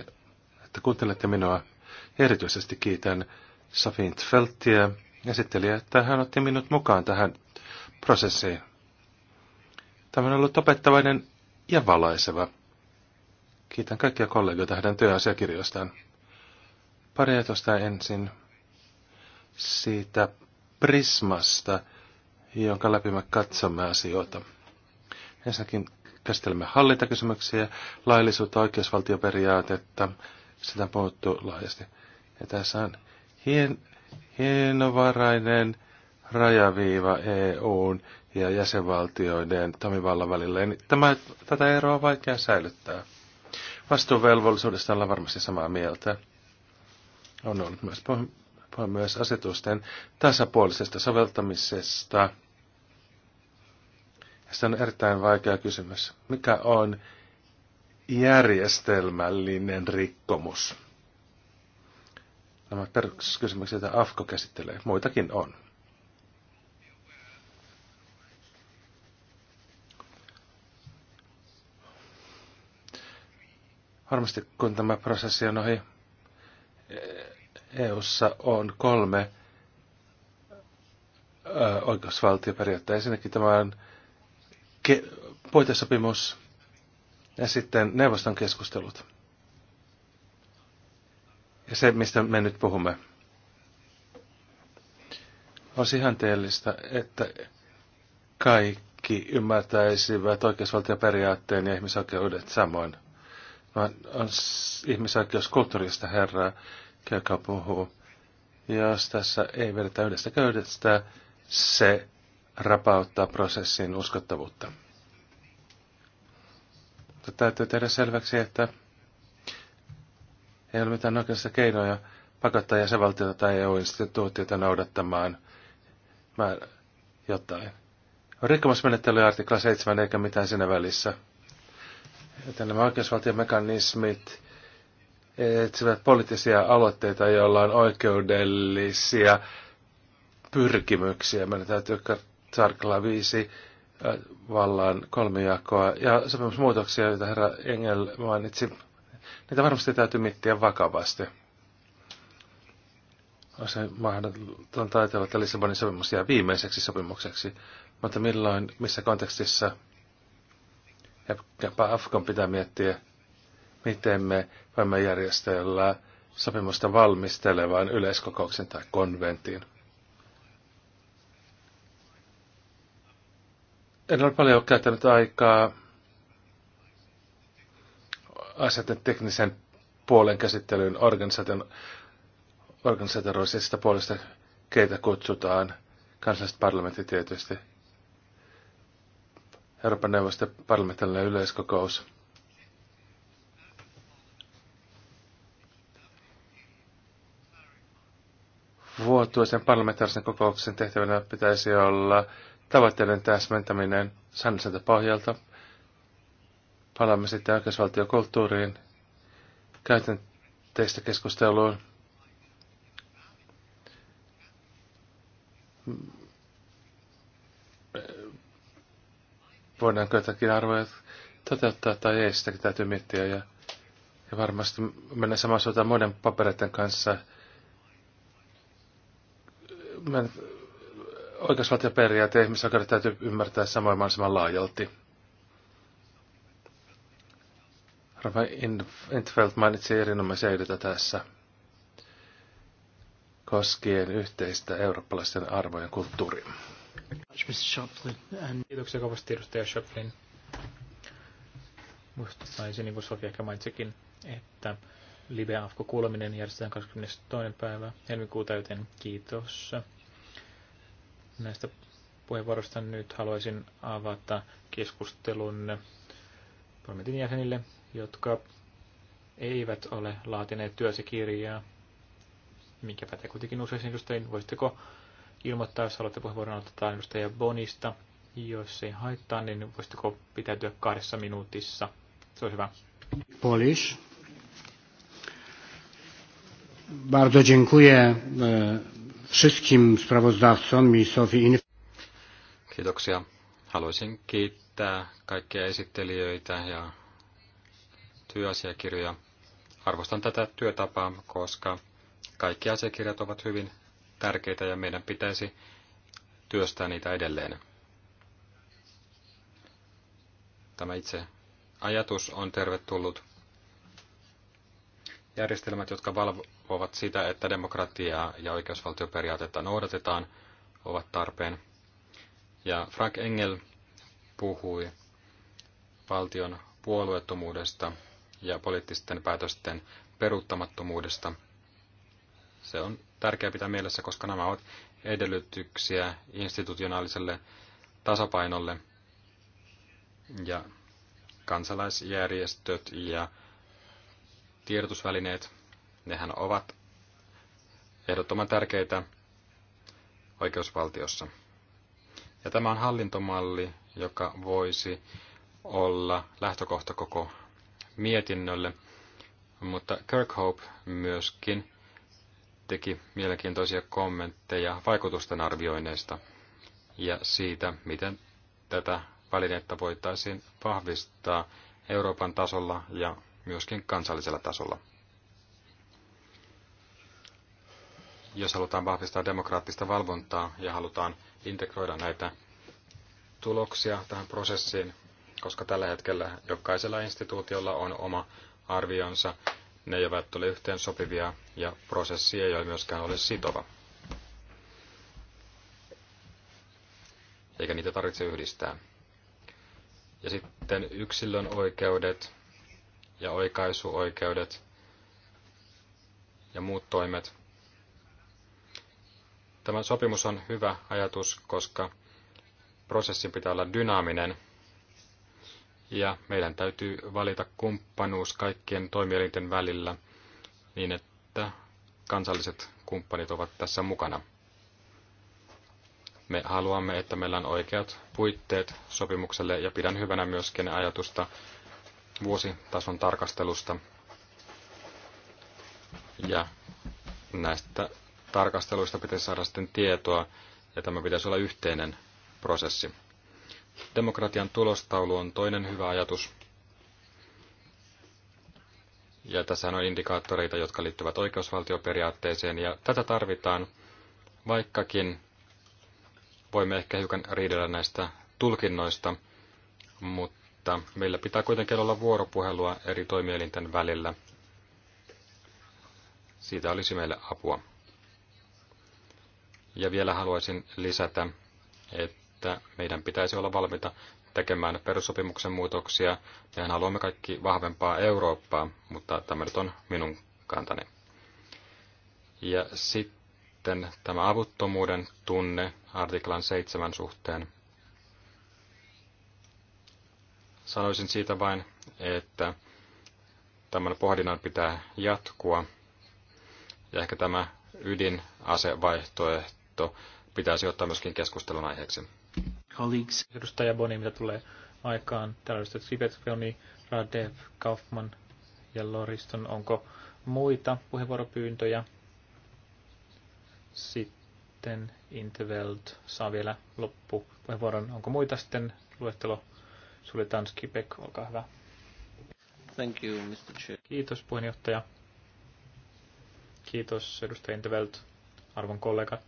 että kuuntelette minua. Erityisesti kiitän Safin Tfeltiä, esittelijä, että hän otti minut mukaan tähän prosessiin. Tämä on ollut opettavainen ja valaiseva. Kiitän kaikkia kollegoita heidän työasiakirjoistaan. Pari ajatusta ensin siitä prismasta, jonka läpi me katsomme asioita. Ensinnäkin käsittelemme hallintakysymyksiä, laillisuutta, oikeusvaltioperiaatetta, sitä on puhuttu laajasti. Ja tässä on hien, hienovarainen rajaviiva EUn ja jäsenvaltioiden toimivallan välillä. tämä, tätä eroa on vaikea säilyttää vastuuvelvollisuudesta ollaan varmasti samaa mieltä. On ollut myös, myös asetusten tasapuolisesta soveltamisesta. Se on erittäin vaikea kysymys. Mikä on järjestelmällinen rikkomus? Nämä peruskysymykset, joita AFKO käsittelee, muitakin on. Varmasti kun tämä prosessi on ohi, EU-ssa on kolme oikeusvaltioperiaatteita. Ensinnäkin tämä on ke- puitesopimus ja sitten neuvoston keskustelut. Ja se, mistä me nyt puhumme. ihan teellistä, että kaikki ymmärtäisivät oikeusvaltioperiaatteen ja ihmisoikeudet samoin vaan on ihmisoikeuskulttuurista herra, joka puhuu. Jos tässä ei vedetä yhdestä köydestä, se rapauttaa prosessin uskottavuutta. Mutta täytyy tehdä selväksi, että ei ole mitään oikeasta keinoja pakottaa jäsenvaltiota tai EU-instituutiota noudattamaan jotain. On rikkomusmenettely artikla 7 eikä mitään siinä välissä että nämä oikeusvaltiomekanismit etsivät poliittisia aloitteita, joilla on oikeudellisia pyrkimyksiä. Meidän täytyy tarkkailla viisi vallan kolmijakoa ja sopimusmuutoksia, joita herra Engel mainitsi. Niitä varmasti täytyy miettiä vakavasti. On se mahdoton taitella, että Lissabonin sopimus jää viimeiseksi sopimukseksi, mutta milloin, missä kontekstissa – Ehkäpä Afkon pitää miettiä, miten me voimme järjestellä sopimusta valmistelevan yleiskokouksen tai konventin. En ole paljon käyttänyt aikaa asioiden teknisen puolen käsittelyyn organisaation, organisaatioisesta puolesta, keitä kutsutaan, kansalliset parlamentti tietysti – Euroopan neuvoston parlamentaarinen yleiskokous. Vuotuisen parlamentaarisen kokouksen tehtävänä pitäisi olla tavoitteiden täsmentäminen säännölliseltä pohjalta. Palaamme sitten oikeusvaltiokulttuuriin, käytänteistä keskusteluun. voidaanko jotakin arvoja toteuttaa tai ei, sitäkin täytyy miettiä. Ja, ja varmasti mennä samaan suuntaan muiden papereiden kanssa. Men, oikeusvaltioperiaate ja ihmisoikeudet täytyy ymmärtää samoin mahdollisimman laajalti. Rafa Entfeld mainitsi erinomaisia ideoita tässä koskien yhteistä eurooppalaisten arvojen kulttuuria. Kiitoksia kovasti edustaja Shoplin. Muistaisin, niin kuin Sofia ehkä mainitsikin, että Libe Afko kuuleminen järjestetään 22. päivä helmikuuta, joten kiitos näistä puheenvuorosta. Nyt haluaisin avata keskustelun parlamentin jäsenille, jotka eivät ole laatineet työsikirjaa, mikä pätee kuitenkin useisiin edustajiin. Voisitteko ilmoittaa, jos haluatte puheenvuoron ottaa edustaja Bonista. Jos ei haittaa, niin voisitteko pitäytyä kahdessa minuutissa? Se on hyvä. Polish. Bardzo dziękuję e, wszystkim sprawozdawcom i Kiitoksia. Haluaisin kiittää kaikkia esittelijöitä ja työasiakirjoja. Arvostan tätä työtapaa, koska kaikki asiakirjat ovat hyvin tärkeitä ja meidän pitäisi työstää niitä edelleen. Tämä itse ajatus on tervetullut. Järjestelmät, jotka valvovat sitä, että demokratiaa ja oikeusvaltioperiaatetta noudatetaan, ovat tarpeen. Ja Frank Engel puhui valtion puolueettomuudesta ja poliittisten päätösten peruuttamattomuudesta. Se on tärkeää pitää mielessä, koska nämä ovat edellytyksiä institutionaaliselle tasapainolle. Ja kansalaisjärjestöt ja tiedotusvälineet, nehän ovat ehdottoman tärkeitä oikeusvaltiossa. Ja tämä on hallintomalli, joka voisi olla lähtökohta koko mietinnölle, mutta Kirkhope myöskin teki mielenkiintoisia kommentteja vaikutusten arvioinneista ja siitä, miten tätä välinettä voitaisiin vahvistaa Euroopan tasolla ja myöskin kansallisella tasolla. Jos halutaan vahvistaa demokraattista valvontaa ja halutaan integroida näitä tuloksia tähän prosessiin, koska tällä hetkellä jokaisella instituutiolla on oma arvionsa ne eivät ole yhteen sopivia ja prosessi ei ole myöskään ole sitova. Eikä niitä tarvitse yhdistää. Ja sitten yksilön oikeudet ja oikaisuoikeudet ja muut toimet. Tämä sopimus on hyvä ajatus, koska prosessin pitää olla dynaaminen ja meidän täytyy valita kumppanuus kaikkien toimielinten välillä niin, että kansalliset kumppanit ovat tässä mukana. Me haluamme, että meillä on oikeat puitteet sopimukselle ja pidän hyvänä myöskin ajatusta vuositason tarkastelusta ja näistä tarkasteluista pitäisi saada sitten tietoa ja tämä pitäisi olla yhteinen prosessi. Demokratian tulostaulu on toinen hyvä ajatus. Ja tässä on indikaattoreita, jotka liittyvät oikeusvaltioperiaatteeseen, ja tätä tarvitaan, vaikkakin voimme ehkä hiukan riidellä näistä tulkinnoista, mutta meillä pitää kuitenkin olla vuoropuhelua eri toimielinten välillä. Siitä olisi meille apua. Ja vielä haluaisin lisätä, että että meidän pitäisi olla valmiita tekemään perussopimuksen muutoksia. Mehän haluamme kaikki vahvempaa Eurooppaa, mutta tämä nyt on minun kantani. Ja sitten tämä avuttomuuden tunne artiklan 7 suhteen. Sanoisin siitä vain, että tämän pohdinnan pitää jatkua. Ja ehkä tämä ydinasevaihtoehto pitäisi ottaa myöskin keskustelun aiheeksi colleagues. Edustaja Boni, mitä tulee aikaan, täällä edustajat Sibet, filmi Radev, Kaufman ja Loriston. Onko muita puheenvuoropyyntöjä? Sitten Interveld saa vielä loppupuheenvuoron. Onko muita sitten luettelo? Suljetaan Skipek, olkaa hyvä. Thank you, Mr. Chair. Kiitos puheenjohtaja. Kiitos edustaja Interveld, arvon kollegat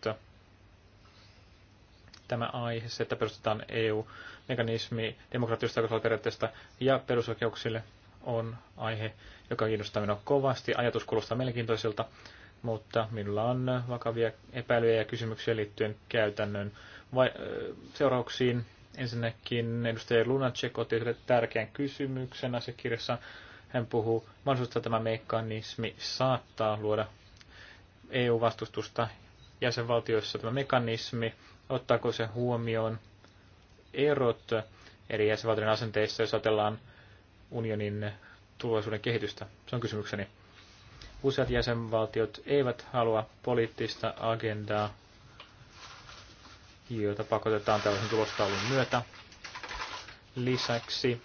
tämä aihe, se, että perustetaan EU-mekanismi demokratiasta ja ja perusoikeuksille on aihe, joka kiinnostaa minua kovasti. Ajatus kuulostaa mielenkiintoiselta, mutta minulla on vakavia epäilyjä ja kysymyksiä liittyen käytännön vai, seurauksiin. Ensinnäkin edustaja Lunacek otti yhden tärkeän kysymyksen asiakirjassa. Hän puhuu mahdollisuudesta, että tämä mekanismi saattaa luoda EU-vastustusta jäsenvaltioissa. Tämä mekanismi ottaako se huomioon erot eri jäsenvaltioiden asenteissa, jos ajatellaan unionin tulevaisuuden kehitystä? Se on kysymykseni. Useat jäsenvaltiot eivät halua poliittista agendaa, jota pakotetaan tällaisen tulostaulun myötä. Lisäksi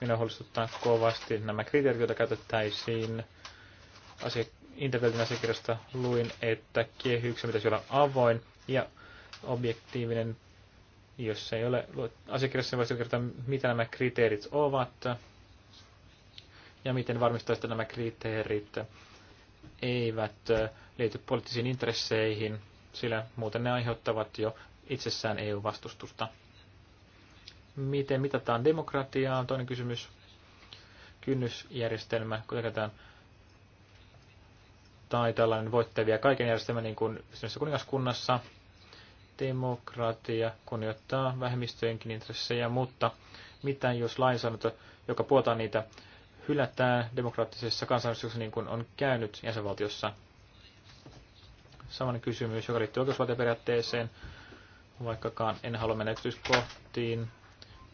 minä huolestuttaa kovasti nämä kriteerit, joita käytettäisiin. Asi- Interpretin asiakirjasta luin, että kehyksen pitäisi olla avoin ja objektiivinen, jos ei ole asiakirjassa, niin voisi kertoa, mitä nämä kriteerit ovat ja miten varmistaa, että nämä kriteerit eivät äh, liity poliittisiin intresseihin, sillä muuten ne aiheuttavat jo itsessään EU-vastustusta. Miten mitataan demokratiaa on toinen kysymys. Kynnysjärjestelmä, kun tehdään tai tällainen voittavia kaiken järjestelmä, niin kuin kuningaskunnassa, demokratia kunnioittaa vähemmistöjenkin intressejä, mutta mitä jos lainsäädäntö, joka puoltaa niitä, hylätään demokraattisessa kansanäänestyksessä niin kuin on käynyt jäsenvaltiossa? Samainen kysymys, joka liittyy oikeusvaltioperiaatteeseen, vaikkakaan en halua mennä yksityiskohtiin.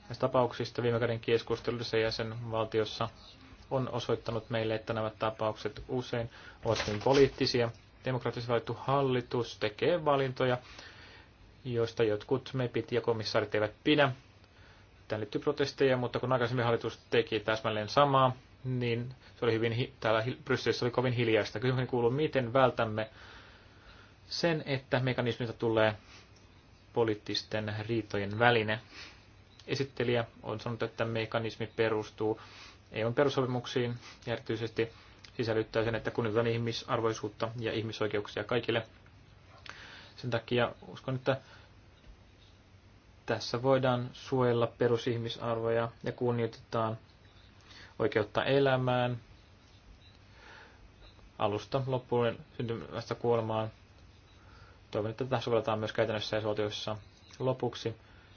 Näistä tapauksista viime käden keskustelussa jäsenvaltiossa on osoittanut meille, että nämä tapaukset usein ovat hyvin poliittisia. Demokraattisesti valittu hallitus tekee valintoja, joista jotkut mepit ja komissaarit eivät pidä. Tähän liittyy protesteja, mutta kun aikaisemmin hallitus teki täsmälleen samaa, niin se oli hyvin, täällä Brysselissä oli kovin hiljaista. Kysymys kuuluu, miten vältämme sen, että mekanismista tulee poliittisten riitojen väline. Esittelijä on sanonut, että mekanismi perustuu EUn perussopimuksiin ja erityisesti sisällyttää sen, että kunnioitetaan ihmisarvoisuutta ja ihmisoikeuksia kaikille – sen takia uskon, että tässä voidaan suojella perusihmisarvoja ja kunnioitetaan oikeutta elämään alusta loppuun syntymästä kuolemaan. Toivon, että tätä sovelletaan myös käytännössä ja suotioissa lopuksi.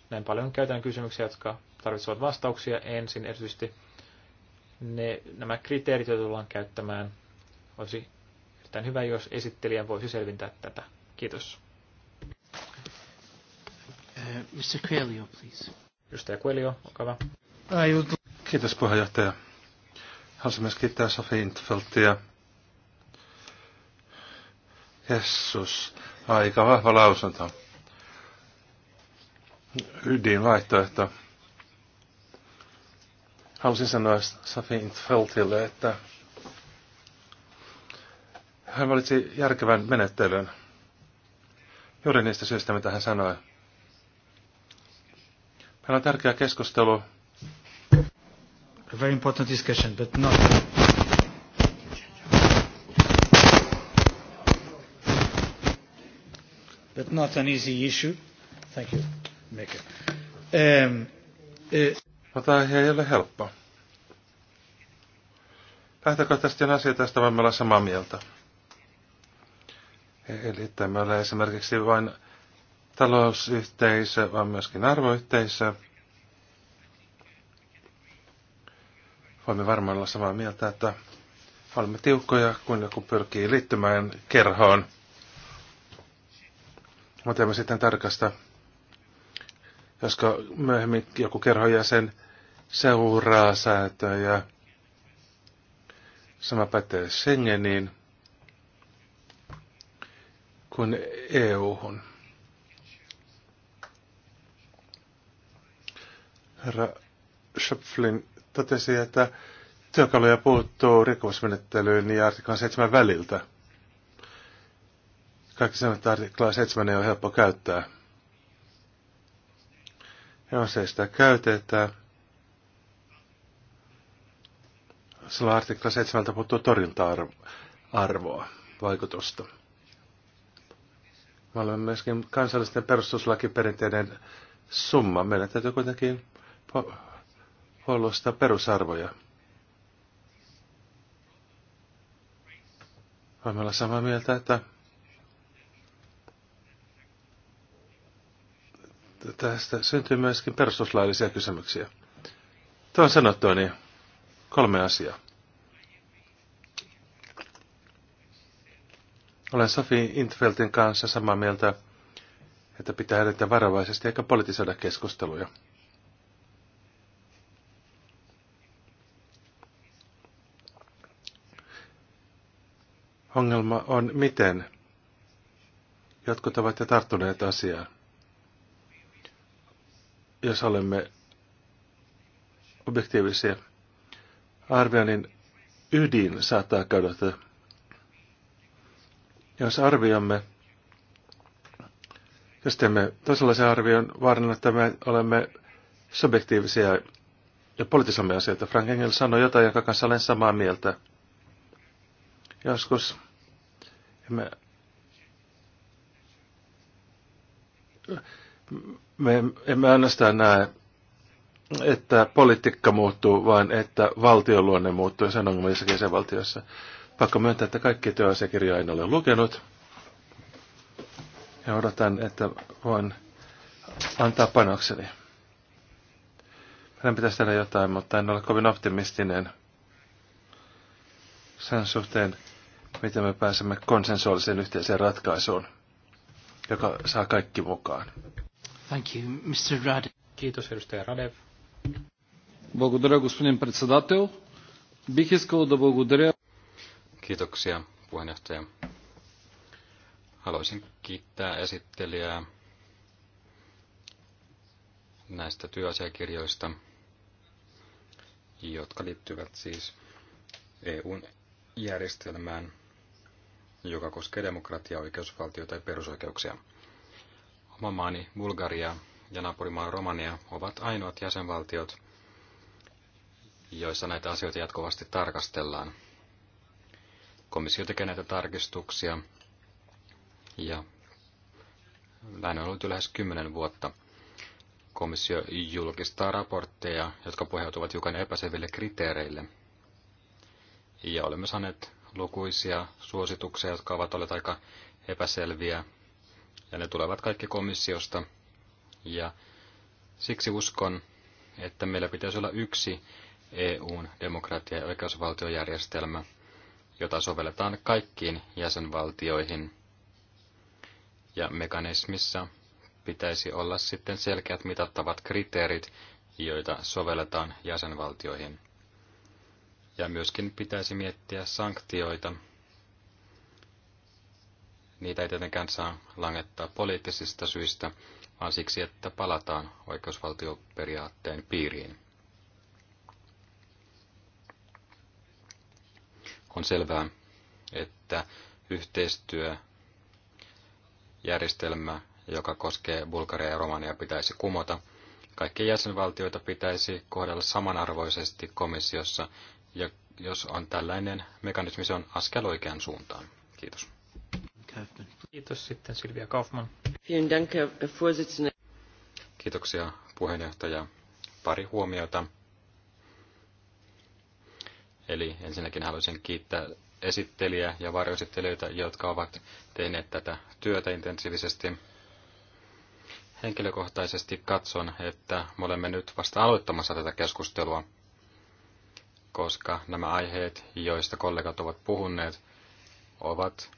Näin paljon käytännön kysymyksiä, jotka tarvitsevat vastauksia ensin, erityisesti ne, nämä kriteerit, joita tullaan käyttämään. Olisi erittäin hyvä, jos esittelijä voisi selvintää tätä. Kiitos. Uh, Mr. Coelho, please. Edustaja Coelho, olkaa hyvä. Kiitos puheenjohtaja. Haluaisin myös kiittää Sofi Intfeltia. Jessus, aika vahva lausunto. Ydin vaihtoehto. Haluaisin sanoa Sofi Intfeltille, että hän valitsi järkevän menettelyn. Juuri niistä syistä, mitä hän sanoi. Meillä on tärkeä keskustelu. A very important discussion, but not... But not an easy issue. Thank you, Mika. Um, uh... Tämä ei ole helppoa. Lähtökohtaisesti on asia tästä me ollaan samaa mieltä. E- eli tämä ei ole esimerkiksi vain talousyhteisö, vaan myöskin arvoyhteisö. Voimme varmaan olla samaa mieltä, että olemme tiukkoja, kun joku pyrkii liittymään kerhoon. Mutta emme sitten tarkasta, josko myöhemmin joku kerhojäsen seuraa säätöjä. Sama pätee Schengeniin kuin EU-hun. Herra Schöpflin totesi, että työkaluja puuttuu rikosmenettelyyn ja artiklan 7 väliltä. Kaikki sanovat, että artiklaa 7 ei ole helppo käyttää. Ja jos ei sitä käytetä, silloin artikla 7 puuttuu torjunta-arvoa, vaikutusta. Me olemme myöskin kansallisten perustuslakiperinteiden summa. Meidän täytyy kuitenkin puolustaa perusarvoja. Voimme olla samaa mieltä, että tästä syntyy myöskin perustuslaillisia kysymyksiä. Tuo on sanottu, niin kolme asiaa. Olen Sofi Intfeltin kanssa samaa mieltä, että pitää edetä varovaisesti eikä politisoida keskusteluja. Ongelma on miten. Jotkut ovat jo tarttuneet asiaan. Jos olemme objektiivisia, arvioinnin ydin saattaa kadota. Jos arvioimme, jos teemme toisenlaisen arvion, vaarana, että me olemme subjektiivisia ja politisomme asioita. Frank Engel sanoi jotain, jonka kanssa olen samaa mieltä. Joskus me, me emme ainoastaan näe, että politiikka muuttuu, vaan että valtion luonne muuttuu sen ongelmissa jäsenvaltiossa. Pakko myöntää, että kaikki työasiakirjoja en ole lukenut. Ja odotan, että voin antaa panokseni. Meidän pitäisi tehdä jotain, mutta en ole kovin optimistinen sen suhteen, miten me pääsemme konsensuaaliseen yhteiseen ratkaisuun, joka saa kaikki mukaan. Thank you, Mr. Rade. Kiitos, edustaja Radev. Kiitoksia, puheenjohtaja. Haluaisin kiittää esittelijää näistä työasiakirjoista, jotka liittyvät siis EUn järjestelmään joka koskee demokratiaa, oikeusvaltiota ja perusoikeuksia. Oma maani Bulgaria ja naapurimaa Romania ovat ainoat jäsenvaltiot, joissa näitä asioita jatkuvasti tarkastellaan. Komissio tekee näitä tarkistuksia ja näin on ollut jo lähes kymmenen vuotta. Komissio julkistaa raportteja, jotka pohjautuvat hiukan epäseville kriteereille. Ja olemme saaneet lukuisia suosituksia, jotka ovat olleet aika epäselviä, ja ne tulevat kaikki komissiosta. Ja siksi uskon, että meillä pitäisi olla yksi EUn demokratia- ja oikeusvaltiojärjestelmä, jota sovelletaan kaikkiin jäsenvaltioihin. Ja mekanismissa pitäisi olla sitten selkeät mitattavat kriteerit, joita sovelletaan jäsenvaltioihin. Ja myöskin pitäisi miettiä sanktioita. Niitä ei tietenkään saa langettaa poliittisista syistä, vaan siksi, että palataan oikeusvaltioperiaatteen piiriin. On selvää, että yhteistyöjärjestelmä, joka koskee Bulgaria ja Romania, pitäisi kumota. Kaikkia jäsenvaltioita pitäisi kohdella samanarvoisesti komissiossa ja jos on tällainen mekanismi, se on askel oikeaan suuntaan. Kiitos. Kiitos sitten Silvia Kaufman. Kiitoksia puheenjohtaja. Pari huomiota. Eli ensinnäkin haluaisin kiittää esittelijä ja varjoesittelijöitä, jotka ovat tehneet tätä työtä intensiivisesti. Henkilökohtaisesti katson, että me olemme nyt vasta aloittamassa tätä keskustelua koska nämä aiheet, joista kollegat ovat puhuneet, ovat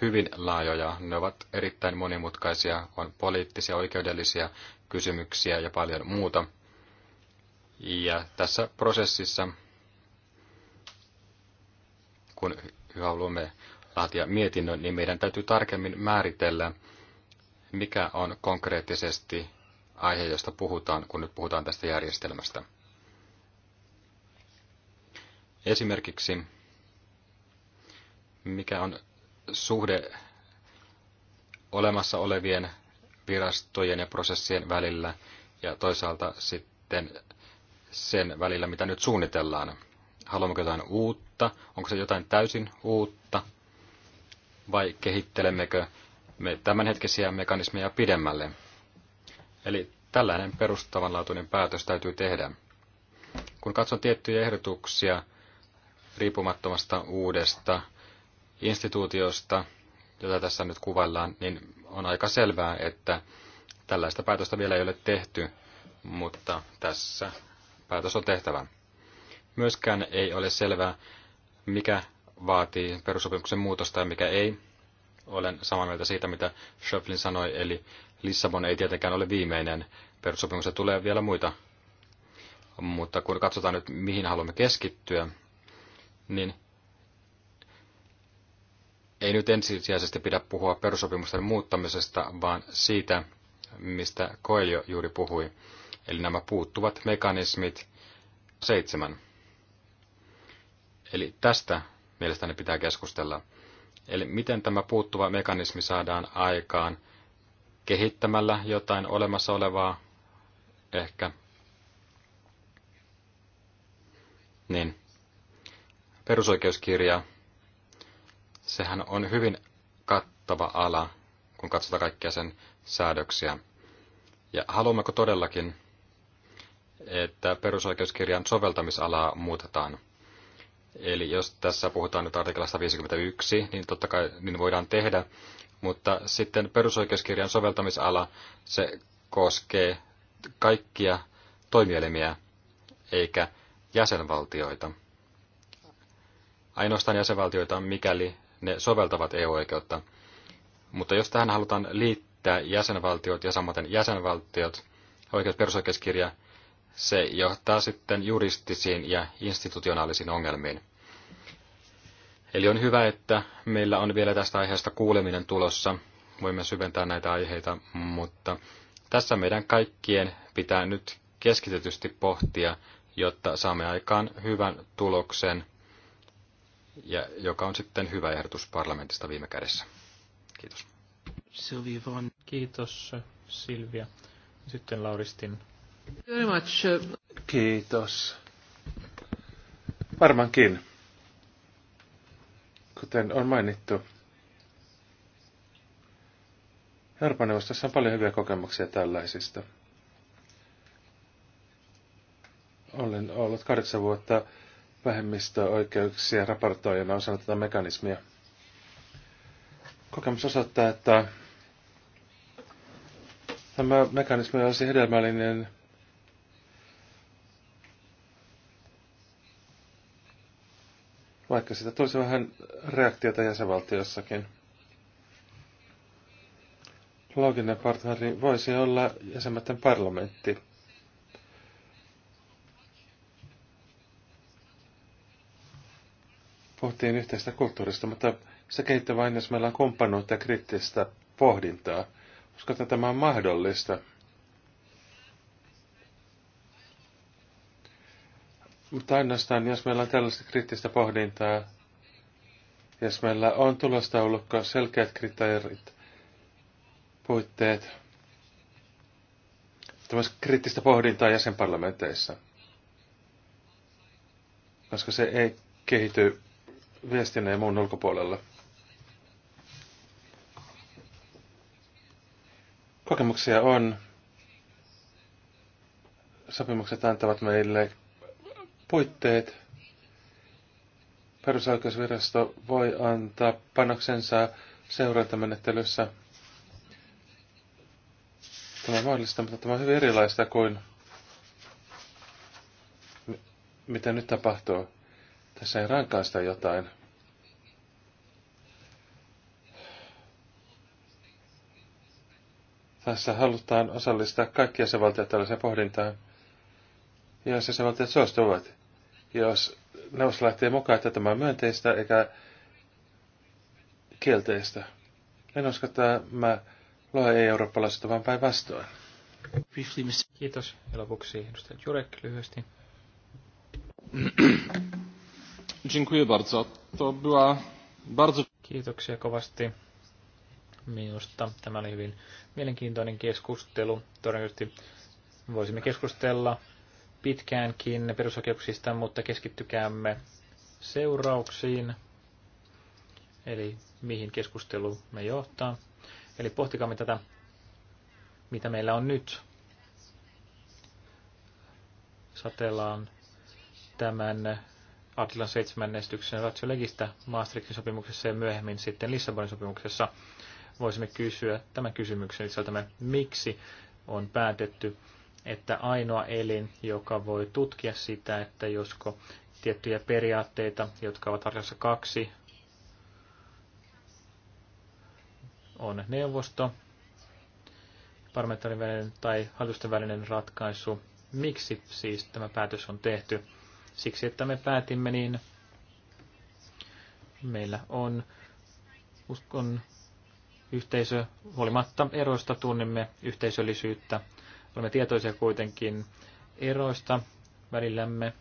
hyvin laajoja. Ne ovat erittäin monimutkaisia, on poliittisia, oikeudellisia kysymyksiä ja paljon muuta. Ja tässä prosessissa, kun haluamme laatia mietinnön, niin meidän täytyy tarkemmin määritellä, mikä on konkreettisesti aihe, josta puhutaan, kun nyt puhutaan tästä järjestelmästä. Esimerkiksi mikä on suhde olemassa olevien virastojen ja prosessien välillä ja toisaalta sitten sen välillä, mitä nyt suunnitellaan. Haluammeko jotain uutta? Onko se jotain täysin uutta? Vai kehittelemmekö me tämänhetkisiä mekanismeja pidemmälle? Eli tällainen perustavanlaatuinen päätös täytyy tehdä. Kun katson tiettyjä ehdotuksia, riippumattomasta uudesta instituutiosta, jota tässä nyt kuvaillaan, niin on aika selvää, että tällaista päätöstä vielä ei ole tehty, mutta tässä päätös on tehtävä. Myöskään ei ole selvää, mikä vaatii perusopimuksen muutosta ja mikä ei. Olen samaa mieltä siitä, mitä Schöflin sanoi, eli Lissabon ei tietenkään ole viimeinen. Perussopimuksessa tulee vielä muita. Mutta kun katsotaan nyt, mihin haluamme keskittyä, niin ei nyt ensisijaisesti pidä puhua perusopimusten muuttamisesta, vaan siitä, mistä Koelio juuri puhui, eli nämä puuttuvat mekanismit seitsemän. Eli tästä mielestäni pitää keskustella. Eli miten tämä puuttuva mekanismi saadaan aikaan kehittämällä jotain olemassa olevaa ehkä. Niin perusoikeuskirja, sehän on hyvin kattava ala, kun katsotaan kaikkia sen säädöksiä. Ja haluammeko todellakin, että perusoikeuskirjan soveltamisalaa muutetaan? Eli jos tässä puhutaan nyt artiklasta 51, niin totta kai niin voidaan tehdä, mutta sitten perusoikeuskirjan soveltamisala, se koskee kaikkia toimielimiä eikä jäsenvaltioita ainoastaan jäsenvaltioita, mikäli ne soveltavat EU-oikeutta. Mutta jos tähän halutaan liittää jäsenvaltiot ja samaten jäsenvaltiot, oikeus perusoikeuskirja, se johtaa sitten juristisiin ja institutionaalisiin ongelmiin. Eli on hyvä, että meillä on vielä tästä aiheesta kuuleminen tulossa. Voimme syventää näitä aiheita, mutta tässä meidän kaikkien pitää nyt keskitetysti pohtia, jotta saamme aikaan hyvän tuloksen ja joka on sitten hyvä ehdotus parlamentista viime kädessä. Kiitos. Silvia Von. Kiitos Silvia. Sitten Lauristin. Very much. Kiitos. Varmaankin. Kuten on mainittu, Euroopan neuvostossa on paljon hyviä kokemuksia tällaisista. Olen ollut kahdeksan vuotta vähemmistöoikeuksia raportoijana osana tätä mekanismia. Kokemus osoittaa, että tämä mekanismi olisi hedelmällinen vaikka sitä tulisi vähän reaktiota jäsenvaltiossakin. Looginen partneri voisi olla jäsenmätten parlamentti. Puhuttiin yhteistä kulttuurista, mutta se kehittää vain, jos meillä on kumppanuutta ja kriittistä pohdintaa. Uskon, että tämä on mahdollista. Mutta ainoastaan, jos meillä on tällaista kriittistä pohdintaa, jos meillä on tulostaulukko, selkeät kriteerit, puitteet, tämmöistä kriittistä pohdintaa jäsenparlamenteissa, koska se ei kehity viestinä ja muun ulkopuolella. Kokemuksia on. Sopimukset antavat meille puitteet. Perusoikeusvirasto voi antaa panoksensa seurantamenettelyssä. Tämä on mahdollista, mutta tämä on hyvin erilaista kuin mitä nyt tapahtuu. Tässä ei rankaista jotain. Tässä halutaan osallistaa kaikkia jäsenvaltioita tällaiseen pohdintaan. Ja jos jäsenvaltiot suostuvat, jos neuvosto lähtee mukaan, että tämä on myönteistä eikä kielteistä. En usko, että mä loe ei-eurooppalaisista, vaan päinvastoin. Kiitos. Ja lopuksi edustaja Jurek lyhyesti. Dziękuję bardzo. To była bardzo... Kiitoksia kovasti minusta. Tämä oli hyvin mielenkiintoinen keskustelu. Todennäköisesti voisimme keskustella pitkäänkin perusoikeuksista, mutta keskittykäämme seurauksiin, eli mihin keskustelu me johtaa. Eli pohtikaamme tätä, mitä meillä on nyt. Satellaan tämän artiklan 7 esityksen legistä Maastrichtin sopimuksessa ja myöhemmin sitten Lissabonin sopimuksessa. Voisimme kysyä tämän kysymyksen itseltämme, miksi on päätetty, että ainoa elin, joka voi tutkia sitä, että josko tiettyjä periaatteita, jotka ovat arjassa kaksi, on neuvosto, parlamentaarinen tai hallitusten välinen ratkaisu. Miksi siis tämä päätös on tehty? siksi, että me päätimme, niin meillä on uskon yhteisö, huolimatta eroista tunnemme yhteisöllisyyttä. Olemme tietoisia kuitenkin eroista välillämme.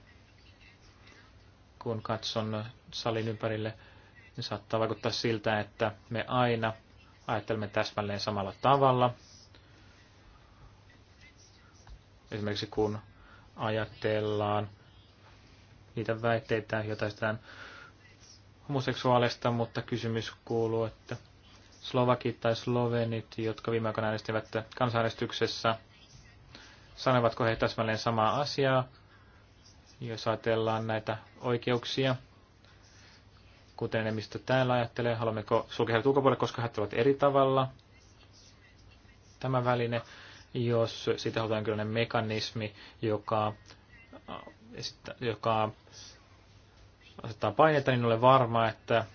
Kun katson salin ympärille, niin saattaa vaikuttaa siltä, että me aina ajattelemme täsmälleen samalla tavalla. Esimerkiksi kun ajatellaan niitä väitteitä, jotain homoseksuaalista, mutta kysymys kuuluu, että slovakit tai slovenit, jotka viime aikoina äänestivät kansanäänestyksessä, sanovatko he täsmälleen samaa asiaa, jos ajatellaan näitä oikeuksia, kuten enemmistö täällä ajattelee, haluammeko sulkea heidät ulkopuolelle, koska he ajattelevat eri tavalla. Tämä väline, jos siitä halutaan kyllä mekanismi, joka joka asettaa paineita, niin ole varma, että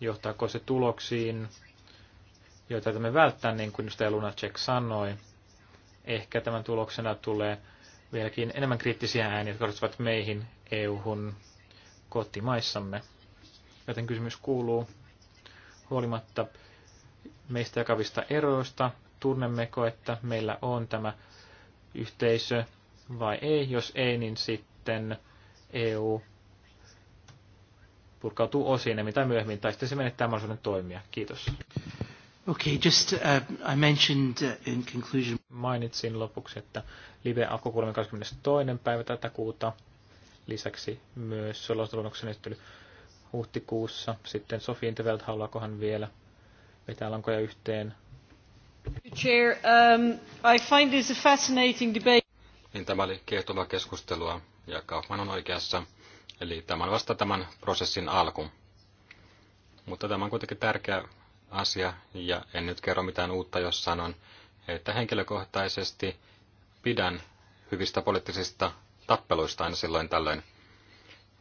johtaako se tuloksiin, joita me välttää, niin kuin Luna Lunacek sanoi. Ehkä tämän tuloksena tulee vieläkin enemmän kriittisiä ääniä, jotka kohdistuvat meihin, EU-hun, kotimaissamme. Joten kysymys kuuluu, huolimatta meistä jakavista eroista, tunnemmeko, että meillä on tämä yhteisö, vai ei. Jos ei, niin sitten EU purkautuu osiin mitä myöhemmin, tai sitten se menettää mahdollisuuden toimia. Kiitos. Okay, just uh, I mentioned uh, in conclusion. Mainitsin lopuksi, että live alkoi 32. päivä tätä kuuta. Lisäksi myös solostolunnoksen esittely huhtikuussa. Sitten Sofi Intervelt, haluaakohan vielä vetää lankoja yhteen? Chair, um, I find this a fascinating debate niin tämä oli kiehtovaa keskustelua ja Kaufman on oikeassa. Eli tämä on vasta tämän prosessin alku. Mutta tämä on kuitenkin tärkeä asia ja en nyt kerro mitään uutta, jos sanon, että henkilökohtaisesti pidän hyvistä poliittisista tappeluista aina silloin tällöin.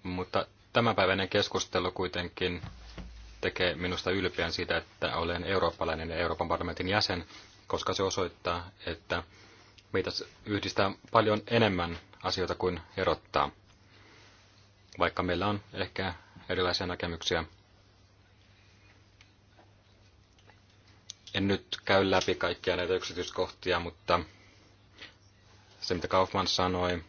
Mutta tämänpäiväinen keskustelu kuitenkin tekee minusta ylpeän siitä, että olen eurooppalainen ja Euroopan parlamentin jäsen, koska se osoittaa, että Meitä yhdistää paljon enemmän asioita kuin erottaa. Vaikka meillä on ehkä erilaisia näkemyksiä. En nyt käy läpi kaikkia näitä yksityiskohtia, mutta se mitä Kaufman sanoi,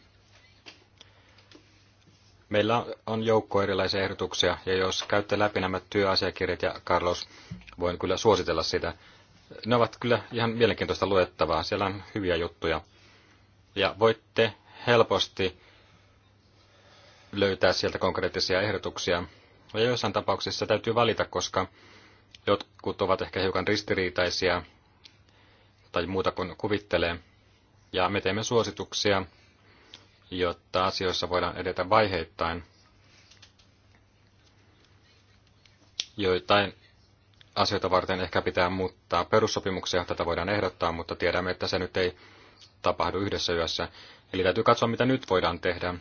Meillä on joukko erilaisia ehdotuksia, ja jos käytte läpi nämä työasiakirjat, ja Carlos, voin kyllä suositella sitä, ne ovat kyllä ihan mielenkiintoista luettavaa. Siellä on hyviä juttuja. Ja voitte helposti löytää sieltä konkreettisia ehdotuksia. Ja joissain tapauksissa täytyy valita, koska jotkut ovat ehkä hiukan ristiriitaisia tai muuta kuin kuvittelee. Ja me teemme suosituksia, jotta asioissa voidaan edetä vaiheittain. Joitain asioita varten ehkä pitää muuttaa perussopimuksia, tätä voidaan ehdottaa, mutta tiedämme, että se nyt ei tapahdu yhdessä yössä. Eli täytyy katsoa, mitä nyt voidaan tehdä,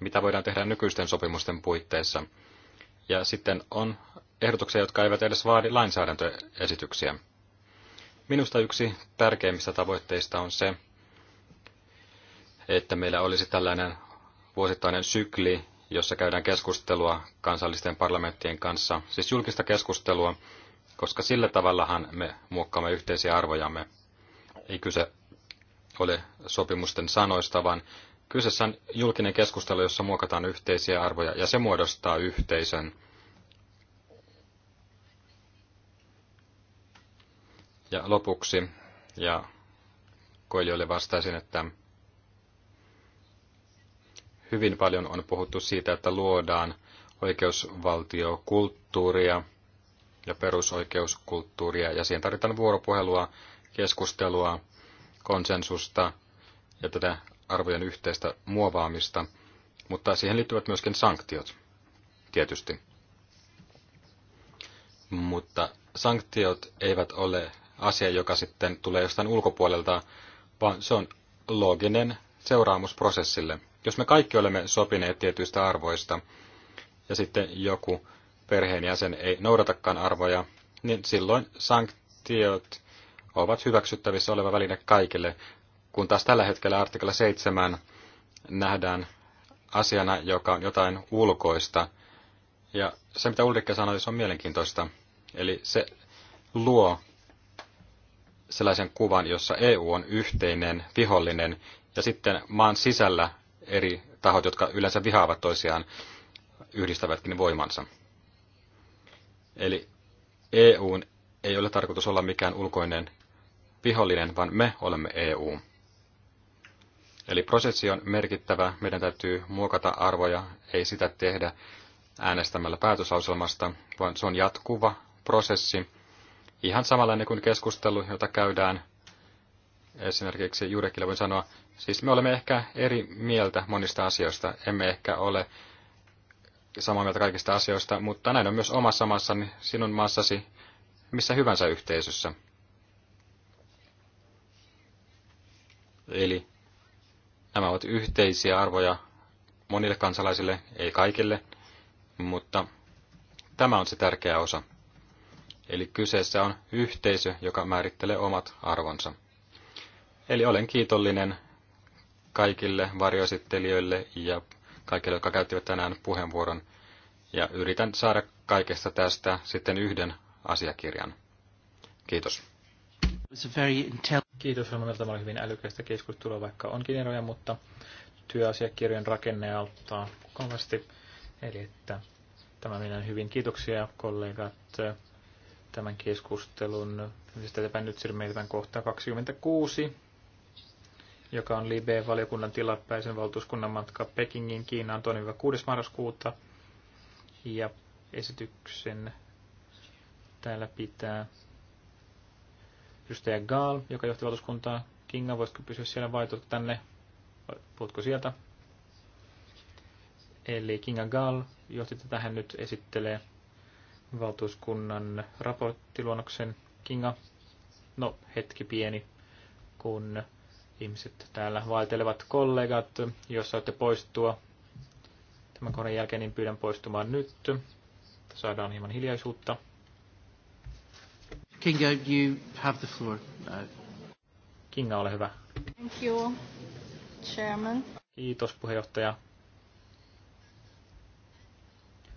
mitä voidaan tehdä nykyisten sopimusten puitteissa. Ja sitten on ehdotuksia, jotka eivät edes vaadi lainsäädäntöesityksiä. Minusta yksi tärkeimmistä tavoitteista on se, että meillä olisi tällainen vuosittainen sykli, jossa käydään keskustelua kansallisten parlamenttien kanssa, siis julkista keskustelua, koska sillä tavallahan me muokkaamme yhteisiä arvojamme. Ei kyse ole sopimusten sanoista, vaan kyseessä on julkinen keskustelu, jossa muokataan yhteisiä arvoja, ja se muodostaa yhteisön. Ja lopuksi, ja koilijoille vastaisin, että hyvin paljon on puhuttu siitä, että luodaan oikeusvaltiokulttuuria – ja perusoikeuskulttuuria, ja siihen tarvitaan vuoropuhelua, keskustelua, konsensusta ja tätä arvojen yhteistä muovaamista, mutta siihen liittyvät myöskin sanktiot, tietysti. Mutta sanktiot eivät ole asia, joka sitten tulee jostain ulkopuolelta, vaan se on looginen seuraamus prosessille. Jos me kaikki olemme sopineet tietyistä arvoista, ja sitten joku perheenjäsen ei noudatakaan arvoja, niin silloin sanktiot ovat hyväksyttävissä oleva väline kaikille, kun taas tällä hetkellä artikla 7 nähdään asiana, joka on jotain ulkoista. Ja se, mitä Ulrikke sanoi, se on mielenkiintoista. Eli se luo sellaisen kuvan, jossa EU on yhteinen, vihollinen, ja sitten maan sisällä eri tahot, jotka yleensä vihaavat toisiaan, yhdistävätkin voimansa. Eli EUn ei ole tarkoitus olla mikään ulkoinen vihollinen, vaan me olemme EU. Eli prosessi on merkittävä, meidän täytyy muokata arvoja, ei sitä tehdä äänestämällä päätöslauselmasta, vaan se on jatkuva prosessi, ihan samalla kuin keskustelu, jota käydään esimerkiksi Jurekille voin sanoa, siis me olemme ehkä eri mieltä monista asioista, emme ehkä ole samaa mieltä kaikista asioista, mutta näin on myös omassa maassani, sinun maassasi, missä hyvänsä yhteisössä. Eli nämä ovat yhteisiä arvoja monille kansalaisille, ei kaikille, mutta tämä on se tärkeä osa. Eli kyseessä on yhteisö, joka määrittelee omat arvonsa. Eli olen kiitollinen kaikille varjoesittelijöille ja kaikille, jotka käyttivät tänään puheenvuoron. Ja yritän saada kaikesta tästä sitten yhden asiakirjan. Kiitos. Kiitos Ramonelta, tämä oli hyvin älykästä keskustelua, vaikka onkin eroja, mutta työasiakirjan rakenne auttaa kovasti. Eli että tämä minä hyvin kiitoksia kollegat tämän keskustelun. Sitten nyt siirrymme kohtaan 26 joka on Libe-valiokunnan tilapäisen valtuuskunnan matka Pekingin Kiinaan 2-6. marraskuuta. Ja esityksen täällä pitää edustaja Gaal, joka johti valtuuskuntaa. Kinga, voisitko pysyä siellä vai tänne? Puhutko sieltä? Eli Kinga Gaal johti tätä, hän nyt esittelee valtuuskunnan raporttiluonnoksen. Kinga, no hetki pieni, kun Ihmiset täällä vaeltelevat kollegat, jos saatte poistua tämän kohdan jälkeen, niin pyydän poistumaan nyt. Saadaan hieman hiljaisuutta. Kinga, you have the floor No. Kinga, ole hyvä. Thank you, Chairman. Kiitos, puheenjohtaja.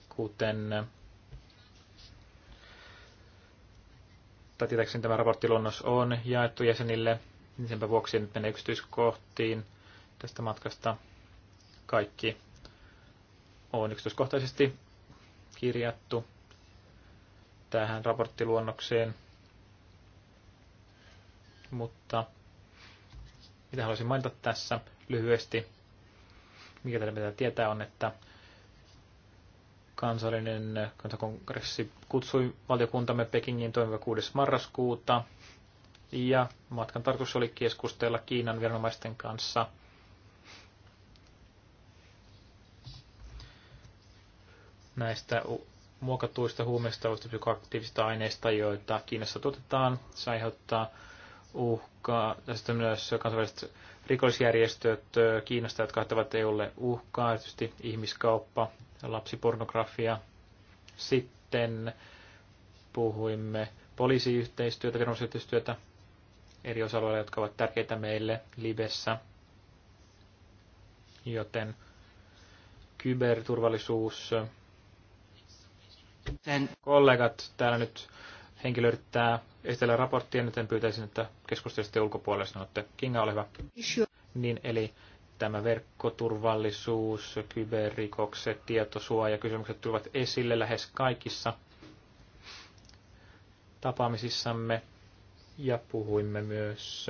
Kuten tai tietääkseni tämä raporttiluonnos on jaettu jäsenille niin Senpä vuoksi nyt mene yksityiskohtiin tästä matkasta. Kaikki on yksityiskohtaisesti kirjattu tähän raporttiluonnokseen. Mutta mitä haluaisin mainita tässä lyhyesti, mikä teillä pitää tietää on, että kansallinen kansakongressi kutsui valiokuntamme Pekingin toimiva 6. marraskuuta ja matkan tarkoitus oli keskustella Kiinan viranomaisten kanssa näistä muokatuista huumeista ja psykoaktiivisista aineista, joita Kiinassa tuotetaan. Se aiheuttaa uhkaa. Ja sitten myös kansainväliset rikollisjärjestöt Kiinasta, jotka aiheuttavat EUlle uhkaa, tietysti ihmiskauppa, lapsipornografia. Sitten puhuimme poliisiyhteistyötä, viranomaisyhteistyötä eri osa-alueilla, jotka ovat tärkeitä meille Libessä. Joten kyberturvallisuus. Sen. Kollegat täällä nyt henkilö yrittää esitellä raporttia, joten pyytäisin, että keskustelisitte ulkopuolella sanotte. Kinga, ole hyvä. Niin, eli tämä verkkoturvallisuus, kyberrikokset, tietosuoja, kysymykset tulevat esille lähes kaikissa tapaamisissamme. Ja puhuimme myös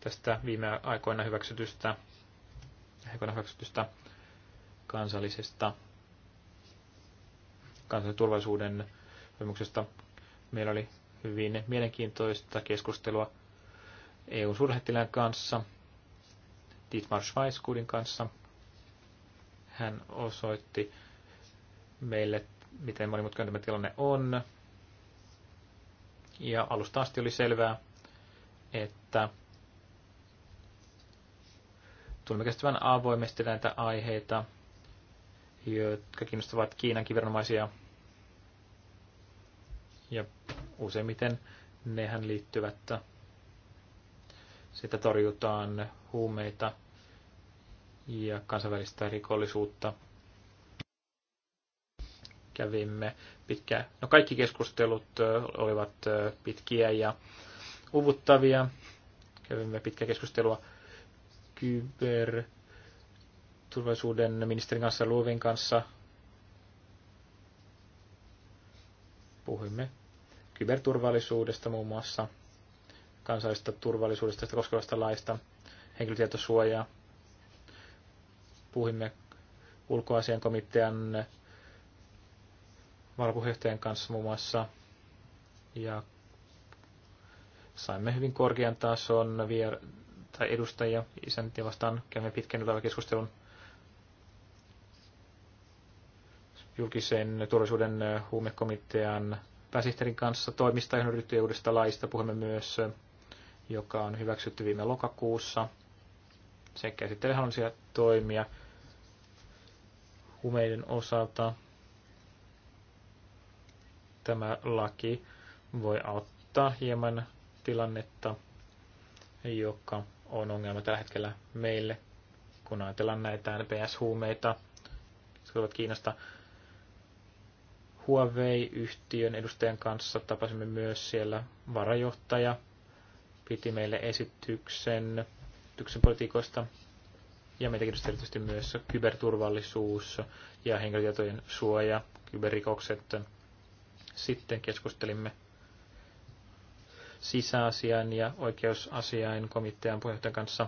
tästä viime aikoina hyväksytystä, aikoina hyväksytystä kansallisesta kansallisen turvallisuuden sopimuksesta. Meillä oli hyvin mielenkiintoista keskustelua EUn suurlähettilään kanssa, Dietmar Schweiskudin kanssa. Hän osoitti meille, miten monimutkainen tämä tilanne on, ja alusta asti oli selvää, että tulemme käsittämään avoimesti näitä aiheita, jotka kiinnostavat Kiinan viranomaisia. Ja useimmiten nehän liittyvät, sitä torjutaan huumeita ja kansainvälistä rikollisuutta – kävimme pitkään. No kaikki keskustelut olivat pitkiä ja uvuttavia. Kävimme pitkää keskustelua kyber ministerin kanssa Luovin kanssa. Puhuimme kyberturvallisuudesta muun muassa, kansallisesta turvallisuudesta, sitä koskevasta laista, henkilötietosuojaa. Puhuimme ulkoasian komitean varapuheenjohtajan kanssa muun muassa. Ja saimme hyvin korkean tason vier- tai edustajia isäntiä vastaan. Kävimme pitkän keskustelun julkisen turvallisuuden huumekomitean pääsihteerin kanssa toimista, ja ryhtyy uudesta laista. Puhumme myös, joka on hyväksytty viime lokakuussa. Se käsittelee hallinnollisia toimia huumeiden osalta tämä laki voi auttaa hieman tilannetta, joka on ongelma tällä hetkellä meille, kun ajatellaan näitä NPS-huumeita, jotka ovat Kiinasta. Huawei-yhtiön edustajan kanssa tapasimme myös siellä varajohtaja, piti meille esityksen, esityksen politiikoista, ja meitä kiinnostaa erityisesti myös kyberturvallisuus ja henkilötietojen suoja, kyberrikokset, sitten keskustelimme sisäasiain ja oikeusasiain komitean puheenjohtajan kanssa.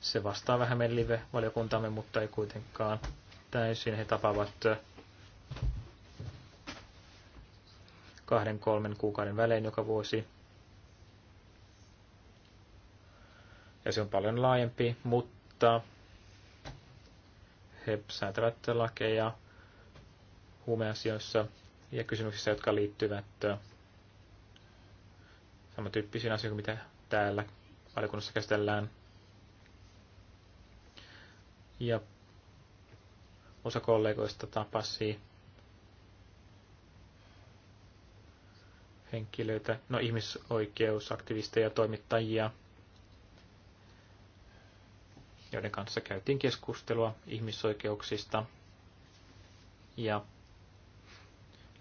Se vastaa vähän meidän live-valiokuntamme, mutta ei kuitenkaan täysin. He tapaavat kahden, kolmen kuukauden välein joka vuosi. Ja se on paljon laajempi, mutta he säätävät lakeja huumeasioissa ja kysymyksissä, jotka liittyvät samantyyppisiin asioihin, mitä täällä valiokunnassa käsitellään. Ja osa kollegoista tapasi henkilöitä, no ihmisoikeusaktivisteja, toimittajia, joiden kanssa käytiin keskustelua ihmisoikeuksista ja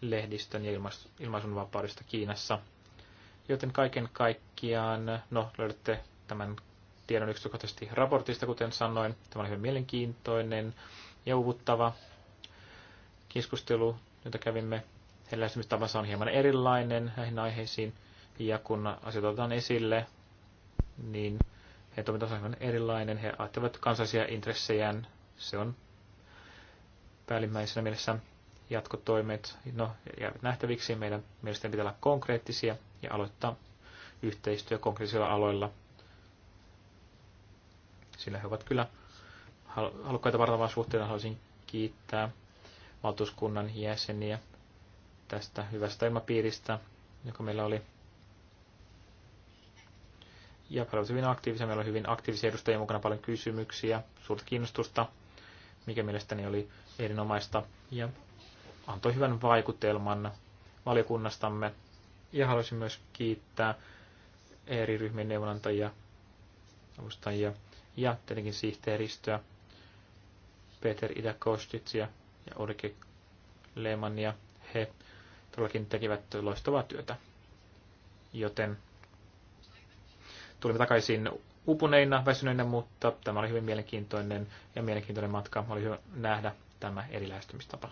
lehdistön ja ilmaisunvapaudesta Kiinassa. Joten kaiken kaikkiaan, no löydätte tämän tiedon yksityiskohtaisesti raportista, kuten sanoin. Tämä oli hyvin mielenkiintoinen ja uuvuttava keskustelu, jota kävimme. Heidän lähestymistapansa on hieman erilainen näihin aiheisiin, ja kun asioita otetaan esille, niin he toiminta on hieman erilainen. He ajattelevat kansallisia intressejään. Se on päällimmäisenä mielessä jatkotoimet, no, jäävät nähtäviksi. Meidän mielestäni pitää olla konkreettisia ja aloittaa yhteistyö konkreettisilla aloilla. Sillä he ovat kyllä halukkaita vartavaa suhteita. Haluaisin kiittää valtuuskunnan jäseniä tästä hyvästä ilmapiiristä, joka meillä oli. Ja paljon hyvin aktiivisia. Meillä oli hyvin aktiivisia edustajia mukana paljon kysymyksiä, suurta kiinnostusta, mikä mielestäni oli erinomaista. Ja antoi hyvän vaikutelman valiokunnastamme. Ja haluaisin myös kiittää eri ryhmien neuvonantajia, avustajia ja tietenkin sihteeristöä, Peter Kostitsia ja Ulrike Lehmannia. He todellakin tekivät loistavaa työtä. Joten tulimme takaisin upuneina, väsyneinä, mutta tämä oli hyvin mielenkiintoinen ja mielenkiintoinen matka. Oli hyvä nähdä tämä eri lähestymistapa.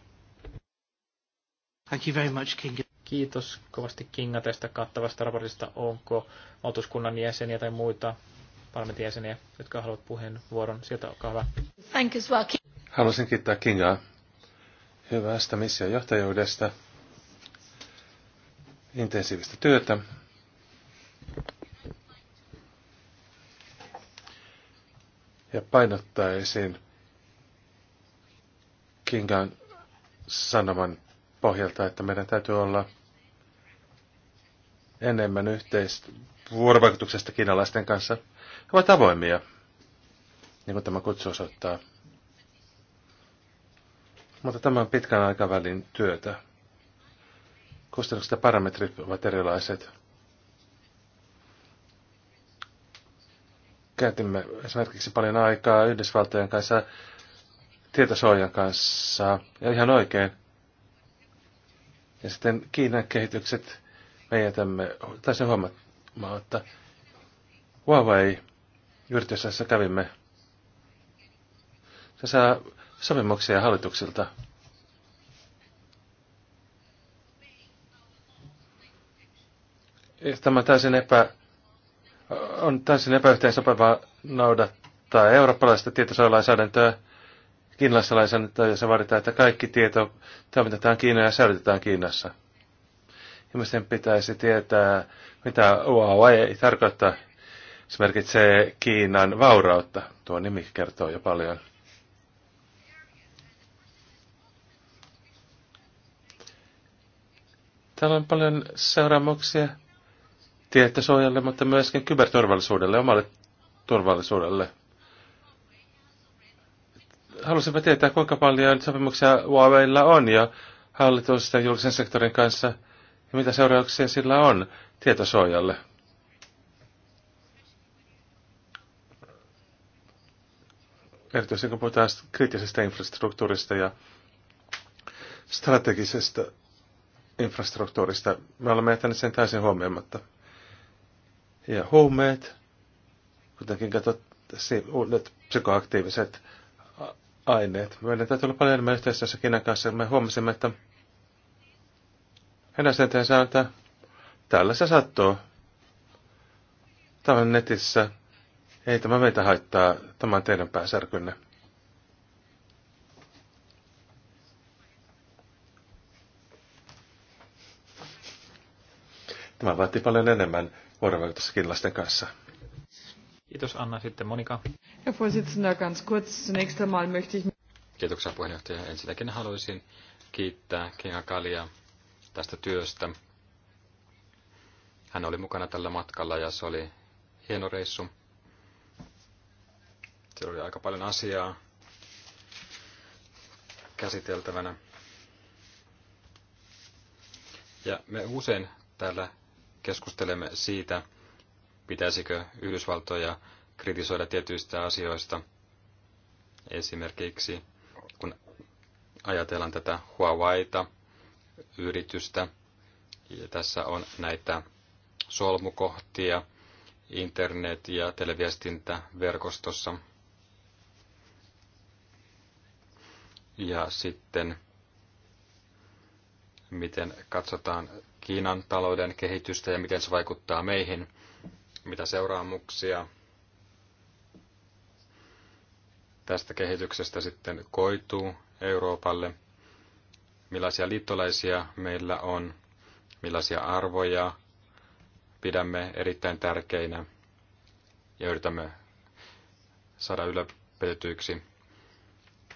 Thank you very much, King. Kiitos kovasti Kinga tästä kattavasta raportista. Onko valtuuskunnan jäseniä tai muita parlamentin jäseniä, jotka haluavat puheenvuoron? Sieltä olkaa hyvä. Thank you, well. Haluaisin kiittää Kingaa hyvästä missiojohtajuudesta, intensiivistä työtä. Ja painottaisin Kingan sanoman pohjalta, että meidän täytyy olla enemmän yhteistä vuorovaikutuksesta kiinalaisten kanssa. He ovat avoimia, niin kuin tämä kutsu osoittaa. Mutta tämä on pitkän aikavälin työtä. Kustannukset ja parametrit ovat erilaiset. Käytimme esimerkiksi paljon aikaa Yhdysvaltojen kanssa, tietosuojan kanssa, ja ihan oikein – ja sitten Kiinan kehitykset me jätämme huomaa, että Huawei-yrityksessä kävimme. Se saa sopimuksia hallituksilta. Tämä täysin epä, on täysin epäyhteensopiva noudattaa eurooppalaista tietosuojalainsäädäntöä kiinalaisessa lainsäädäntössä vaaditaan, että kaikki tieto toimitetaan Kiinaan ja säilytetään Kiinassa. Ihmisten pitäisi tietää, mitä Huawei tarkoittaa. Se merkitsee Kiinan vaurautta. Tuo nimi kertoo jo paljon. Täällä on paljon seuraamuksia tietosuojalle, mutta myöskin kyberturvallisuudelle, omalle turvallisuudelle – halusimme tietää, kuinka paljon sopimuksia Huaweilla on ja hallitus ja julkisen sektorin kanssa ja mitä seurauksia sillä on tietosuojalle. Erityisesti kun puhutaan kriittisestä infrastruktuurista ja strategisesta infrastruktuurista. Me olemme jättäneet sen täysin huomioimatta. Ja huumeet, kuitenkin katsot, uudet psykoaktiiviset aineet. Meidän täytyy olla paljon enemmän yhteistyössä Kiinan kanssa. Me huomasimme, että heidän senteensä on, että täällä se sattuu. Tämä on netissä. Ei tämä meitä haittaa. Tämä on teidän pääsärkynne. Tämä vaatii paljon enemmän vuorovaikutuksessa kiinalaisten kanssa. Kiitos Anna. Sitten Monika. Herr Vorsitzender, ganz kurz. Zunächst einmal möchte ich... Kiitoksia puheenjohtaja. Ensinnäkin haluaisin kiittää Kinga Kalia tästä työstä. Hän oli mukana tällä matkalla ja se oli hieno reissu. Siellä oli aika paljon asiaa käsiteltävänä. Ja me usein täällä keskustelemme siitä, pitäisikö Yhdysvaltoja kritisoida tietyistä asioista. Esimerkiksi kun ajatellaan tätä Huawaita yritystä, ja tässä on näitä solmukohtia internet- ja televiestintäverkostossa. Ja sitten miten katsotaan Kiinan talouden kehitystä ja miten se vaikuttaa meihin – mitä seuraamuksia tästä kehityksestä sitten koituu Euroopalle, millaisia liittolaisia meillä on, millaisia arvoja pidämme erittäin tärkeinä ja yritämme saada ylläpidetyiksi.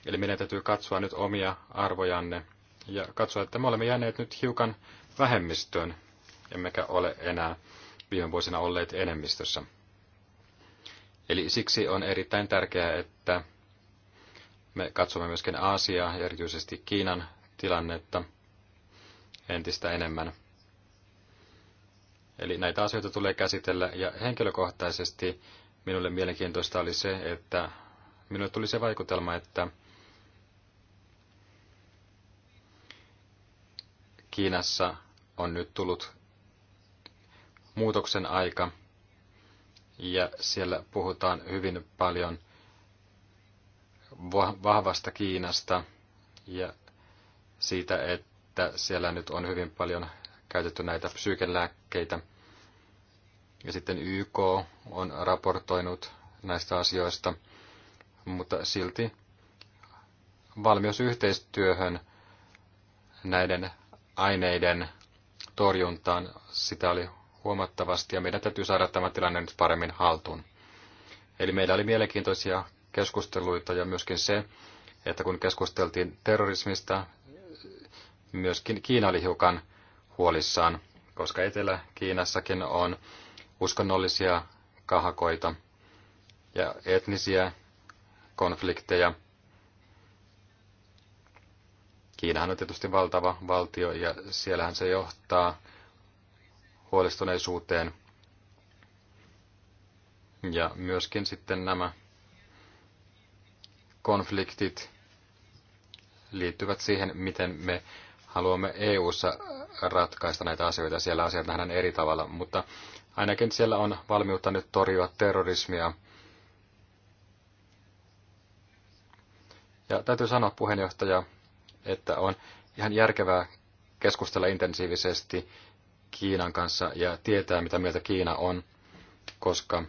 Eli meidän täytyy katsoa nyt omia arvojanne ja katsoa, että me olemme jääneet nyt hiukan vähemmistöön, emmekä ole enää viime vuosina olleet enemmistössä. Eli siksi on erittäin tärkeää, että me katsomme myöskin Aasiaa ja erityisesti Kiinan tilannetta entistä enemmän. Eli näitä asioita tulee käsitellä ja henkilökohtaisesti minulle mielenkiintoista oli se, että minulle tuli se vaikutelma, että Kiinassa on nyt tullut muutoksen aika, ja siellä puhutaan hyvin paljon vahvasta Kiinasta ja siitä, että siellä nyt on hyvin paljon käytetty näitä psyykelääkkeitä. Ja sitten YK on raportoinut näistä asioista, mutta silti valmiusyhteistyöhön näiden aineiden torjuntaan sitä oli huomattavasti ja meidän täytyy saada tämä tilanne nyt paremmin haltuun. Eli meillä oli mielenkiintoisia keskusteluita ja myöskin se, että kun keskusteltiin terrorismista, myöskin Kiina oli hiukan huolissaan, koska Etelä-Kiinassakin on uskonnollisia kahakoita ja etnisiä konflikteja. Kiinahan on tietysti valtava valtio ja siellähän se johtaa huolestuneisuuteen. Ja myöskin sitten nämä konfliktit liittyvät siihen, miten me haluamme EU-ssa ratkaista näitä asioita. Siellä asiat nähdään eri tavalla, mutta ainakin siellä on valmiutta nyt torjua terrorismia. Ja täytyy sanoa puheenjohtaja, että on ihan järkevää keskustella intensiivisesti Kiinan kanssa ja tietää, mitä mieltä Kiina on, koska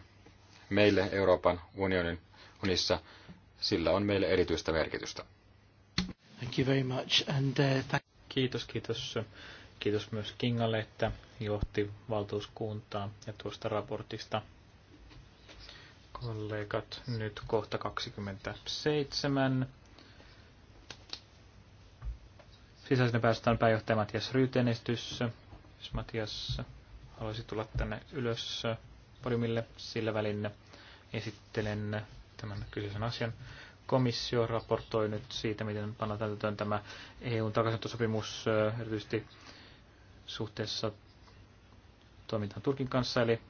meille Euroopan unionin unissa sillä on meille erityistä merkitystä. Thank you very much. And, uh, kiitos, kiitos. Kiitos myös Kingalle, että johti valtuuskuntaa ja tuosta raportista. Kollegat, nyt kohta 27. Sisäisenä päästään pääjohtaja Matias Ryytenestys. Jos siis Matias haluaisi tulla tänne ylös podiumille sillä välin, esittelen tämän kyseisen asian. Komissio raportoi nyt siitä, miten pannaan täytäntöön tämä EUn takaisinottosopimus erityisesti suhteessa toimintaan Turkin kanssa, eli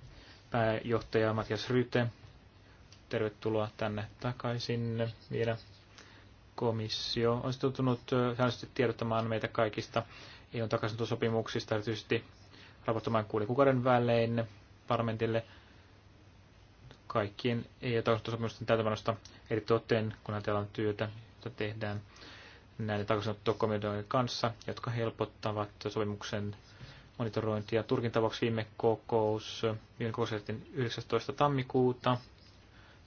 pääjohtaja Matias Ryte, tervetuloa tänne takaisin vielä komissio on sitoutunut säännöllisesti tiedottamaan meitä kaikista ei takaisin sopimuksista, erityisesti raportoimaan kuuli kuukauden välein parlamentille kaikkien e takaisin sopimusten täytävännosta eri tuotteen, kun ajatellaan työtä, jota tehdään näiden takaisinottokomiteoiden kanssa, jotka helpottavat sopimuksen monitorointia. Turkin tapauksessa viime kokous, viime kokous 19. tammikuuta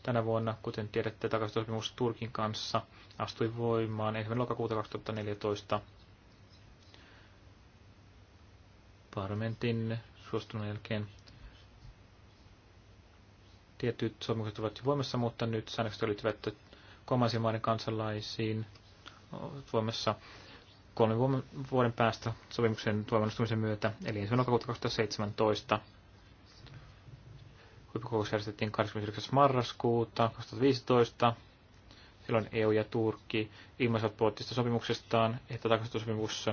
tänä vuonna, kuten tiedätte, sopimus Turkin kanssa astui voimaan 1. lokakuuta 2014 parlamentin suostunnan jälkeen tietyt sopimukset ovat jo voimassa, mutta nyt säännökset liittyvät kolmansien maiden kansalaisiin ovat voimassa kolmen vuoden päästä sopimuksen tuomannustumisen myötä, eli ensi lokakuuta 2017. Huippukokous järjestettiin 29. marraskuuta 2015. Silloin EU ja Turkki ilmaisivat poliittisesta sopimuksestaan, että takaisin sopimus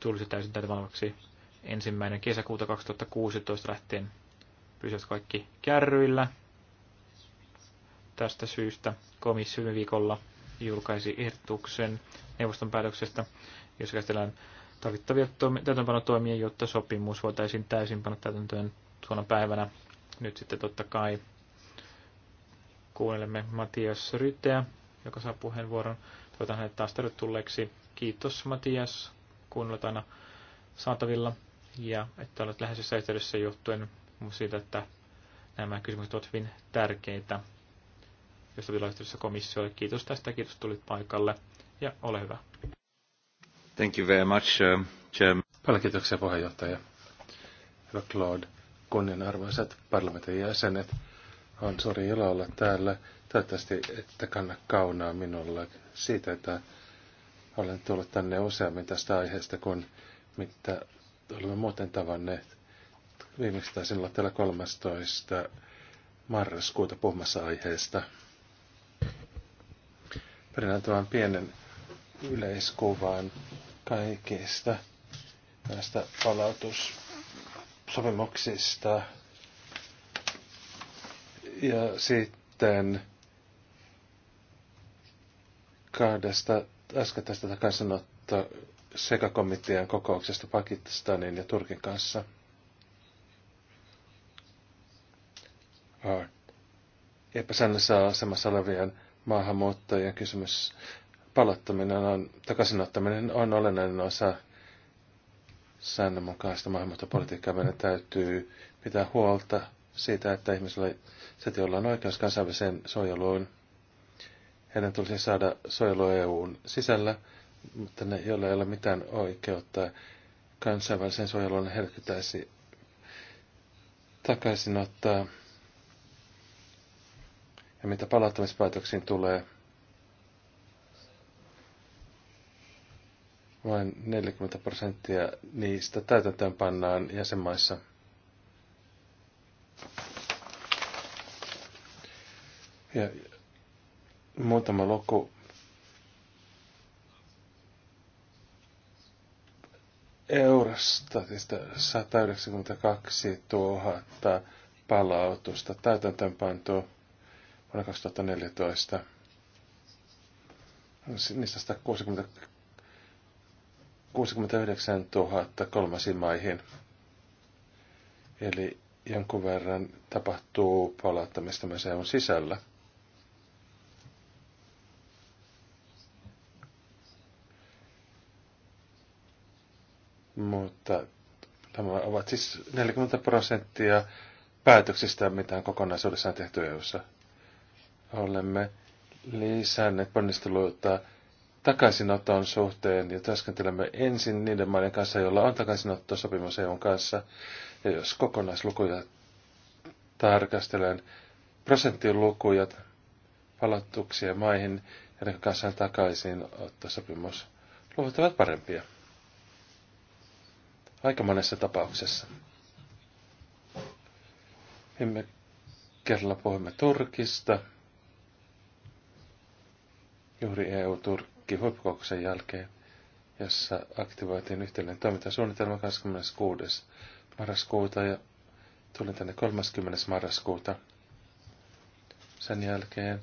tulisi täysin täytävänvaksi ensimmäinen kesäkuuta 2016 lähtien pysyvät kaikki kärryillä. Tästä syystä komissio viime viikolla julkaisi ehdotuksen neuvoston päätöksestä, jossa käsitellään tarvittavia täytäntöönpanotoimia, jotta sopimus voitaisiin täysin panna täytäntöön tuona päivänä. Nyt sitten totta kai kuunnelemme Matias Ryteä, joka saa puheenvuoron. Toivotan hänet taas tervetulleeksi. Kiitos Matias, kuunnelet aina saatavilla ja että olet läheisessä yhteydessä johtuen siitä, että nämä kysymykset ovat hyvin tärkeitä, josta vielä yhteydessä komissiolle. Kiitos tästä, kiitos tulit paikalle ja ole hyvä. Thank you very much, uh, Chairman. Paljon kiitoksia puheenjohtaja. Hyvä Claude, kunnianarvoiset parlamentin jäsenet. On suuri ilo olla täällä. Toivottavasti että kanna kaunaa minulle siitä, että olen tullut tänne useammin tästä aiheesta kuin mitä olemme muuten tavanneet viimeistään sinulla täällä 13. marraskuuta puhumassa aiheesta. Pyrin tämän pienen yleiskuvan kaikista näistä palautussopimuksista. Ja sitten kahdesta äsken tästä takaisinotto sekakomitean kokouksesta Pakistanin ja Turkin kanssa. Epäsäännössä asemassa olevien maahanmuuttajien kysymys palottaminen on, takaisinottaminen on olennainen osa säännönmukaista maahanmuuttopolitiikkaa. Meidän täytyy pitää huolta siitä, että ihmisillä, se, joilla on oikeus kansainväliseen suojeluun, heidän tulisi saada suojelua EUn sisällä – mutta ne, joilla ei ole mitään oikeutta kansainvälisen suojelun, ne herkytäisi takaisin ottaa. Ja mitä palauttamispäätöksiin tulee, vain 40 prosenttia niistä täytäntöön pannaan jäsenmaissa. Ja muutama luku Eurostatista 192 000 palautusta täytäntöönpantua vuonna 2014. Niistä 69 000 kolmasiin maihin. Eli jonkun verran tapahtuu palauttamista myös EUn sisällä. Mutta tämä ovat siis 40 prosenttia päätöksistä, mitä on kokonaisuudessaan tehty EU-ssa. Olemme lisänneet ponnisteluita takaisinoton suhteen ja työskentelemme ensin niiden maiden kanssa, joilla on takaisinottosopimus EUn kanssa. Ja jos kokonaislukuja tarkastelen, lukuja palautuksia maihin, joiden kanssa on takaisinottosopimus, luvut ovat parempia aika monessa tapauksessa. Emme kerralla puhumme Turkista, juuri EU-Turkki huippukokouksen jälkeen, jossa aktivoitiin yhteinen toimintasuunnitelma 26. marraskuuta ja tulin tänne 30. marraskuuta. Sen jälkeen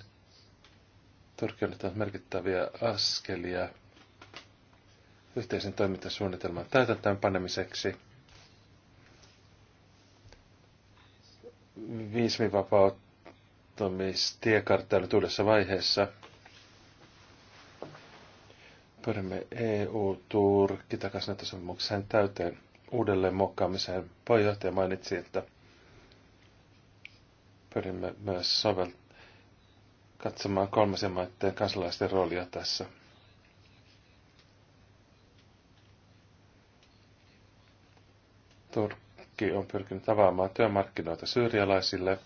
Turkki on ottanut merkittäviä askelia – yhteisen toimintasuunnitelman täytäntöön panemiseksi. Viismivapauttamistiekartta uudessa vaiheessa. Pyrimme EU-Turkki näyttösopimukseen täyteen uudelleen muokkaamiseen. Puheenjohtaja mainitsi, että pyrimme myös sovel- katsomaan kolmasen maiden kansalaisten roolia tässä – Turkki on pyrkinyt avaamaan työmarkkinoita syyrialaisille.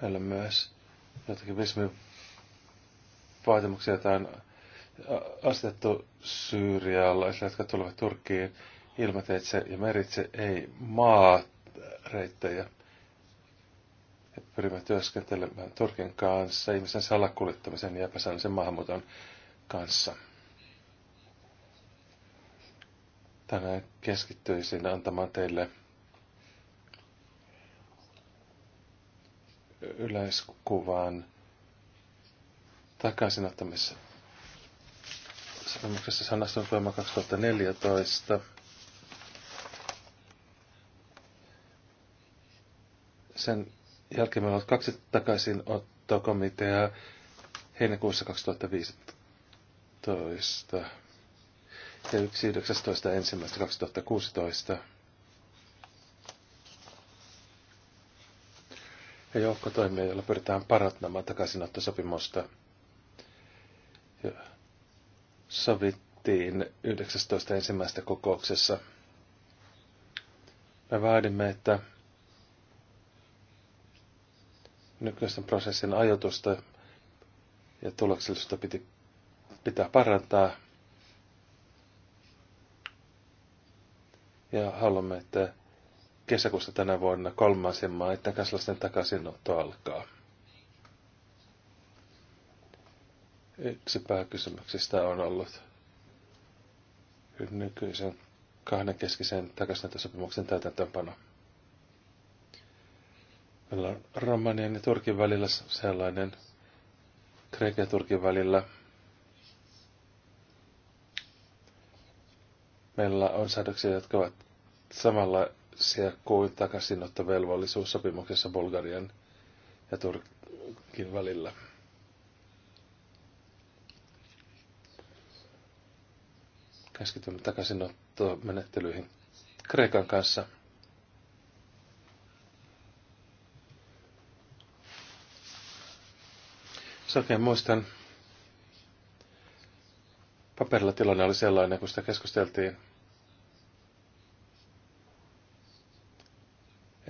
Meillä on myös jotakin vismin vaatimuksia, on asetettu syyrialaisille, jotka tulevat Turkkiin ilmateitse ja meritse, ei maareittejä. Ja pyrimme työskentelemään Turkin kanssa ihmisen salakuljettamisen ja epäsäännöllisen maahanmuuton kanssa. tänään keskittyisin antamaan teille yleiskuvan takaisinottamisessa sanomuksessa sanastunut voima 2014. Sen jälkeen meillä on kaksi takaisinottokomiteaa heinäkuussa 2015 ja yksi 19. ensimmäistä 2016. Ja joukko toimia, jolla pyritään parantamaan takaisinottosopimusta. Ja sovittiin 19. ensimmäistä kokouksessa. Me vaadimme, että nykyisen prosessin ajoitusta ja tuloksellisuutta piti, pitää parantaa – Ja haluamme, että kesäkuussa tänä vuonna kolmasen maiden kansalaisten takaisinotto alkaa. Yksi pääkysymyksistä on ollut nykyisen kahdenkeskisen takaisinottosopimuksen täytäntöönpano. Meillä on Romanian ja Turkin välillä sellainen, Kreikan ja Turkin välillä – Meillä on säädöksiä, jotka ovat samalla siellä kuin takaisinottovelvollisuus sopimuksessa Bulgarian ja Turkin välillä. Keskitymme takaisinottomenettelyihin Kreikan kanssa. Sokeen muistan, paperilla tilanne oli sellainen, kun sitä keskusteltiin –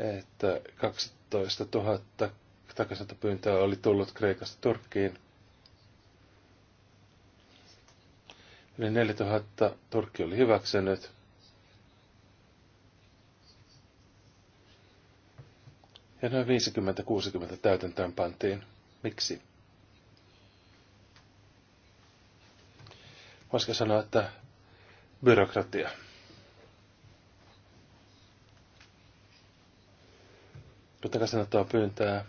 että 12 000 takaisinottopyyntöä oli tullut Kreikasta Turkkiin. Yli 4 000 Turkki oli hyväksynyt. Ja noin 50-60 täytäntöön pantiin. Miksi? Voisiko sanoa, että byrokratia. Ottakaa sanottua pyyntää.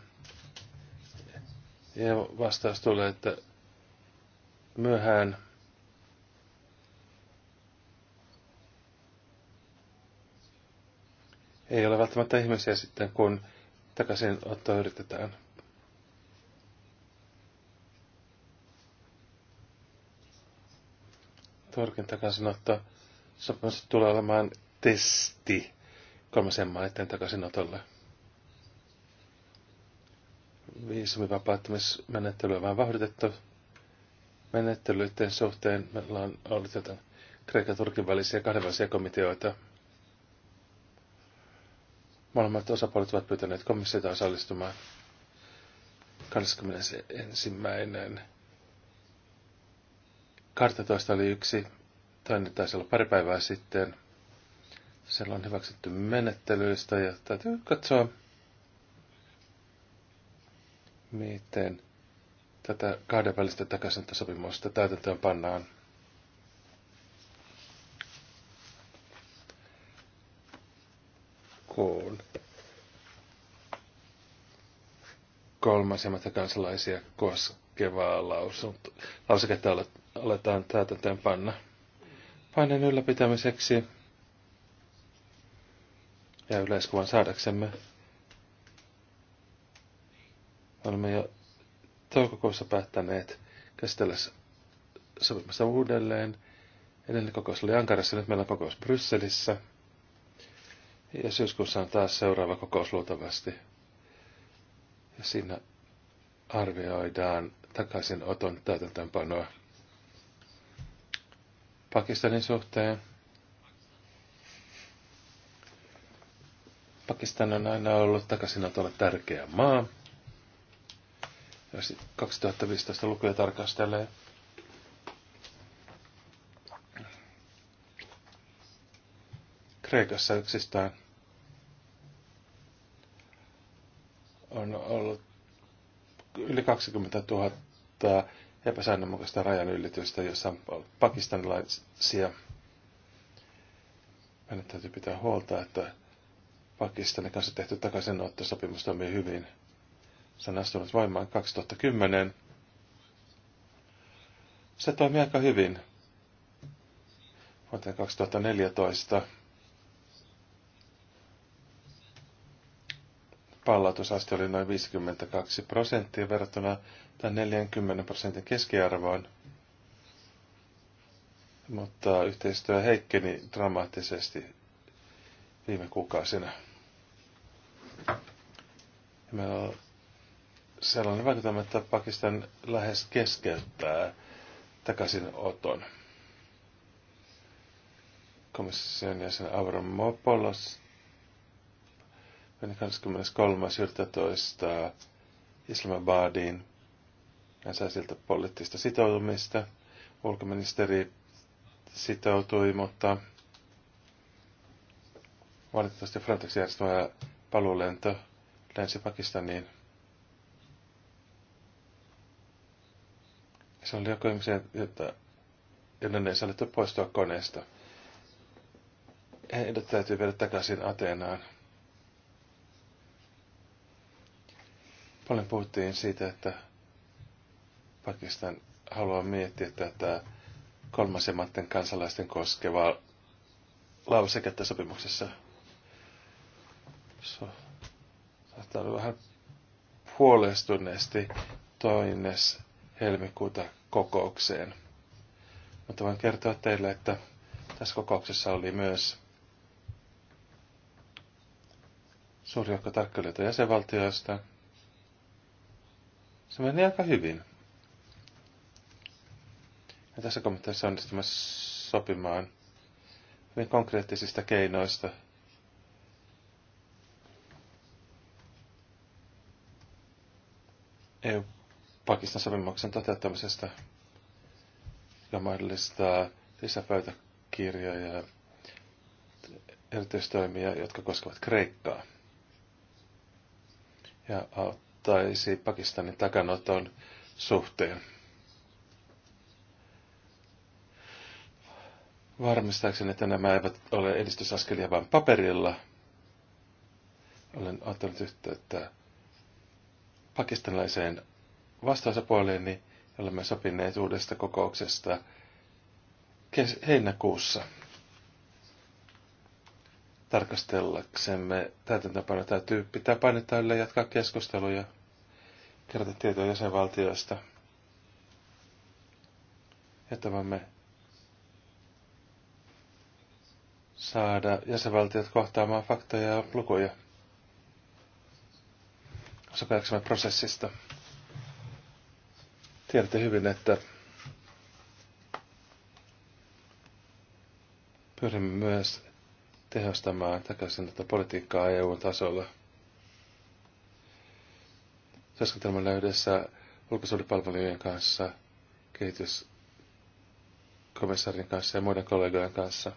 Ja vastaus tulee, että myöhään ei ole välttämättä ihmisiä sitten, kun takaisin ottaa yritetään. Torkin takaisin ottaa sopimus tulee olemaan testi kolmasen maiden takaisinotolle vapauttamismenettelyä, vähän vahvitettu menettelyiden suhteen. Meillä on ollut jotain Kreikan Turkin välisiä kahdenvälisiä komiteoita. Molemmat osapuolet ovat pyytäneet komissiota osallistumaan 21. 12 oli yksi, toinen taisi olla pari päivää sitten. Siellä on hyväksytty menettelyistä ja täytyy katsoa, miten tätä kahdenvälistä takaisinottosopimusta täytäntöön pannaan. Kun kolmas ja kansalaisia koskevaa lausunto, lauseketta aletaan täytäntöön panna. Paineen ylläpitämiseksi ja yleiskuvan saadaksemme olemme jo toukokuussa päättäneet käsitellä sopimusta uudelleen. Edellinen kokous oli Ankarassa, nyt meillä on kokous Brysselissä. Ja syyskuussa on taas seuraava kokous luultavasti. Ja siinä arvioidaan takaisin oton täytäntöönpanoa Pakistanin suhteen. Pakistan on aina ollut takaisin tärkeä maa ja 2015 lukuja tarkastelee. Kreikassa yksistään on ollut yli 20 000 epäsäännönmukaista rajanylitystä, jossa on pakistanilaisia. Meidän täytyy pitää huolta, että Pakistanin kanssa tehty takaisinottosopimus toimii hyvin – se on astunut voimaan 2010. Se toimii aika hyvin. Vuoteen 2014 pallautusaste oli noin 52 prosenttia verrattuna tämän 40 prosentin keskiarvoon. Mutta yhteistyö heikkeni dramaattisesti viime kuukausina. Ja meillä sellainen vaikutelma, että Pakistan lähes keskeyttää takaisinoton. Komission jäsen Avram Mopolos 23.11. Islamabadiin. Hän sai siltä poliittista sitoutumista. Ulkoministeri sitoutui, mutta valitettavasti Frontex järjestämä paluulento lensi Pakistaniin Se oli joku ihmisiä, että ennen ei saa poistua koneesta. Heidät täytyy viedä takaisin Ateenaan. Paljon puhuttiin siitä, että Pakistan haluaa miettiä tätä kolmasemmatten kansalaisten koskevaa lausekettä sopimuksessa. So, saattaa olla vähän huolestuneesti toinen helmikuuta kokoukseen. Mutta voin kertoa teille, että tässä kokouksessa oli myös suuri joukko tarkkailijoita jäsenvaltioista. Se meni aika hyvin. Ja tässä komiteassa onnistumme sopimaan hyvin konkreettisista keinoista. EU Pakistan sopimuksen toteuttamisesta, ja mahdollistaa lisäpöytäkirjoja ja erityistoimia, jotka koskevat Kreikkaa. Ja auttaisi Pakistanin takanoton suhteen. Varmistaakseni, että nämä eivät ole edistysaskelia vain paperilla, olen ottanut yhteyttä pakistanilaiseen vastausapuoliin, olemme sopineet uudesta kokouksesta kes- heinäkuussa tarkastellaksemme täytäntöpano täytyy pitää painetta yllä jatkaa keskusteluja, kerätä tietoja jäsenvaltioista, että voimme saada jäsenvaltiot kohtaamaan faktoja ja lukuja sopeaksemme prosessista. Tiedätte hyvin, että pyrimme myös tehostamaan takaisin tätä politiikkaa EU-tasolla. Työskentelemme yhdessä ulkosuudepalvelujen kanssa, kehityskomissarin kanssa ja muiden kollegojen kanssa.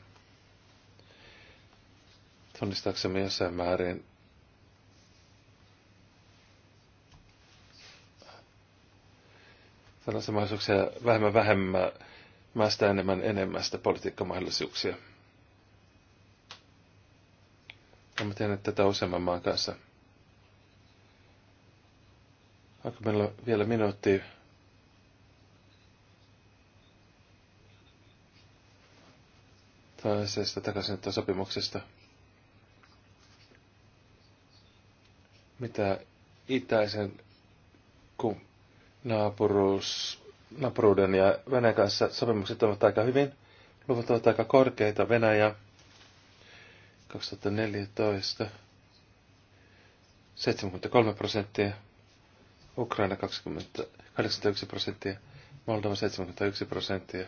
Tunnistaaksemme jossain määrin tällaisia mahdollisuuksia vähemmän vähemmän, mästä enemmän enemmästä politiikkamahdollisuuksia. Ja mä tiedän, että tätä useamman maan kanssa. Onko meillä vielä minuutti? Toisesta takaisin tuon sopimuksesta. Mitä itäisen kun naapuruus, naapuruuden ja Venäjän kanssa sopimukset ovat aika hyvin. Luvut ovat aika korkeita. Venäjä 2014 73 prosenttia, Ukraina 20, 81 prosenttia, Moldova 71 prosenttia.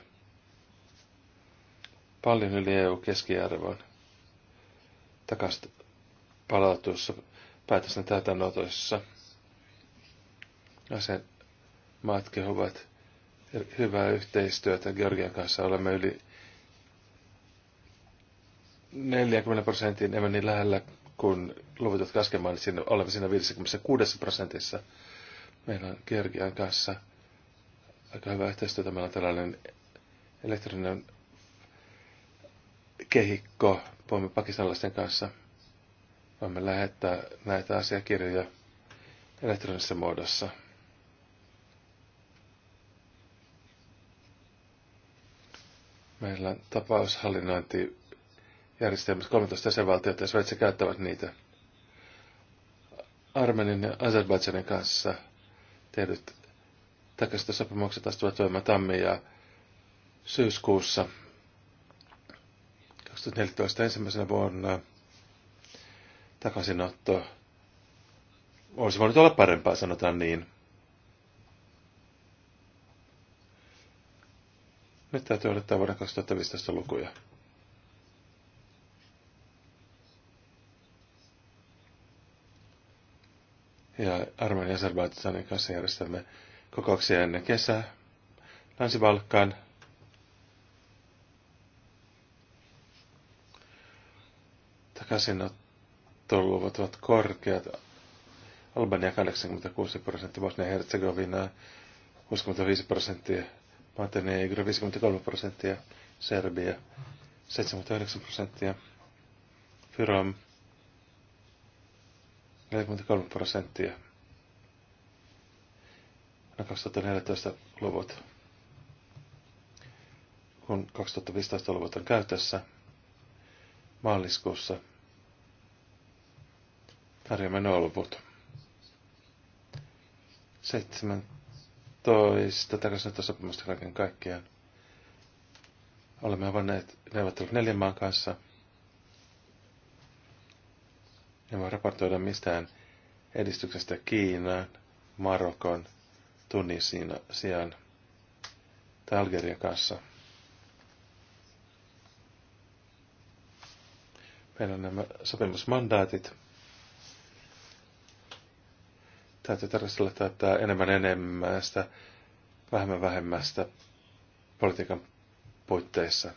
Paljon yli EU-keskiarvoon. Takaisin palautuissa päätösten täytännotoissa. Asen maat kehovat hyvää yhteistyötä Georgian kanssa. Olemme yli 40 prosentin, emme niin lähellä kuin luvutut kaskemaan, niin siinä, olemme siinä 56 prosentissa. Meillä on Georgian kanssa aika hyvä yhteistyötä. Meillä on tällainen elektroninen kehikko, voimme pakistanlaisten kanssa. Voimme lähettää näitä asiakirjoja elektronisessa muodossa. Meillä on tapaushallinnointijärjestelmät, 13 jäsenvaltiota ja Sveitsi käyttävät niitä. Armenin ja Azerbaidžanin kanssa tehdyt takaisintosopimukset astuvat voimaan tammi- ja syyskuussa 2014 ensimmäisenä vuonna takaisinotto olisi voinut olla parempaa, sanotaan niin. Nyt täytyy odottaa vuoden 2015 lukuja. Ja Armenian Azerbaidžanin kanssa järjestämme kokouksia ennen kesää. Länsi-Balkan. takaisinotto ovat korkeat. Albania 86 prosenttia, Bosnia-Herzegovina 65 prosenttia, Montenegro 53 prosenttia, Serbia 79 prosenttia, Fyrom 43 prosenttia. No 2014 luvut. Kun 2015 luvut on käytössä, maaliskuussa tarjoamme nuo luvut. 7 toista takaisinottosopimusta kaiken kaikkiaan. Olemme avanneet neuvottelut neljän maan kanssa. Ne voi raportoida mistään edistyksestä Kiinaan, Marokon, sijaan tai Algerian kanssa. Meillä on nämä sopimusmandaatit. Täytyy tarkastella tätä enemmän enemmän sitä vähemmän vähemmästä politiikan puitteissa.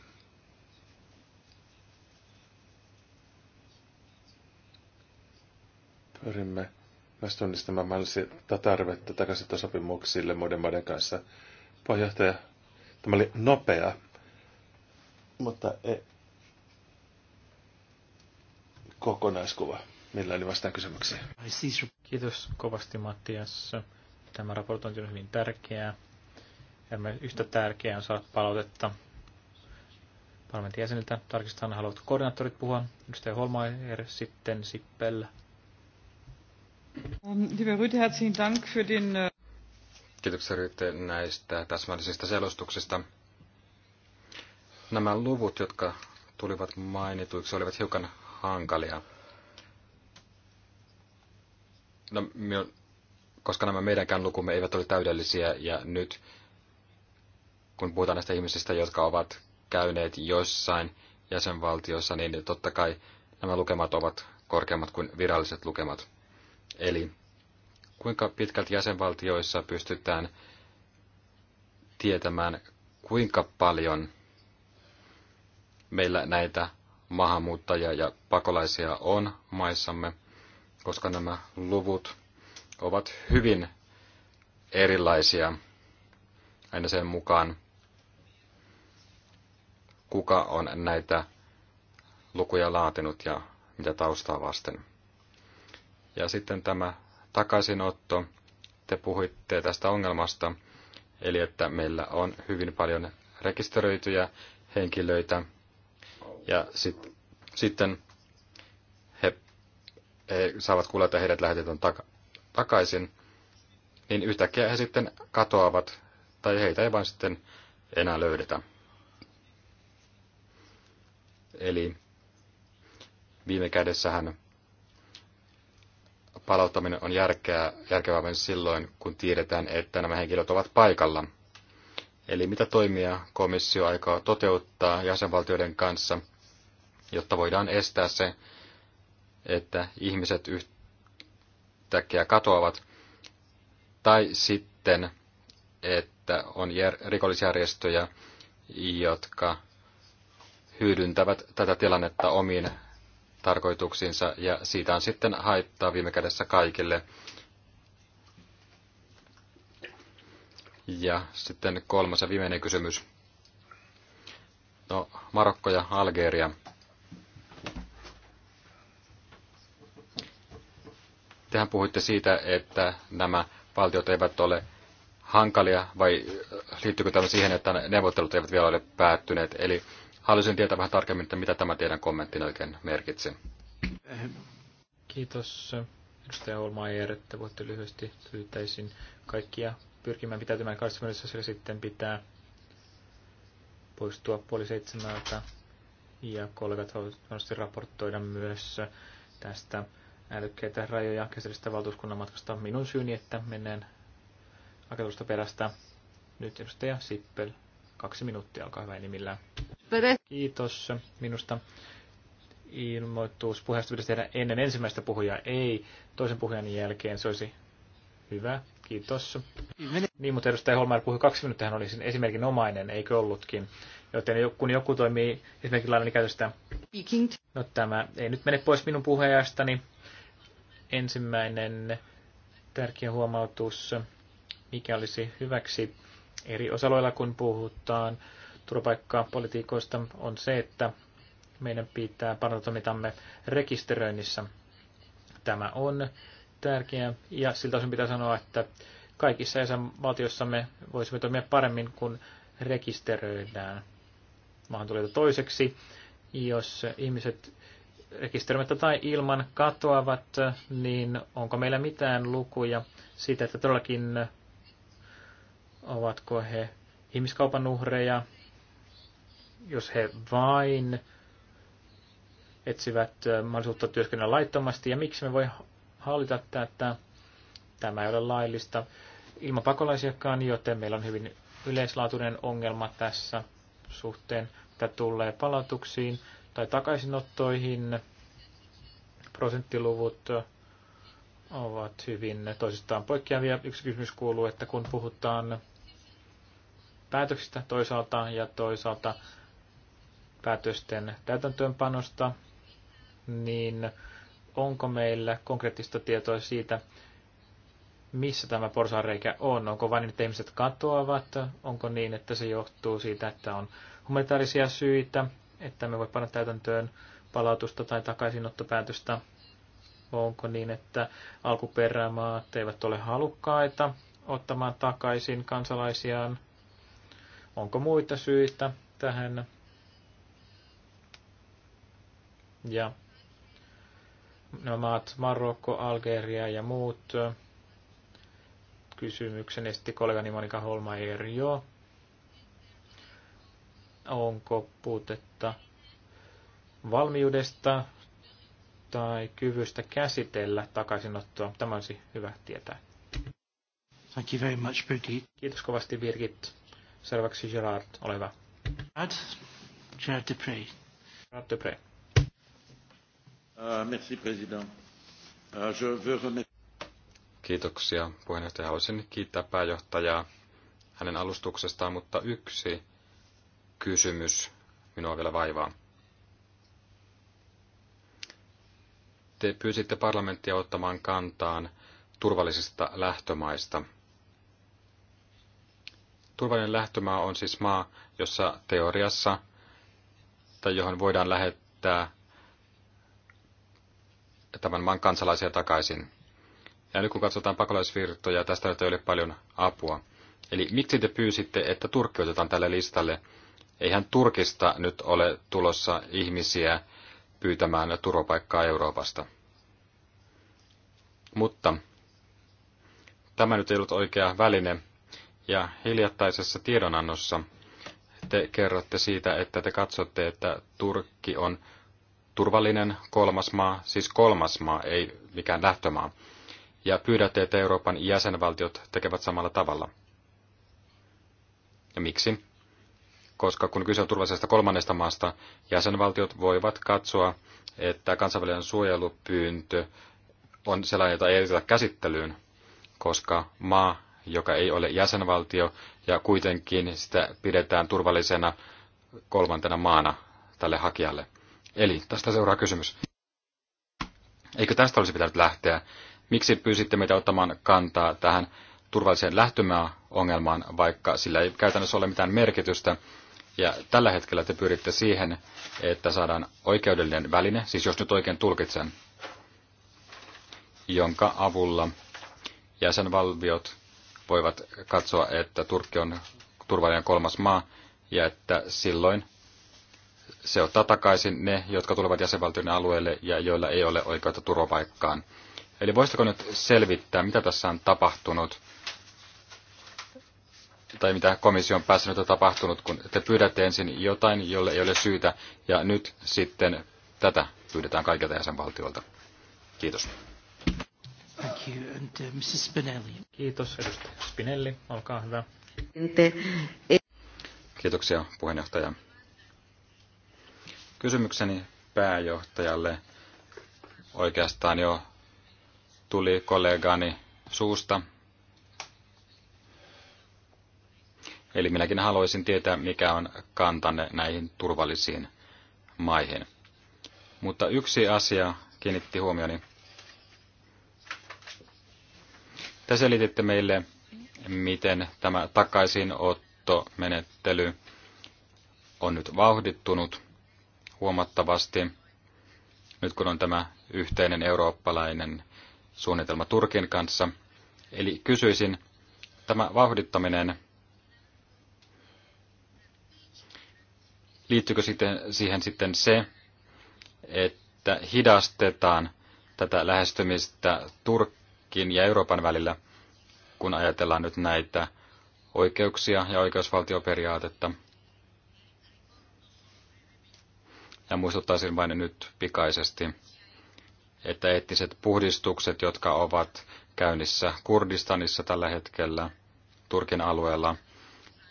Pyrimme myös tunnistamaan mahdollista tarvetta takaisin sopimuksille muiden maiden kanssa. Puheenjohtaja, tämä oli nopea, mutta ei. kokonaiskuva oli vastaan kysymyksiä? Kiitos kovasti Mattias. Tämä raportointi on hyvin tärkeää. Ja yhtä tärkeää on saada palautetta parlamentin jäseniltä. Tarkistetaan, haluavatko koordinaattorit puhua. Edustaja Holmaier, sitten Sippel. Ähm, äh, Kiitoksia Rüte näistä täsmällisistä selostuksista. Nämä luvut, jotka tulivat mainituiksi, olivat hiukan hankalia. No, koska nämä meidänkään lukumme eivät ole täydellisiä ja nyt kun puhutaan näistä ihmisistä, jotka ovat käyneet joissain jäsenvaltiossa, niin totta kai nämä lukemat ovat korkeammat kuin viralliset lukemat. Eli kuinka pitkälti jäsenvaltioissa pystytään tietämään, kuinka paljon meillä näitä maahanmuuttajia ja pakolaisia on maissamme koska nämä luvut ovat hyvin erilaisia aina sen mukaan, kuka on näitä lukuja laatinut ja mitä taustaa vasten. Ja sitten tämä takaisinotto. Te puhuitte tästä ongelmasta, eli että meillä on hyvin paljon rekisteröityjä henkilöitä ja sit, sitten he saavat kuulla, että heidät lähetetään taka- takaisin, niin yhtäkkiä he sitten katoavat tai heitä ei vain sitten enää löydetä. Eli viime kädessähän palauttaminen on järkeä, järkevää myös silloin, kun tiedetään, että nämä henkilöt ovat paikalla. Eli mitä toimia komissio aikaa toteuttaa jäsenvaltioiden kanssa, jotta voidaan estää se, että ihmiset yhtäkkiä katoavat, tai sitten, että on rikollisjärjestöjä, jotka hyödyntävät tätä tilannetta omiin tarkoituksiinsa, ja siitä on sitten haittaa viime kädessä kaikille. Ja sitten kolmas ja viimeinen kysymys. No, Marokko ja Algeria. Tehän puhuitte siitä, että nämä valtiot eivät ole hankalia, vai äh, liittyykö tämä siihen, että neuvottelut eivät vielä ole päättyneet? Eli haluaisin tietää vähän tarkemmin, että mitä tämä teidän kommentti oikein merkitsi. Kiitos. Edustaja Olmaier, että voitte lyhyesti pyytäisin kaikkia pyrkimään pitäytymään kanssa, sillä sitten pitää poistua puoli seitsemältä. Ja kollegat voivat raportoida myös tästä älykkäitä rajoja kesäisestä valtuuskunnan matkasta. Minun syyni, että mennään aikataulusta perästä. Nyt edustaja Sippel, kaksi minuuttia, olkaa hyvä nimillään. Kiitos minusta. Ilmoitus puheesta pitäisi tehdä ennen ensimmäistä puhujaa, ei toisen puhujan jälkeen. Se olisi hyvä, kiitos. Niin, mutta edustaja Holmer puhui kaksi minuuttia, hän oli sen esimerkin omainen, eikö ollutkin. Joten kun joku toimii esimerkiksi lailla, niin käytä No tämä ei nyt mene pois minun puheenjohtajastani. Ensimmäinen tärkeä huomautus, mikä olisi hyväksi eri osaloilla, kun puhutaan turvapaikkapolitiikoista, on se, että meidän pitää parantamitamme rekisteröinnissä. Tämä on tärkeää ja siltä osin pitää sanoa, että kaikissa jäsenvaltioissamme voisimme toimia paremmin, kun rekisteröidään tulee toiseksi. Jos ihmiset rekisteröimättä tai ilman katoavat, niin onko meillä mitään lukuja siitä, että todellakin ovatko he ihmiskaupan uhreja, jos he vain etsivät mahdollisuutta työskennellä laittomasti, ja miksi me voi hallita tätä, tämä ei ole laillista, ilman pakolaisiakaan, joten meillä on hyvin yleislaatuinen ongelma tässä suhteen, että tulee palautuksiin tai takaisinottoihin. Prosenttiluvut ovat hyvin toisistaan poikkeavia. Yksi kysymys kuuluu, että kun puhutaan päätöksistä toisaalta ja toisaalta päätösten täytäntöönpanosta, niin onko meillä konkreettista tietoa siitä, missä tämä porsareikä on? Onko vain, niin, että ihmiset katoavat? Onko niin, että se johtuu siitä, että on humanitaarisia syitä, että me voi panna täytäntöön palautusta tai takaisinottopäätöstä? Onko niin, että alkuperämaat eivät ole halukkaita ottamaan takaisin kansalaisiaan? Onko muita syitä tähän? Ja nämä maat Marokko, Algeria ja muut. Kysymyksen esitti kollegani Monika Holmaier jo onko puutetta valmiudesta tai kyvystä käsitellä takaisinottoa. Tämä olisi hyvä tietää. Thank you very much, Birgit. Kiitos kovasti, Birgit. Seuraavaksi Gerard, ole hyvä. Gerard, Gerard Dupré. Gerard Dupré. Uh, merci, president. Uh, je veux remettre... Kiitoksia, puheenjohtaja. Haluaisin kiittää pääjohtajaa hänen alustuksestaan, mutta yksi kysymys minua vielä vaivaa. Te pyysitte parlamenttia ottamaan kantaan turvallisista lähtömaista. Turvallinen lähtömaa on siis maa, jossa teoriassa tai johon voidaan lähettää tämän maan kansalaisia takaisin. Ja nyt kun katsotaan pakolaisvirtoja, tästä ei ole paljon apua. Eli miksi te pyysitte, että Turkki otetaan tälle listalle, Eihän Turkista nyt ole tulossa ihmisiä pyytämään turvapaikkaa Euroopasta. Mutta tämä nyt ei ollut oikea väline, ja hiljattaisessa tiedonannossa te kerrotte siitä, että te katsotte, että Turkki on turvallinen kolmas maa, siis kolmas maa, ei mikään lähtömaa, ja pyydätte, että Euroopan jäsenvaltiot tekevät samalla tavalla. Ja miksi? koska kun kyse on turvallisesta kolmannesta maasta, jäsenvaltiot voivat katsoa, että kansainvälinen suojelupyyntö on sellainen, jota ei edetä käsittelyyn, koska maa, joka ei ole jäsenvaltio ja kuitenkin sitä pidetään turvallisena kolmantena maana tälle hakijalle. Eli tästä seuraa kysymys. Eikö tästä olisi pitänyt lähteä? Miksi pyysitte meitä ottamaan kantaa tähän turvalliseen lähtömaa-ongelmaan, vaikka sillä ei käytännössä ole mitään merkitystä, ja tällä hetkellä te pyritte siihen, että saadaan oikeudellinen väline, siis jos nyt oikein tulkitsen, jonka avulla jäsenvaltiot voivat katsoa, että Turkki on turvallinen kolmas maa ja että silloin se ottaa takaisin ne, jotka tulevat jäsenvaltion alueelle ja joilla ei ole oikeutta turvapaikkaan. Eli voisitko nyt selvittää, mitä tässä on tapahtunut tai mitä komissio on päässyt on tapahtunut, kun te pyydätte ensin jotain, jolle ei ole syytä, ja nyt sitten tätä pyydetään kaikilta jäsenvaltioilta. Kiitos. Thank you. And, uh, Mrs. Spinelli. Kiitos, edustaja Spinelli. Olkaa hyvä. E- Kiitoksia, puheenjohtaja. Kysymykseni pääjohtajalle oikeastaan jo tuli kollegani suusta, Eli minäkin haluaisin tietää, mikä on kantanne näihin turvallisiin maihin. Mutta yksi asia kiinnitti huomioni. Te selititte meille, miten tämä takaisinottomenettely on nyt vauhdittunut huomattavasti, nyt kun on tämä yhteinen eurooppalainen suunnitelma Turkin kanssa. Eli kysyisin, tämä vauhdittaminen liittyykö sitten, siihen sitten se, että hidastetaan tätä lähestymistä Turkin ja Euroopan välillä, kun ajatellaan nyt näitä oikeuksia ja oikeusvaltioperiaatetta. Ja muistuttaisin vain nyt pikaisesti, että eettiset puhdistukset, jotka ovat käynnissä Kurdistanissa tällä hetkellä, Turkin alueella,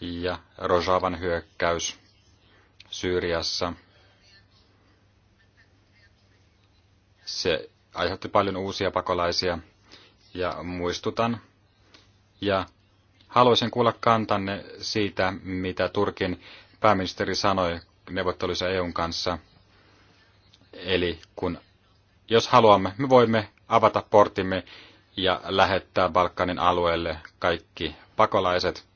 ja Rojavan hyökkäys Syyriassa. Se aiheutti paljon uusia pakolaisia ja muistutan ja haluaisin kuulla kantanne siitä, mitä Turkin pääministeri sanoi neuvotteluissa EUn kanssa. Eli kun, jos haluamme, me voimme avata portimme ja lähettää Balkanin alueelle kaikki pakolaiset.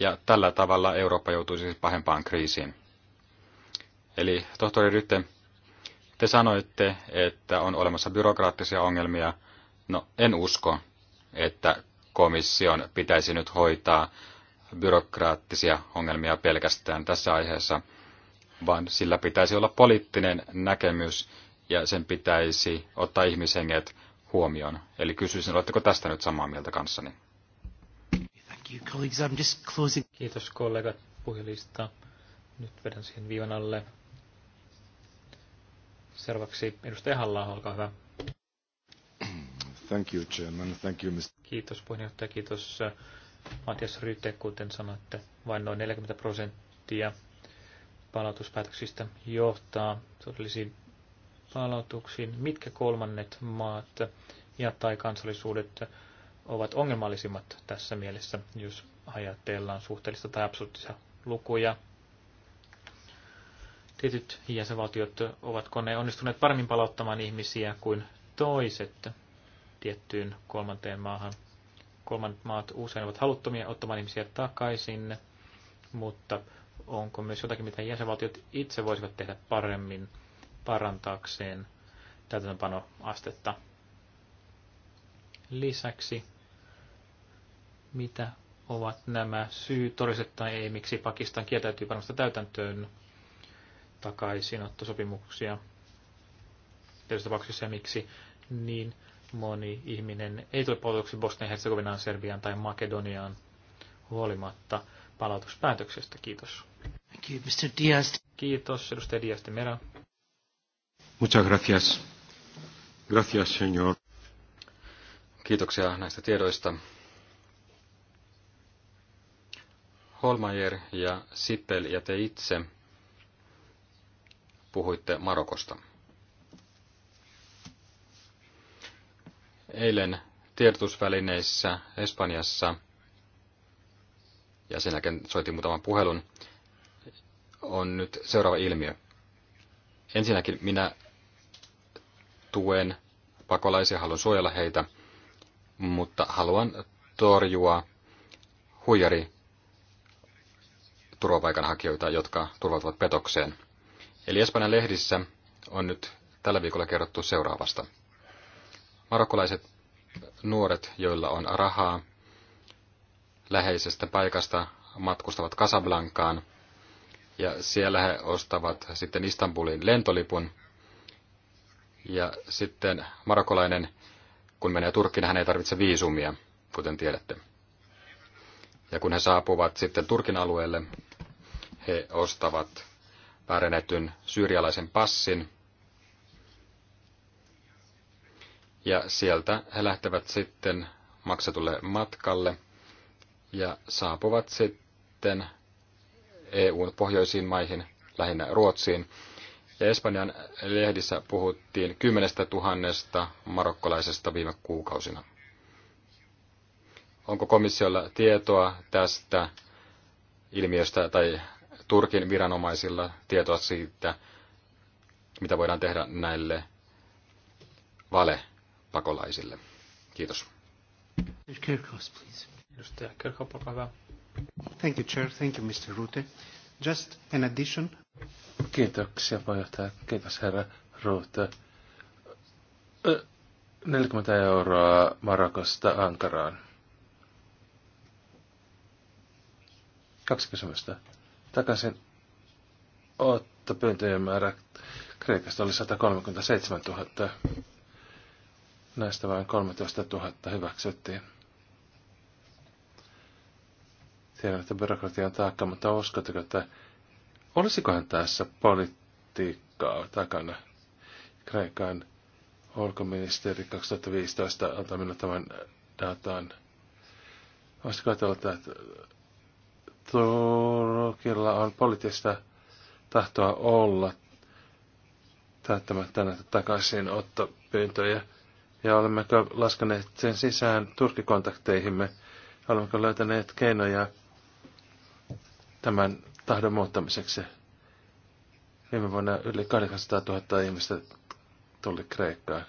Ja tällä tavalla Eurooppa joutuisi pahempaan kriisiin. Eli tohtori Rytte, te sanoitte, että on olemassa byrokraattisia ongelmia. No, en usko, että komission pitäisi nyt hoitaa byrokraattisia ongelmia pelkästään tässä aiheessa, vaan sillä pitäisi olla poliittinen näkemys ja sen pitäisi ottaa ihmishenget huomioon. Eli kysyisin, oletteko tästä nyt samaa mieltä kanssani? Kiitos kollegat puhelista. Nyt vedän siihen viivan alle. Seuraavaksi edustaja halla olkaa hyvä. Thank you, Chairman. Thank you, Mr. Kiitos puheenjohtaja, kiitos äh, Matias Ryte, kuten sanoitte, vain noin 40 prosenttia palautuspäätöksistä johtaa todellisiin palautuksiin. Mitkä kolmannet maat ja tai kansallisuudet ovat ongelmallisimmat tässä mielessä, jos ajatellaan suhteellista tai absoluuttisia lukuja? tietyt jäsenvaltiot ovat ne onnistuneet paremmin palauttamaan ihmisiä kuin toiset tiettyyn kolmanteen maahan. Kolmannet maat usein ovat haluttomia ottamaan ihmisiä takaisin, mutta onko myös jotakin, mitä jäsenvaltiot itse voisivat tehdä paremmin parantaakseen täytäntöpanoastetta? Lisäksi, mitä ovat nämä syyt, todelliset tai ei, miksi Pakistan kieltäytyy panosta täytäntöön takaisinottosopimuksia. Tietysti tapauksessa ja miksi niin moni ihminen ei tule palautuksi Bosnian, Herzegovinaan, Serbiaan tai Makedoniaan huolimatta palautuspäätöksestä. Kiitos. Thank you, Mr. Diaz. Kiitos, edustaja Diaz de Mera. Muchas gracias. Gracias, señor. Kiitoksia näistä tiedoista. Holmajer ja Sipel ja te itse – puhuitte Marokosta. Eilen tiedotusvälineissä Espanjassa, ja sen jälkeen soitin muutaman puhelun, on nyt seuraava ilmiö. Ensinnäkin minä tuen pakolaisia, haluan suojella heitä, mutta haluan torjua huijari turvapaikanhakijoita, jotka turvautuvat petokseen. Eli Espanjan lehdissä on nyt tällä viikolla kerrottu seuraavasta. Marokkolaiset nuoret, joilla on rahaa, läheisestä paikasta matkustavat Casablancaan ja siellä he ostavat sitten Istanbulin lentolipun. Ja sitten marokkolainen, kun menee Turkkiin, hän ei tarvitse viisumia, kuten tiedätte. Ja kun he saapuvat sitten Turkin alueelle, he ostavat väärennetyn syyrialaisen passin. Ja sieltä he lähtevät sitten maksatulle matkalle ja saapuvat sitten EUn pohjoisiin maihin, lähinnä Ruotsiin. Ja Espanjan lehdissä puhuttiin kymmenestä tuhannesta marokkolaisesta viime kuukausina. Onko komissiolla tietoa tästä ilmiöstä tai Turkin viranomaisilla tietoa siitä, mitä voidaan tehdä näille valepakolaisille. Kiitos. Kirkos, please. Edustaja Kirkos, olkaa hyvä. Thank you, Chair. Thank you, Mr. Rute. Just an addition. Kiitoksia, puheenjohtaja. Kiitos, herra Rute. 40 euroa Marokosta Ankaraan. Kaksi kysymystä takaisin ottopyyntöjen määrä Kreikasta oli 137 000. Näistä vain 13 000 hyväksyttiin. Tiedän, että byrokratian taakka, mutta uskotteko, että olisikohan tässä politiikkaa takana? Kreikan ulkoministeri 2015 antoi minulle tämän datan. Olisiko ajatella, että Turkilla on poliittista tahtoa olla täyttämättä näitä takaisin ottopyyntöjä. Ja olemmeko laskeneet sen sisään turkikontakteihimme? Olemmeko löytäneet keinoja tämän tahdon muuttamiseksi? Viime vuonna yli 800 000 ihmistä tuli Kreikkaan.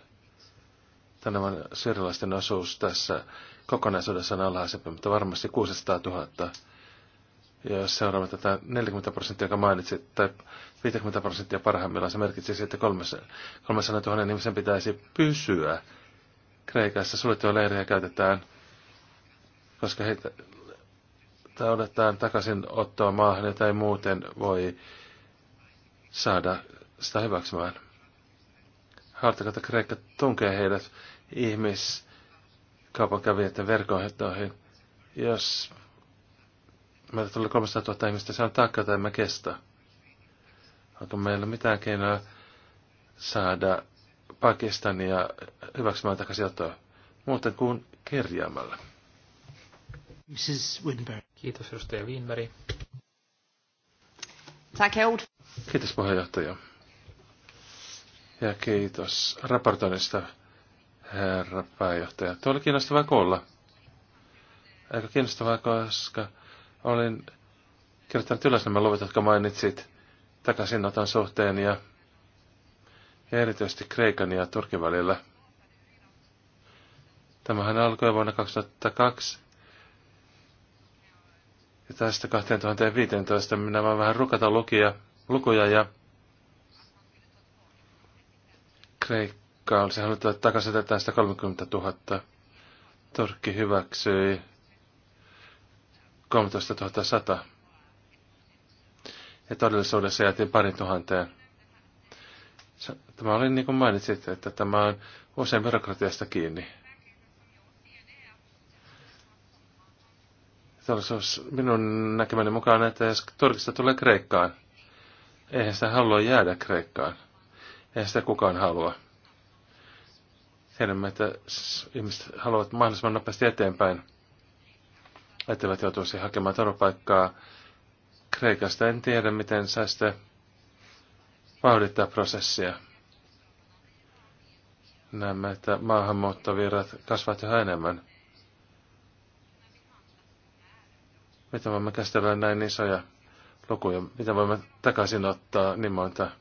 Tänä vuonna syyrialaisten osuus tässä kokonaisuudessa on alhaisempi, mutta varmasti 600 000 ja seuraamme tätä 40 prosenttia, joka mainitsit, tai 50 prosenttia parhaimmillaan, se merkitsisi, että 300 000 ihmisen pitäisi pysyä Kreikassa. Suljettuja leirejä käytetään, koska heitä odotetaan takaisin ottoa maahan, jota ei muuten voi saada sitä hyväksymään. että Kreikka tunkee heidät ihmiskaupankävijöiden verkoihin, jos meiltä tuli 300 000 ihmistä, se on taakka, tai mä kestä. Onko meillä mitään keinoa saada Pakistania hyväksymään takaisin ottaa muuten kuin kerjaamalla? Mrs. Winberg. Kiitos, edustaja Winberg. Tack, Kiitos, puheenjohtaja. Ja kiitos raportoinnista, herra pääjohtaja. Tuo oli kiinnostavaa kuulla. Aika kiinnostavaa, koska Olin kirjoittanut ylös nämä luvut, jotka mainitsit takaisinoton suhteen ja, ja erityisesti Kreikan ja Turkin välillä. Tämähän alkoi vuonna 2002. Ja tästä 2015 minä vaan vähän rukata lukia, lukuja ja Kreikka olisi halunnut takaisin tästä 30 000. Turkki hyväksyi 13 100. Ja todellisuudessa jäätiin parin tuhanteen. Tämä oli niin kuin mainitsit, että tämä on usein byrokratiasta kiinni. Todellisuus minun näkemäni mukaan, että jos Turkista tulee Kreikkaan, eihän sitä halua jäädä Kreikkaan. Eihän sitä kukaan halua. Tiedämme, että ihmiset haluavat mahdollisimman nopeasti eteenpäin lähtevät joutuisi hakemaan turvapaikkaa Kreikasta. En tiedä, miten säästä vauhdittaa prosessia. Näemme, että maahanmuuttovirrat kasvavat yhä enemmän. Miten voimme käsitellä näin isoja lukuja? Miten voimme takaisin ottaa niin monta?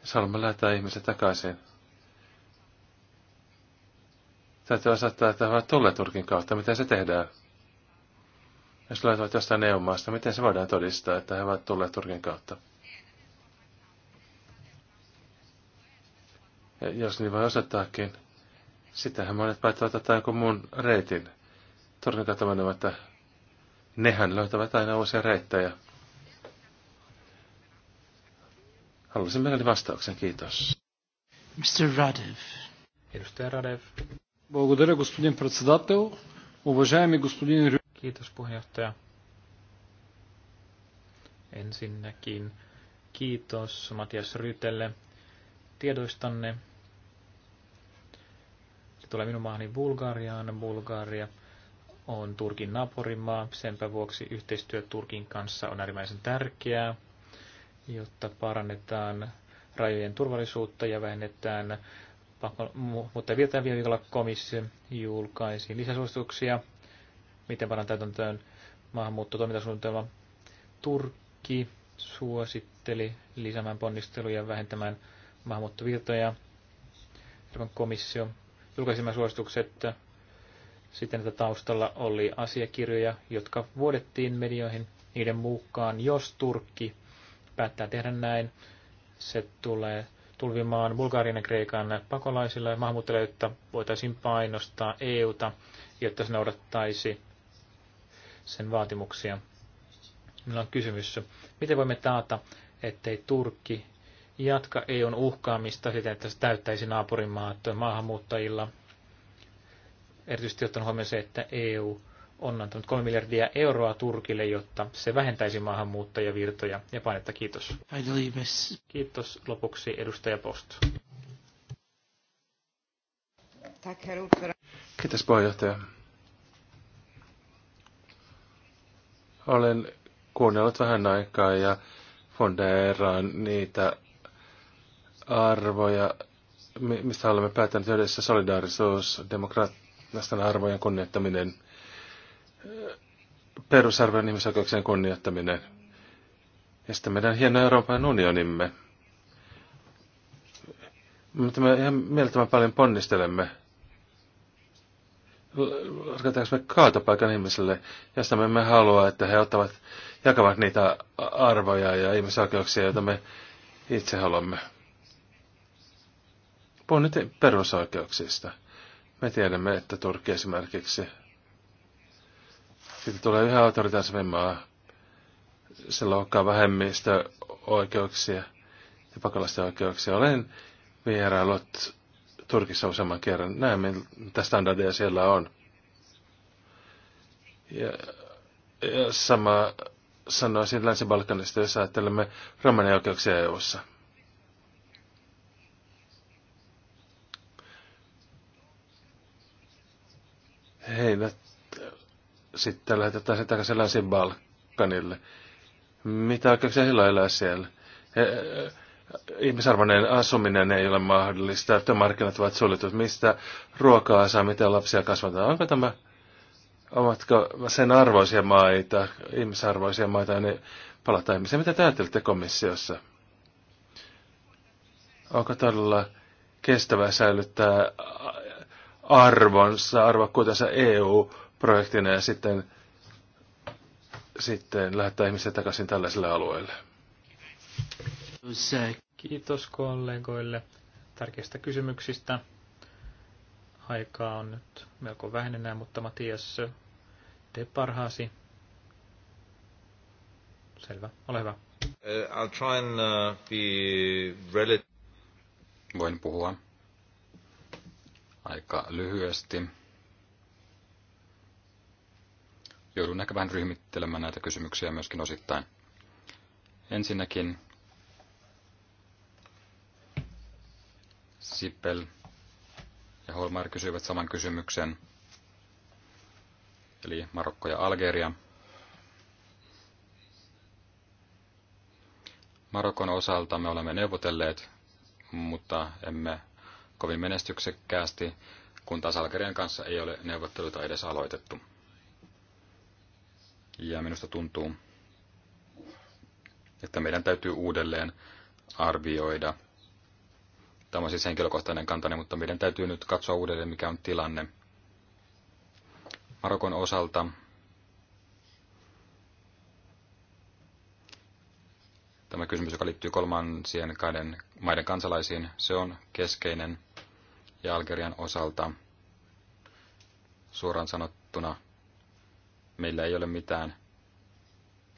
Jos haluamme lähettää ihmisiä takaisin, Täytyy asettaa että he tulee Turkin kautta. Miten se tehdään? Jos löytävät jostain eu miten se voidaan todistaa, että he ovat tulleet Turkin kautta? Ja jos niin voi osoittaakin, sitähän monet päättävät ottaa jonkun mun reitin. Turkin kautta että nehän löytävät aina uusia reittejä. Haluaisin mielelläni vastauksen, kiitos. Mr. Radev. Edustaja Radev. Благодаря, господин председател. Уважаеми господин Рю... Kiitos puheenjohtaja. Ensinnäkin kiitos Matias Rytelle tiedoistanne. Se tulee minun maahani Bulgariaan. Bulgaria on Turkin naapurimaa. Senpä vuoksi yhteistyö Turkin kanssa on äärimmäisen tärkeää, jotta parannetaan rajojen turvallisuutta ja vähennetään mutta vielä viime viikolla komissio julkaisi lisäsuosituksia, miten paran täytäntöön maahanmuuttotoimintasuunnitelma. Turkki suositteli lisäämään ponnisteluja vähentämään maahanmuuttovirtoja. Euroopan komissio julkaisi nämä suositukset sitten että taustalla oli asiakirjoja, jotka vuodettiin medioihin niiden mukaan, jos Turkki päättää tehdä näin, se tulee tulvimaan Bulgarian ja Kreikan pakolaisille ja maahanmuuttajilla, jotta voitaisiin painostaa EUta, jotta se noudattaisi sen vaatimuksia. Minulla on kysymys, miten voimme taata, ettei Turkki jatka EUn uhkaamista siten, että se täyttäisi naapurimaat maahanmuuttajilla, erityisesti ottanut huomioon se, että EU on antanut 3 miljardia euroa Turkille, jotta se vähentäisi maahanmuuttajavirtoja ja painetta. Kiitos. Kiitos. Lopuksi edustaja Post. Kiitos puheenjohtaja. Olen kuunnellut vähän aikaa ja fondeeraan niitä arvoja, mistä olemme päättäneet yhdessä solidaarisuus, demokraattisten arvojen kunnioittaminen – perusarvon ihmisoikeuksien kunnioittaminen ja sitten meidän hieno Euroopan unionimme. Mutta me ihan mieltämään paljon ponnistelemme. Rakentaanko me kaatopaikan ihmisille, josta me emme halua, että he ottavat, jakavat niitä arvoja ja ihmisoikeuksia, joita me itse haluamme. Puhun nyt perusoikeuksista. Me tiedämme, että Turkki esimerkiksi siitä tulee yhä autoritaisemmaa. Se loukkaa vähemmistö oikeuksia ja pakolaisten oikeuksia. Olen vierailut Turkissa useamman kerran. Näemme, mitä standardeja siellä on. Ja, ja sama sanoisin Länsi-Balkanista, jos ajattelemme oikeuksia EU-ssa. Heidät sitten lähetetään se takaisin Länsi-Balkanille. Mitä oikeuksia heillä elää siellä? Eh, ihmisarvoinen asuminen ei ole mahdollista, markkinat ovat suljetut. Mistä ruokaa saa, miten lapsia kasvataan? Onko tämä, ovatko sen arvoisia maita, ihmisarvoisia maita, niin palataan ihmisiä. Mitä te ajattelette komissiossa? Onko todella kestävää säilyttää arvonsa, arvokkuutensa EU- projektina ja sitten, sitten lähettää ihmisiä takaisin tällaiselle alueelle. Kiitos kollegoille tärkeistä kysymyksistä. Aikaa on nyt melko vähän enää, mutta Matias, te parhaasi. Selvä, ole hyvä. Uh, I'll try and uh, be relative. Voin puhua aika lyhyesti joudun ehkä vähän ryhmittelemään näitä kysymyksiä myöskin osittain. Ensinnäkin Sippel ja Holmar kysyivät saman kysymyksen, eli Marokko ja Algeria. Marokon osalta me olemme neuvotelleet, mutta emme kovin menestyksekkäästi, kun taas Algerian kanssa ei ole neuvotteluita edes aloitettu. Ja minusta tuntuu, että meidän täytyy uudelleen arvioida. Tämä on siis henkilökohtainen kantani, mutta meidän täytyy nyt katsoa uudelleen, mikä on tilanne. Marokon osalta tämä kysymys, joka liittyy kolmansien kaiden maiden kansalaisiin, se on keskeinen. Ja Algerian osalta suoraan sanottuna meillä ei ole mitään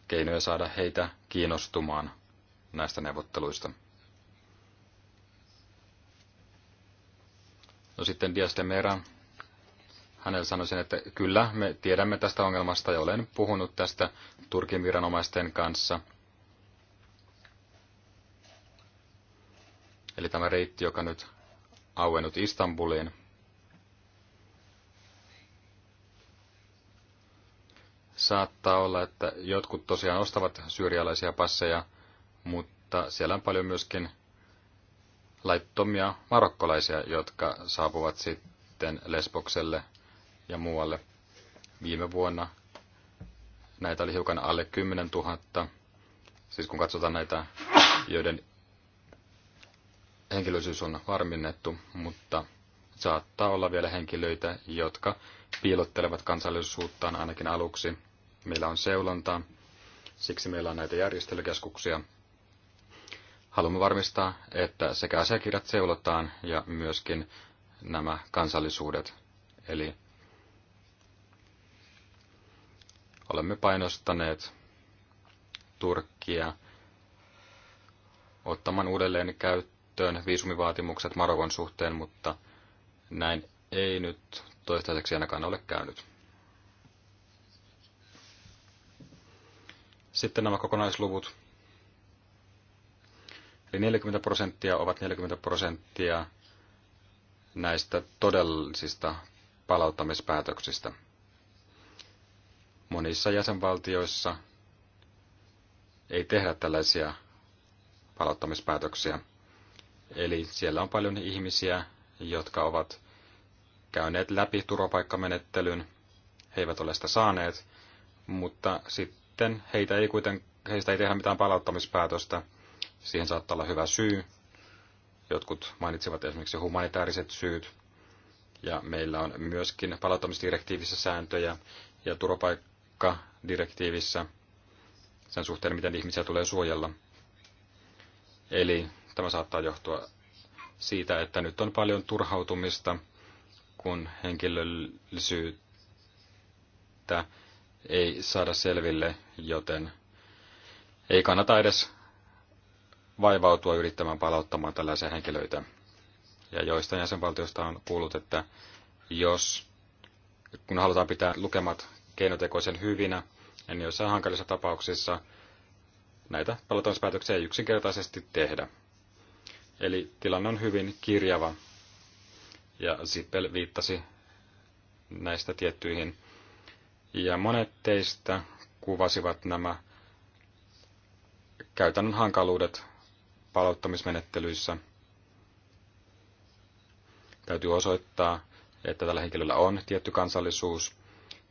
keinoja saada heitä kiinnostumaan näistä neuvotteluista. No sitten Dias de Mera. Hänelle sanoisin, että kyllä, me tiedämme tästä ongelmasta ja olen puhunut tästä Turkin viranomaisten kanssa. Eli tämä reitti, joka nyt auennut Istanbuliin, saattaa olla, että jotkut tosiaan ostavat syyrialaisia passeja, mutta siellä on paljon myöskin laittomia marokkolaisia, jotka saapuvat sitten Lesbokselle ja muualle. Viime vuonna näitä oli hiukan alle 10 000, siis kun katsotaan näitä, joiden henkilöisyys on varmennettu, mutta saattaa olla vielä henkilöitä, jotka piilottelevat kansallisuuttaan ainakin aluksi. Meillä on seulontaa, siksi meillä on näitä järjestelykeskuksia. Haluamme varmistaa, että sekä asiakirjat seulotaan ja myöskin nämä kansallisuudet. Eli olemme painostaneet Turkkia ottamaan uudelleen käyttöön viisumivaatimukset Marokon suhteen, mutta näin ei nyt toistaiseksi ainakaan ole käynyt. Sitten nämä kokonaisluvut. Eli 40 prosenttia ovat 40 prosenttia näistä todellisista palauttamispäätöksistä. Monissa jäsenvaltioissa ei tehdä tällaisia palauttamispäätöksiä. Eli siellä on paljon ihmisiä, jotka ovat käyneet läpi turvapaikkamenettelyn, he eivät ole sitä saaneet, mutta sitten sitten heitä ei kuiten, heistä ei tehdä mitään palauttamispäätöstä. Siihen saattaa olla hyvä syy. Jotkut mainitsivat esimerkiksi humanitaariset syyt. Ja meillä on myöskin palauttamisdirektiivissä sääntöjä ja turvapaikkadirektiivissä sen suhteen, miten ihmisiä tulee suojella. Eli tämä saattaa johtua siitä, että nyt on paljon turhautumista, kun henkilöllisyyttä ei saada selville, joten ei kannata edes vaivautua yrittämään palauttamaan tällaisia henkilöitä. Ja joista jäsenvaltioista on kuullut, että jos kun halutaan pitää lukemat keinotekoisen hyvinä, niin joissain hankalissa tapauksissa näitä palautumispäätöksiä ei yksinkertaisesti tehdä. Eli tilanne on hyvin kirjava. Ja Sippel viittasi näistä tiettyihin ja monet teistä kuvasivat nämä käytännön hankaluudet palauttamismenettelyissä. Täytyy osoittaa, että tällä henkilöllä on tietty kansallisuus.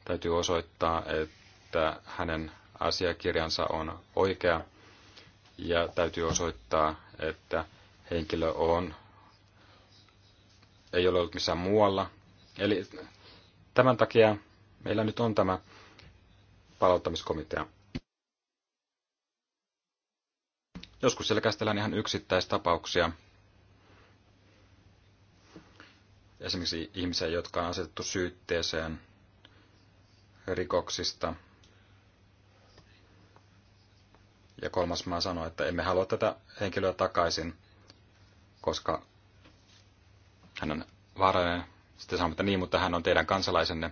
Täytyy osoittaa, että hänen asiakirjansa on oikea. Ja täytyy osoittaa, että henkilö on, ei ole ollut missään muualla. Eli tämän takia meillä nyt on tämä palauttamiskomitea. Joskus siellä käsitellään ihan yksittäistapauksia. Esimerkiksi ihmisiä, jotka on asetettu syytteeseen rikoksista. Ja kolmas maa sanoi, että emme halua tätä henkilöä takaisin, koska hän on vaarallinen. Sitten sanomme, että niin, mutta hän on teidän kansalaisenne.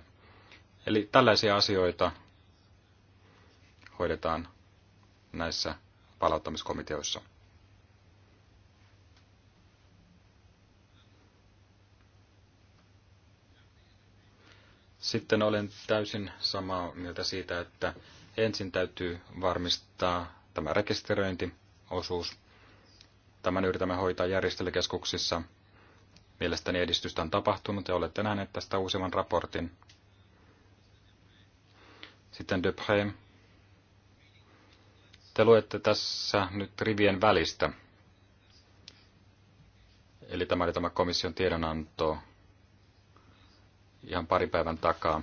Eli tällaisia asioita hoidetaan näissä palauttamiskomiteoissa. Sitten olen täysin samaa mieltä siitä, että ensin täytyy varmistaa tämä rekisteröintiosuus. Tämän yritämme hoitaa järjestelykeskuksissa. Mielestäni edistystä on tapahtunut ja olette nähneet tästä uusimman raportin, sitten Depre. Te luette tässä nyt rivien välistä. Eli tämä oli tämä komission tiedonanto ihan pari päivän takaa.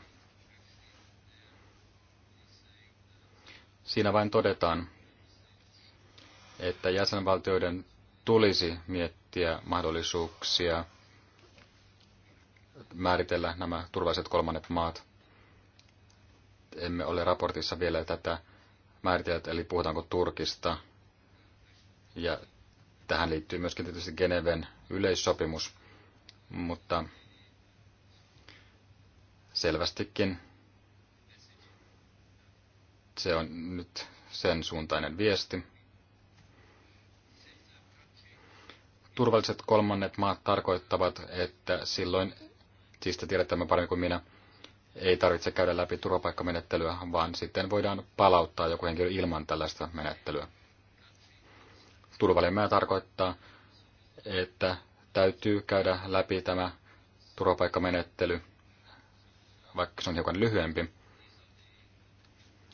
Siinä vain todetaan, että jäsenvaltioiden tulisi miettiä mahdollisuuksia määritellä nämä turvalliset kolmannet maat emme ole raportissa vielä tätä määritelty, eli puhutaanko Turkista. Ja tähän liittyy myöskin tietysti Geneven yleissopimus, mutta selvästikin se on nyt sen suuntainen viesti. Turvalliset kolmannet maat tarkoittavat, että silloin, siis te tiedätte tämän paremmin kuin minä, ei tarvitse käydä läpi turvapaikkamenettelyä, vaan sitten voidaan palauttaa joku henkilö ilman tällaista menettelyä. Turvallinen tarkoittaa, että täytyy käydä läpi tämä turvapaikkamenettely, vaikka se on hiukan lyhyempi.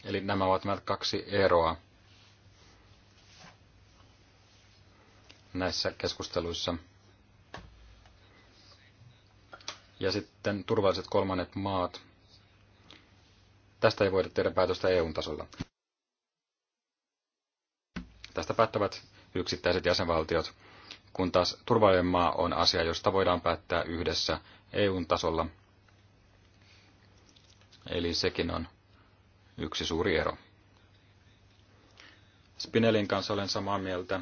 Eli nämä ovat nämä kaksi eroa näissä keskusteluissa. Ja sitten turvalliset kolmannet maat. Tästä ei voida tehdä päätöstä EU-tasolla. Tästä päättävät yksittäiset jäsenvaltiot, kun taas turvallinen maa on asia, josta voidaan päättää yhdessä EU-tasolla. Eli sekin on yksi suuri ero. Spinelin kanssa olen samaa mieltä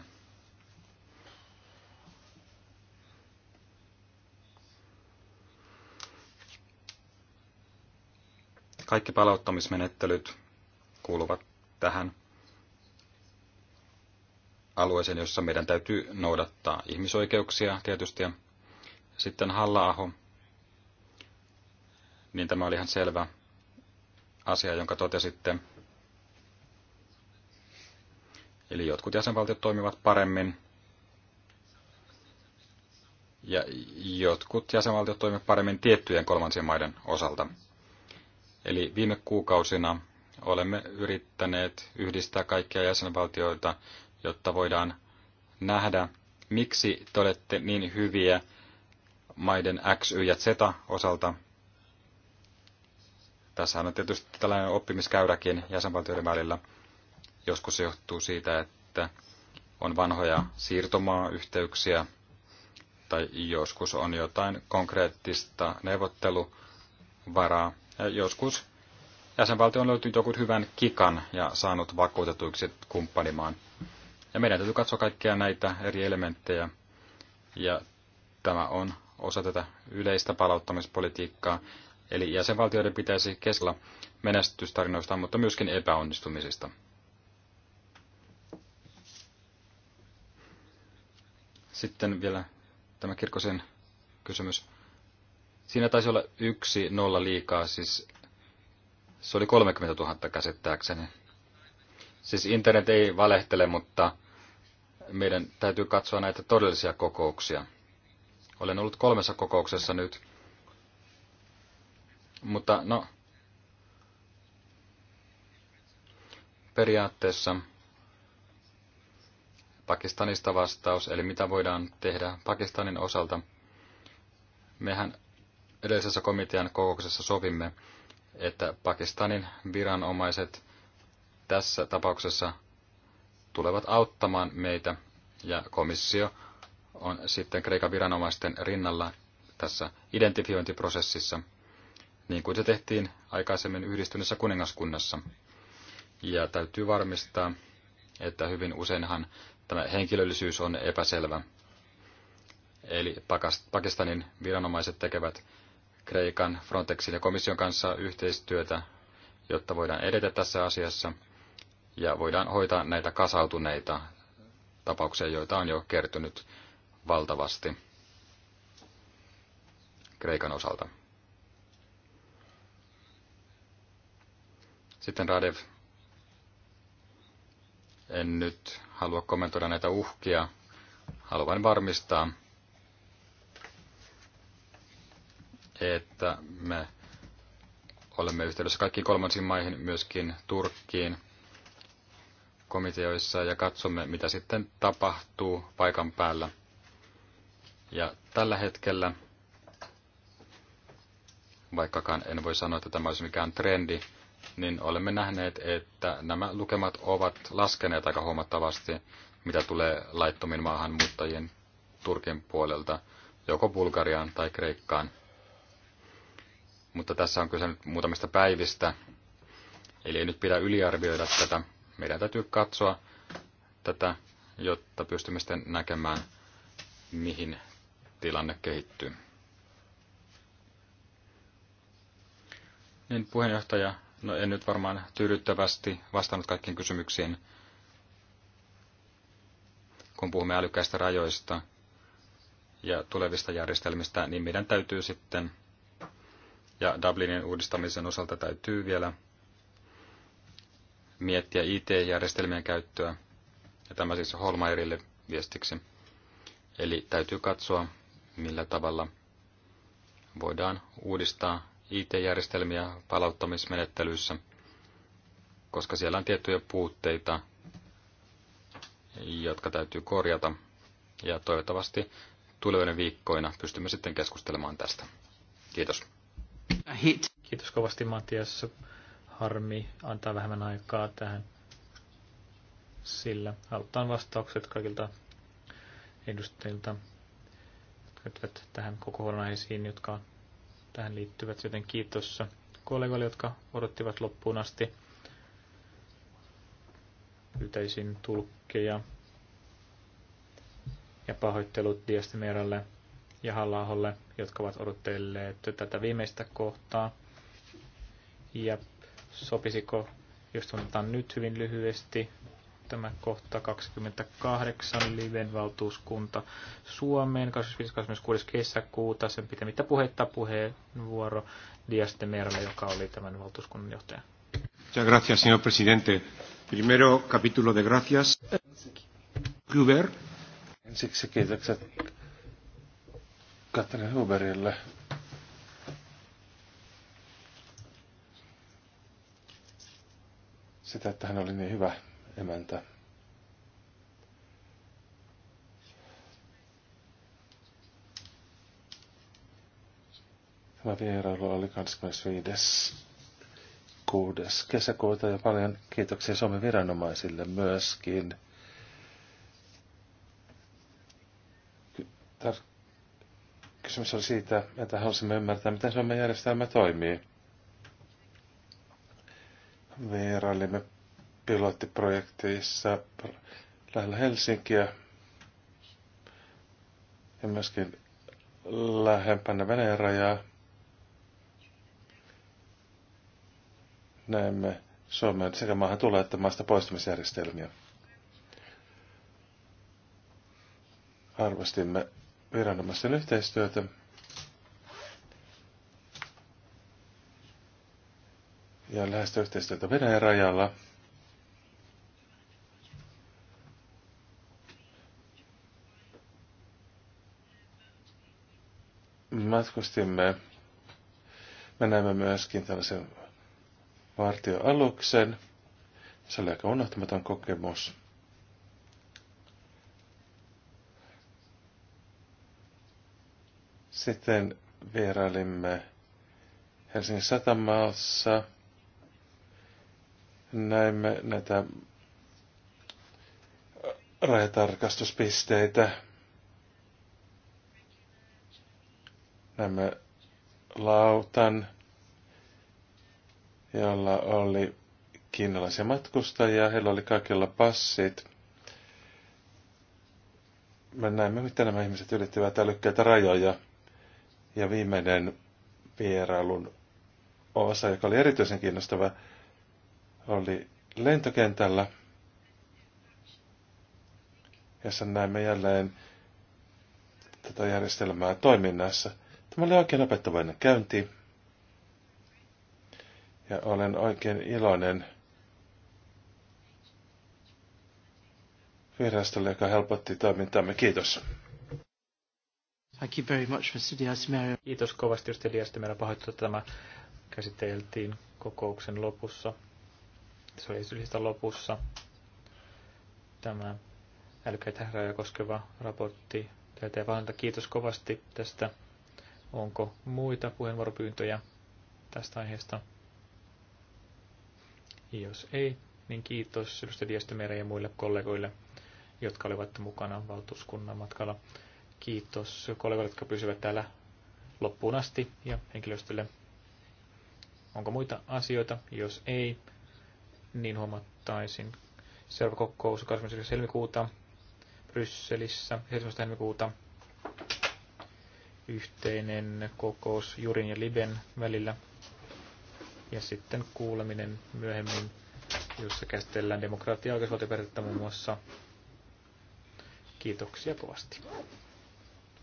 Kaikki palauttamismenettelyt kuuluvat tähän alueeseen, jossa meidän täytyy noudattaa ihmisoikeuksia tietysti. Sitten halla niin tämä oli ihan selvä asia, jonka totesitte. Eli jotkut jäsenvaltiot toimivat paremmin ja jotkut jäsenvaltiot toimivat paremmin tiettyjen kolmansien maiden osalta. Eli viime kuukausina olemme yrittäneet yhdistää kaikkia jäsenvaltioita, jotta voidaan nähdä, miksi te olette niin hyviä maiden X, Y ja Z osalta. Tässä on tietysti tällainen oppimiskäyräkin jäsenvaltioiden välillä. Joskus se johtuu siitä, että on vanhoja siirtomaayhteyksiä tai joskus on jotain konkreettista neuvotteluvaraa ja äh, joskus jäsenvaltio on löytynyt joku hyvän kikan ja saanut vakuutetuiksi kumppanimaan. Ja meidän täytyy katsoa kaikkia näitä eri elementtejä. Ja tämä on osa tätä yleistä palauttamispolitiikkaa. Eli jäsenvaltioiden pitäisi keskellä menestystarinoista, mutta myöskin epäonnistumisista. Sitten vielä tämä kirkkosen kysymys. Siinä taisi olla yksi nolla liikaa, siis se oli 30 000 käsittääkseni. Siis internet ei valehtele, mutta meidän täytyy katsoa näitä todellisia kokouksia. Olen ollut kolmessa kokouksessa nyt. Mutta no, periaatteessa Pakistanista vastaus, eli mitä voidaan tehdä Pakistanin osalta. Mehän edellisessä komitean kokouksessa sovimme, että Pakistanin viranomaiset tässä tapauksessa tulevat auttamaan meitä ja komissio on sitten Kreikan viranomaisten rinnalla tässä identifiointiprosessissa, niin kuin se tehtiin aikaisemmin yhdistyneessä kuningaskunnassa. Ja täytyy varmistaa, että hyvin useinhan tämä henkilöllisyys on epäselvä. Eli Pakistanin viranomaiset tekevät Kreikan, Frontexin ja komission kanssa yhteistyötä, jotta voidaan edetä tässä asiassa ja voidaan hoitaa näitä kasautuneita tapauksia, joita on jo kertynyt valtavasti Kreikan osalta. Sitten Radev. En nyt halua kommentoida näitä uhkia. Haluan varmistaa, että me olemme yhteydessä kaikkiin kolmansiin maihin, myöskin Turkkiin komiteoissa ja katsomme, mitä sitten tapahtuu paikan päällä. Ja tällä hetkellä, vaikkakaan en voi sanoa, että tämä olisi mikään trendi, niin olemme nähneet, että nämä lukemat ovat laskeneet aika huomattavasti, mitä tulee laittomin maahanmuuttajien Turkin puolelta, joko Bulgariaan tai Kreikkaan mutta tässä on kyse nyt muutamista päivistä. Eli ei nyt pidä yliarvioida tätä. Meidän täytyy katsoa tätä, jotta pystymme sitten näkemään, mihin tilanne kehittyy. Niin, puheenjohtaja, no en nyt varmaan tyydyttävästi vastannut kaikkiin kysymyksiin, kun puhumme älykkäistä rajoista ja tulevista järjestelmistä, niin meidän täytyy sitten ja Dublinin uudistamisen osalta täytyy vielä miettiä IT-järjestelmien käyttöä. Ja tämä siis Holmairille viestiksi. Eli täytyy katsoa, millä tavalla voidaan uudistaa IT-järjestelmiä palauttamismenettelyissä, koska siellä on tiettyjä puutteita, jotka täytyy korjata. Ja toivottavasti tulevina viikkoina pystymme sitten keskustelemaan tästä. Kiitos. Hit. Kiitos kovasti Matias. Harmi antaa vähemmän aikaa tähän, sillä halutaan vastaukset kaikilta edustajilta, jotka ovat tähän koko huolenaiheisiin, jotka tähän liittyvät. Joten kiitos kollegoille, jotka odottivat loppuun asti. Pyytäisin tulkkeja ja pahoittelut Diastimeralle ja Hallaholle, jotka ovat odotelleet tätä viimeistä kohtaa. Ja sopisiko, jos tunnetaan nyt hyvin lyhyesti, tämä kohta 28 Liven valtuuskunta Suomeen 25.26. kesäkuuta. Sen pitämättä puhetta puheenvuoro Dias de Merle, joka oli tämän valtuuskunnan johtaja. Muchas gracias, señor presidente. Primero capítulo de gracias. Gruber. Ensiksi kiitokset Katrin Huberille. Sitä, että hän oli niin hyvä emäntä. Tämä vierailu oli 25.6. kesäkuuta ja paljon kiitoksia Suomen viranomaisille myöskin. Tar- Kysymys oli siitä, että halusimme ymmärtää, miten Suomen järjestelmä toimii. Vierailimme pilottiprojekteissa lähellä Helsinkiä ja myöskin lähempänä Venäjän rajaa. Näemme Suomen sekä maahan tulee että maasta poistumisjärjestelmiä. Arvostimme viranomaisten yhteistyötä. Ja läheistä yhteistyötä Venäjän rajalla. Matkustimme. Me näemme myöskin tällaisen vartioaluksen. Se oli aika unohtamaton kokemus. Sitten vierailimme Helsingin satamaassa Näimme näitä rajatarkastuspisteitä. Näimme lautan, jolla oli kiinalaisia matkustajia. Heillä oli kaikilla passit. Me näimme, miten nämä ihmiset ylittivät älykkäitä rajoja. Ja viimeinen vierailun osa, joka oli erityisen kiinnostava, oli lentokentällä, jossa näemme jälleen tätä järjestelmää toiminnassa. Tämä oli oikein opettavainen käynti. Ja olen oikein iloinen virastolle, joka helpotti toimintaamme. Kiitos. Thank you very much, Mr. Diaz -Mera. Kiitos kovasti, Mr. Diaz Mera. Pahoittu, että tämä käsiteltiin kokouksen lopussa. Se oli esitystä lopussa. Tämä älykäitä rajoja koskeva raportti. Tätä valita. Kiitos kovasti tästä. Onko muita puheenvuoropyyntöjä tästä aiheesta? Jos ei, niin kiitos edustaja Diastomere ja muille kollegoille, jotka olivat mukana valtuuskunnan matkalla. Kiitos kollegoille, jotka pysyvät täällä loppuun asti ja henkilöstölle. Onko muita asioita? Jos ei, niin huomattaisin. Seuraava kokous 29. helmikuuta Brysselissä 17. helmikuuta yhteinen kokous Jurin ja Liben välillä. Ja sitten kuuleminen myöhemmin, jossa käsitellään demokratia- ja oikeusvaltioperiaatetta muun muassa. Kiitoksia kovasti.